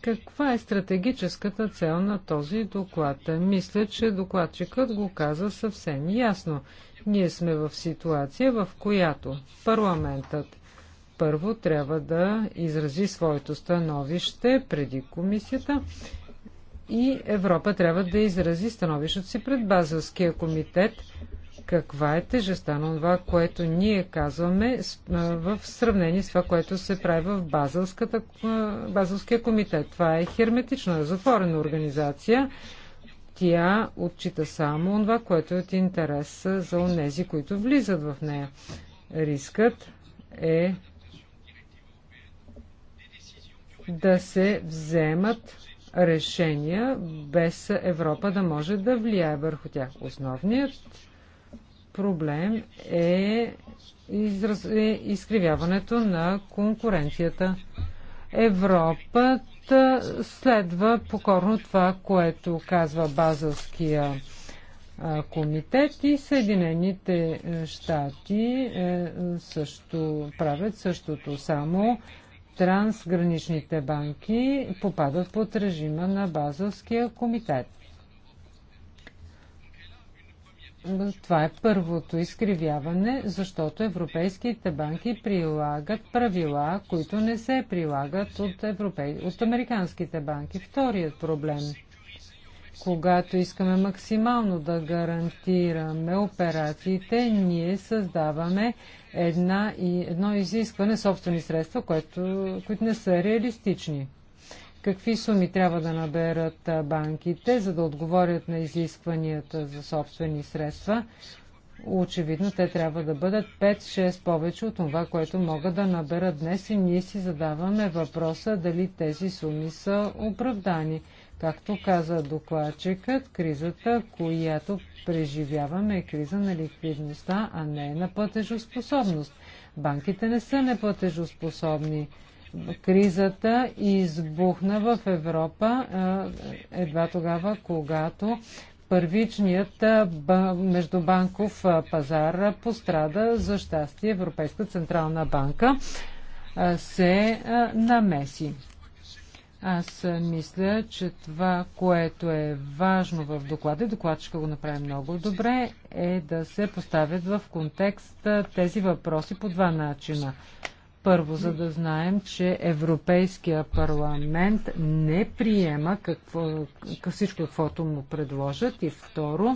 Каква е стратегическата цел на този доклад? Мисля, че докладчикът го каза съвсем ясно. Ние сме в ситуация, в която парламентът първо трябва да изрази своето становище преди комисията и Европа трябва да изрази становището си пред Базълския комитет. Каква е тежестта на това, което ние казваме в сравнение с това, което се прави в Базелската, комитет? Това е херметична, е затворена организация. Тя отчита само това, което е от интерес за онези, които влизат в нея. Рискът е да се вземат решения без Европа да може да влияе върху тях. Основният проблем е, израз... е изкривяването на конкуренцията. Европа следва покорно това, което казва Базълския комитет и Съединените щати е, също правят същото само трансграничните банки попадат под режима на Базовския комитет. Това е първото изкривяване, защото европейските банки прилагат правила, които не се прилагат от, европей... от американските банки. Вторият проблем – когато искаме максимално да гарантираме операциите, ние създаваме една и, едно изискване собствени средства, което, които не са реалистични. Какви суми трябва да наберат банките, за да отговорят на изискванията за собствени средства? Очевидно, те трябва да бъдат 5-6 повече от това, което могат да наберат днес и ние си задаваме въпроса дали тези суми са оправдани. Както каза докладчикът, кризата, която преживяваме е криза на ликвидността, а не на платежоспособност. Банките не са неплатежоспособни. Кризата избухна в Европа едва тогава, когато първичният междубанков пазар пострада. За щастие Европейска централна банка се намеси. Аз мисля, че това, което е важно в доклада, и ще го направи много добре, е да се поставят в контекст тези въпроси по два начина. Първо, за да знаем, че Европейския парламент не приема какво, всичко, каквото му предложат. И второ,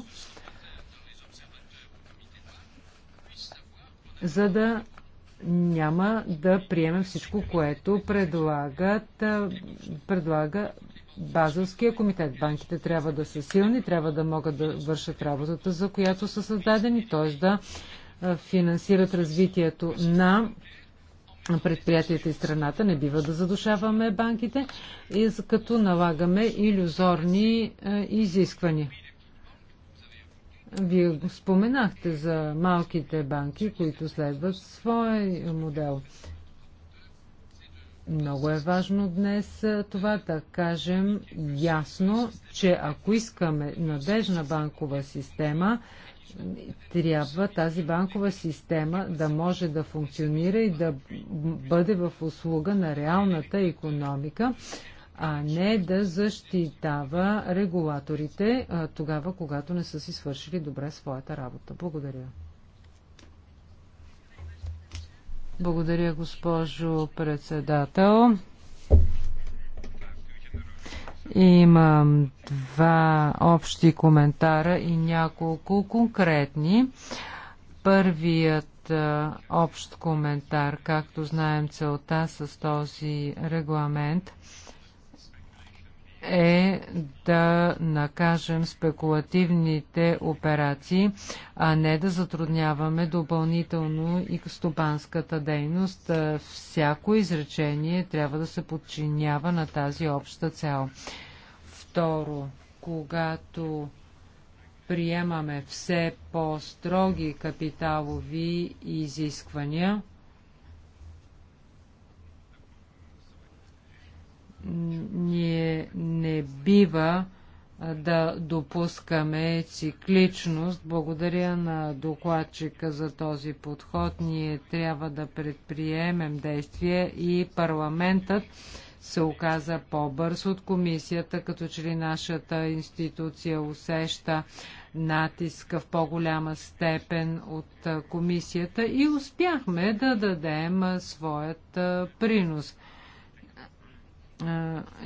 за да няма да приемем всичко, което предлагат, предлага базовския комитет. Банките трябва да са силни, трябва да могат да вършат работата, за която са създадени, т.е. да финансират развитието на предприятията и страната. Не бива да задушаваме банките, като налагаме иллюзорни изисквания. Вие споменахте за малките банки, които следват свой модел. Много е важно днес това да кажем ясно, че ако искаме надежна банкова система, трябва тази банкова система да може да функционира и да бъде в услуга на реалната економика, а не да защитава регулаторите а, тогава, когато не са си свършили добре своята работа. Благодаря. Благодаря, госпожо председател. Имам два общи коментара и няколко конкретни. Първият общ коментар, както знаем целта с този регламент – е да накажем спекулативните операции, а не да затрудняваме допълнително и стопанската дейност. Е, всяко изречение трябва да се подчинява на тази обща цел. Второ, когато приемаме все по-строги капиталови изисквания, ние не бива да допускаме цикличност. Благодаря на докладчика за този подход. Ние трябва да предприемем действия и парламентът се оказа по-бърз от комисията, като че ли нашата институция усеща натиска в по-голяма степен от комисията и успяхме да дадем своят принос –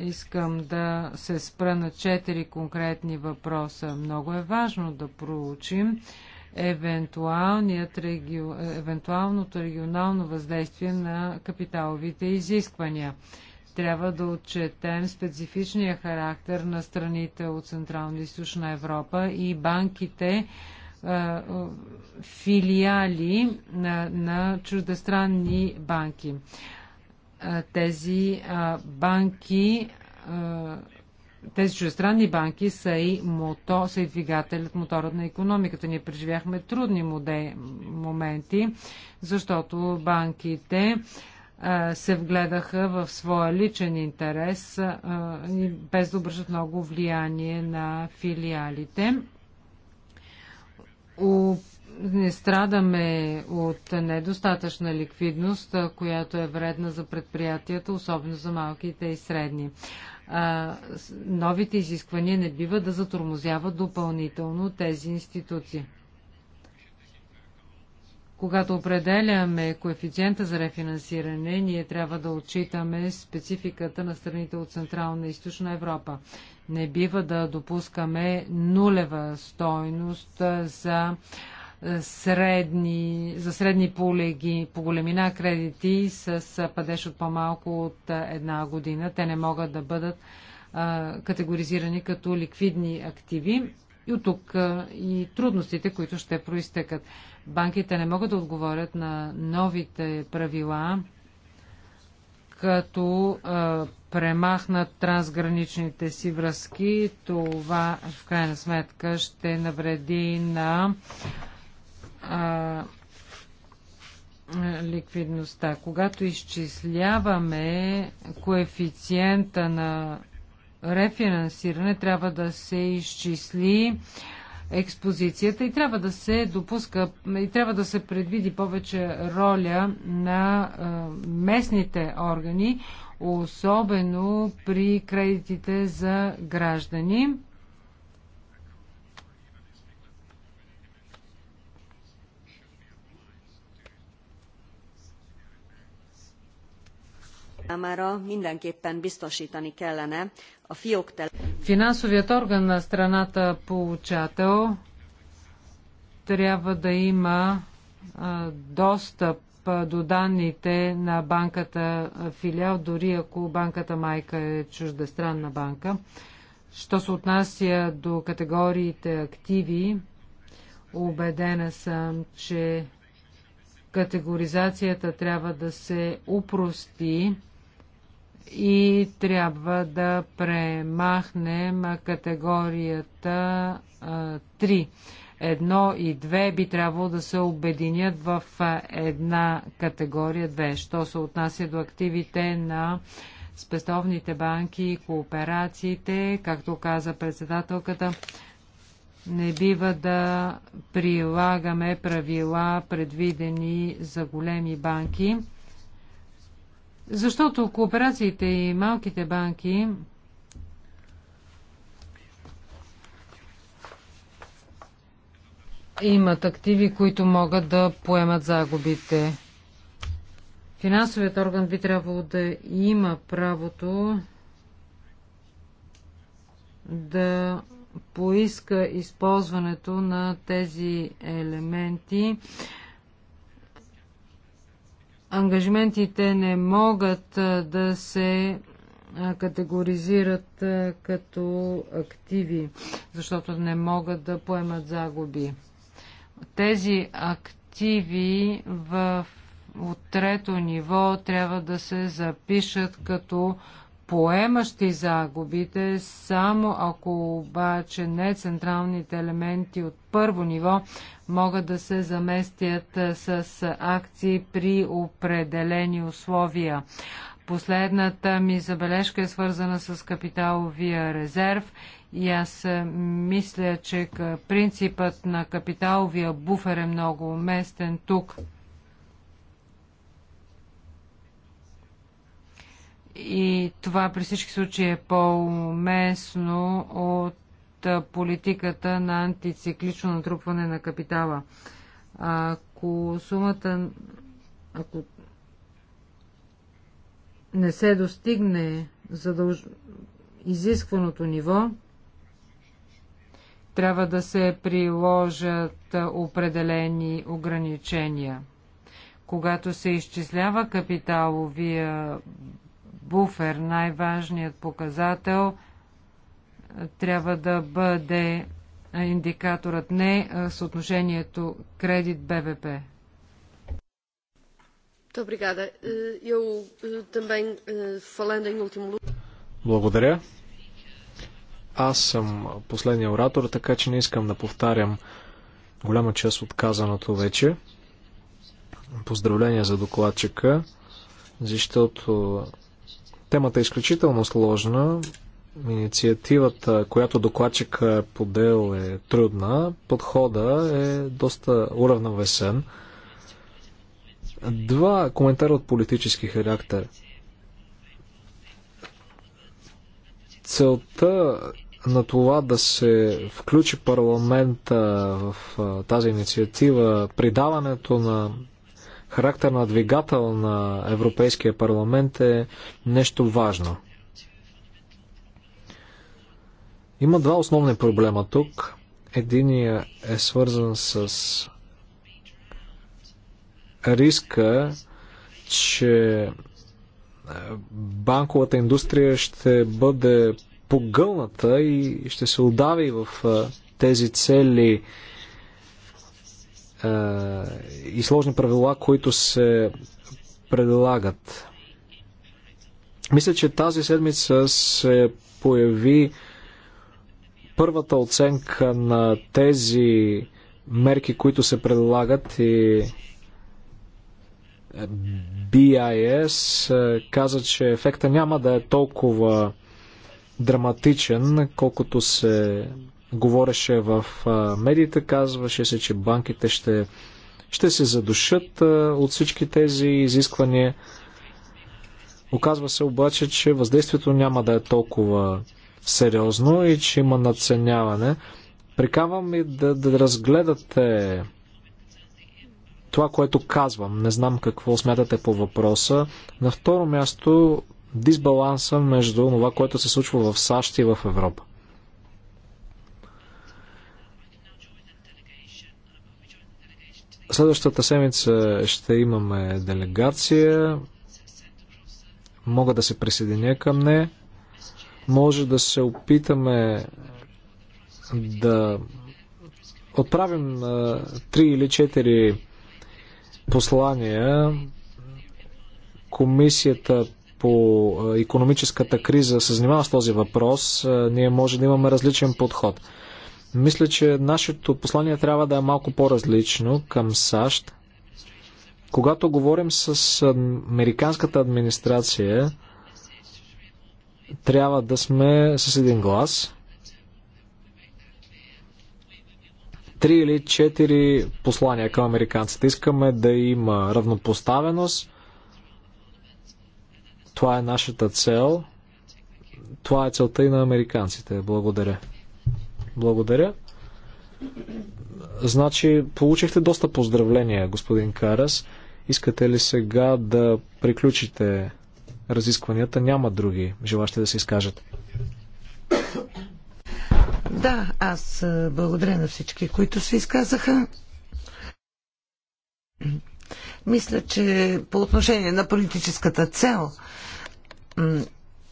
искам да се спра на четири конкретни въпроса. Много е важно да проучим регио... евентуалното регионално въздействие на капиталовите изисквания. Трябва да отчетем специфичния характер на страните от Централна и Източна Европа и банките, филиали на, на чуждестранни банки тези банки, тези чужестранни банки са и, мото, са и двигателят, моторът на економиката. Ние преживяхме трудни моде, моменти, защото банките се вгледаха в своя личен интерес, без да обръщат много влияние на филиалите не страдаме от недостатъчна ликвидност, която е вредна за предприятията, особено за малките и средни. новите изисквания не бива да затормозяват допълнително тези институции. Когато определяме коефициента за рефинансиране, ние трябва да отчитаме спецификата на страните от Централна и Източна Европа. Не бива да допускаме нулева стойност за средни, за средни полеги по големина кредити с падеж от по-малко от една година. Те не могат да бъдат категоризирани като ликвидни активи. И от тук и трудностите, които ще проистекат. Банките не могат да отговорят на новите правила, като премахнат трансграничните си връзки. Това в крайна сметка ще навреди на а, ликвидността. Когато изчисляваме коефициента на рефинансиране, трябва да се изчисли експозицията и трябва да се допуска и трябва да се предвиди повече роля на местните органи, особено при кредитите за граждани. Számára mindenképpen biztosítani kellene a fiók Финансовият орган на страната получател трябва да има достъп до данните на банката филиал, дори ако банката майка е чуждестранна банка. Що се отнася до категориите активи, убедена съм, че категоризацията трябва да се упрости и трябва да премахнем категорията 3. Едно и две би трябвало да се обединят в една категория 2. Що се отнася до активите на спестовните банки и кооперациите, както каза председателката, не бива да прилагаме правила, предвидени за големи банки защото кооперациите и малките банки имат активи, които могат да поемат загубите. Финансовият орган би трябвало да има правото да поиска използването на тези елементи Ангажиментите не могат да се категоризират като активи, защото не могат да поемат загуби. Тези активи в от трето ниво трябва да се запишат като поемащи загубите, само ако обаче не централните елементи от първо ниво могат да се заместят с акции при определени условия. Последната ми забележка е свързана с капиталовия резерв и аз мисля, че принципът на капиталовия буфер е много уместен тук. И това при всички случаи е по-уместно от политиката на антициклично натрупване на капитала. Ако сумата ако не се достигне задълж... изискваното ниво, трябва да се приложат определени ограничения. Когато се изчислява капиталовия буфер, най-важният показател, е, трябва да бъде индикаторът не е, съотношението кредит БВП. Е, Благодаря. Аз съм последния оратор, така че не искам да повтарям голяма част от казаното вече. Поздравления за докладчика, защото Темата е изключително сложна. Инициативата, която докладчик е подел е трудна. Подхода е доста уравновесен. Два коментара от политически характер. Целта на това да се включи парламента в тази инициатива, придаването на характер на двигател на Европейския парламент е нещо важно. Има два основни проблема тук. Единият е свързан с риска, че е, банковата индустрия ще бъде погълната и ще се удави в е, тези цели е, и сложни правила, които се предлагат. Мисля, че тази седмица се появи първата оценка на тези мерки, които се предлагат и BIS е, каза, че ефекта няма да е толкова драматичен, колкото се говореше в медиите, казваше се, че банките ще, ще се задушат от всички тези изисквания. Оказва се обаче, че въздействието няма да е толкова сериозно и че има надценяване. Прикавам и да, да разгледате това, което казвам. Не знам какво смятате по въпроса. На второ място, дисбаланса между това, което се случва в САЩ и в Европа. Следващата седмица ще имаме делегация. Мога да се присъединя към нея. Може да се опитаме да отправим три или четири послания. Комисията по економическата криза се занимава с този въпрос. Ние може да имаме различен подход. Мисля, че нашето послание трябва да е малко по-различно към САЩ. Когато говорим с американската администрация, трябва да сме с един глас. Три или четири послания към американците. Искаме да има равнопоставеност. Това е нашата цел. Това е целта и на американците. Благодаря. Благодаря. Значи, получихте доста поздравления, господин Карас. Искате ли сега да приключите разискванията? Няма други желащи да се изкажат. Да, аз благодаря на всички, които се изказаха. Мисля, че по отношение на политическата цел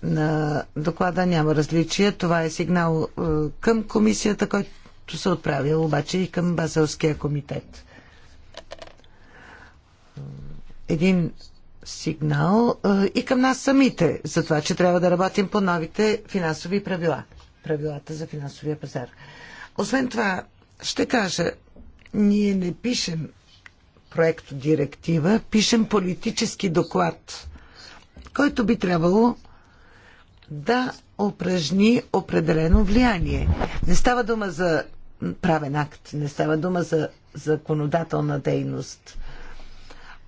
на доклада няма различия. Това е сигнал е, към комисията, който се отправил обаче и към Базелския комитет. Един сигнал е, и към нас самите за това, че трябва да работим по новите финансови правила. Правилата за финансовия пазар. Освен това, ще кажа, ние не пишем проект директива, пишем политически доклад, който би трябвало да упражни определено влияние. Не става дума за правен акт, не става дума за законодателна дейност.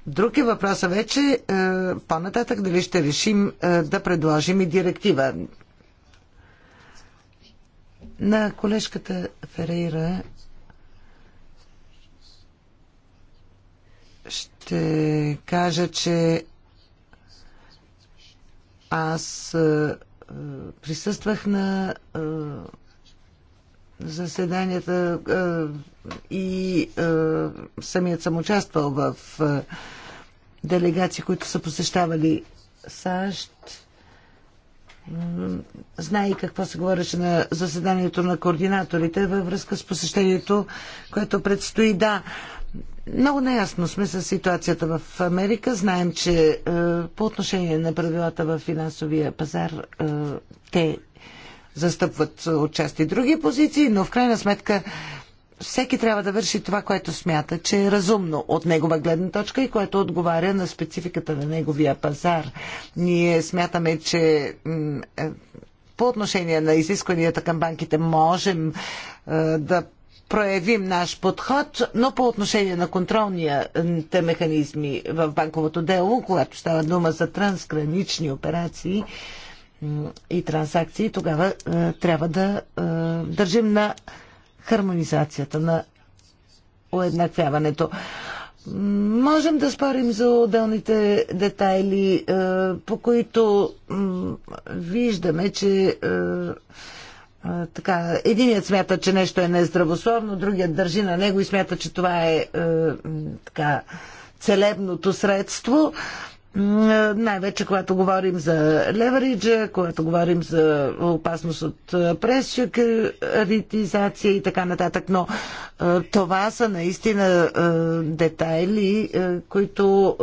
Друг е въпроса вече е, по-нататък дали ще решим е, да предложим и директива. На колежката Ферейра ще кажа, че аз е, е, присъствах на е, заседанията е, и самият съм участвал в делегации, които са посещавали САЩ. Знае и какво се говореше на заседанието на координаторите във връзка с посещението, което предстои. Да, много наясно сме с ситуацията в Америка. Знаем, че е, по отношение на правилата в финансовия пазар е, те застъпват отчасти други позиции, но в крайна сметка всеки трябва да върши това, което смята, че е разумно от негова гледна точка и което отговаря на спецификата на неговия пазар. Ние смятаме, че е, по отношение на изискванията към банките можем да проявим наш подход, но по отношение на контролните механизми в банковото дело, когато става дума за трансгранични операции и трансакции, тогава е, трябва да е, държим на хармонизацията, на уеднаквяването. Можем да спорим за отделните детайли, е, по които виждаме, че е, така, единият смята, че нещо е нездравословно, другият държи на него и смята, че това е, е така, целебното средство. Най-вече, когато говорим за левериджа, когато говорим за опасност от пресшекаритизация и така нататък, но е, това са наистина е, детайли, е, които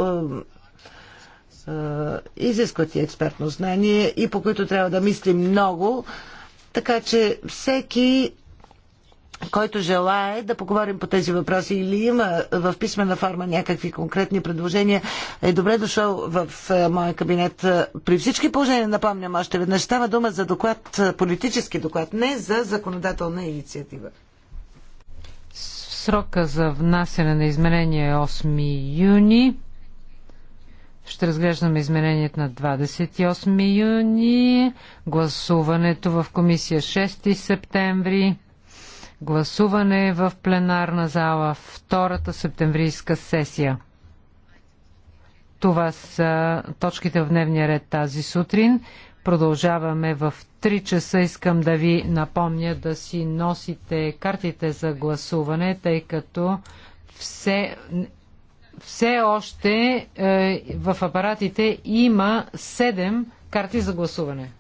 изискват и експертно знание и по които трябва да мислим много, така че всеки който желае да поговорим по тези въпроси или има в писмена форма някакви конкретни предложения, е добре дошъл в е, моя кабинет. При всички положения, напомням още веднъж, става дума за доклад, е, политически доклад, не за законодателна инициатива. Срока за внасяне на изменения е 8 юни. Ще разглеждаме изменението на 28 юни, гласуването в комисия 6 септември, гласуване в пленарна зала втората септемврийска сесия. Това са точките в дневния ред тази сутрин. Продължаваме в 3 часа. Искам да ви напомня да си носите картите за гласуване, тъй като все все още е, в апаратите има 7 карти за гласуване.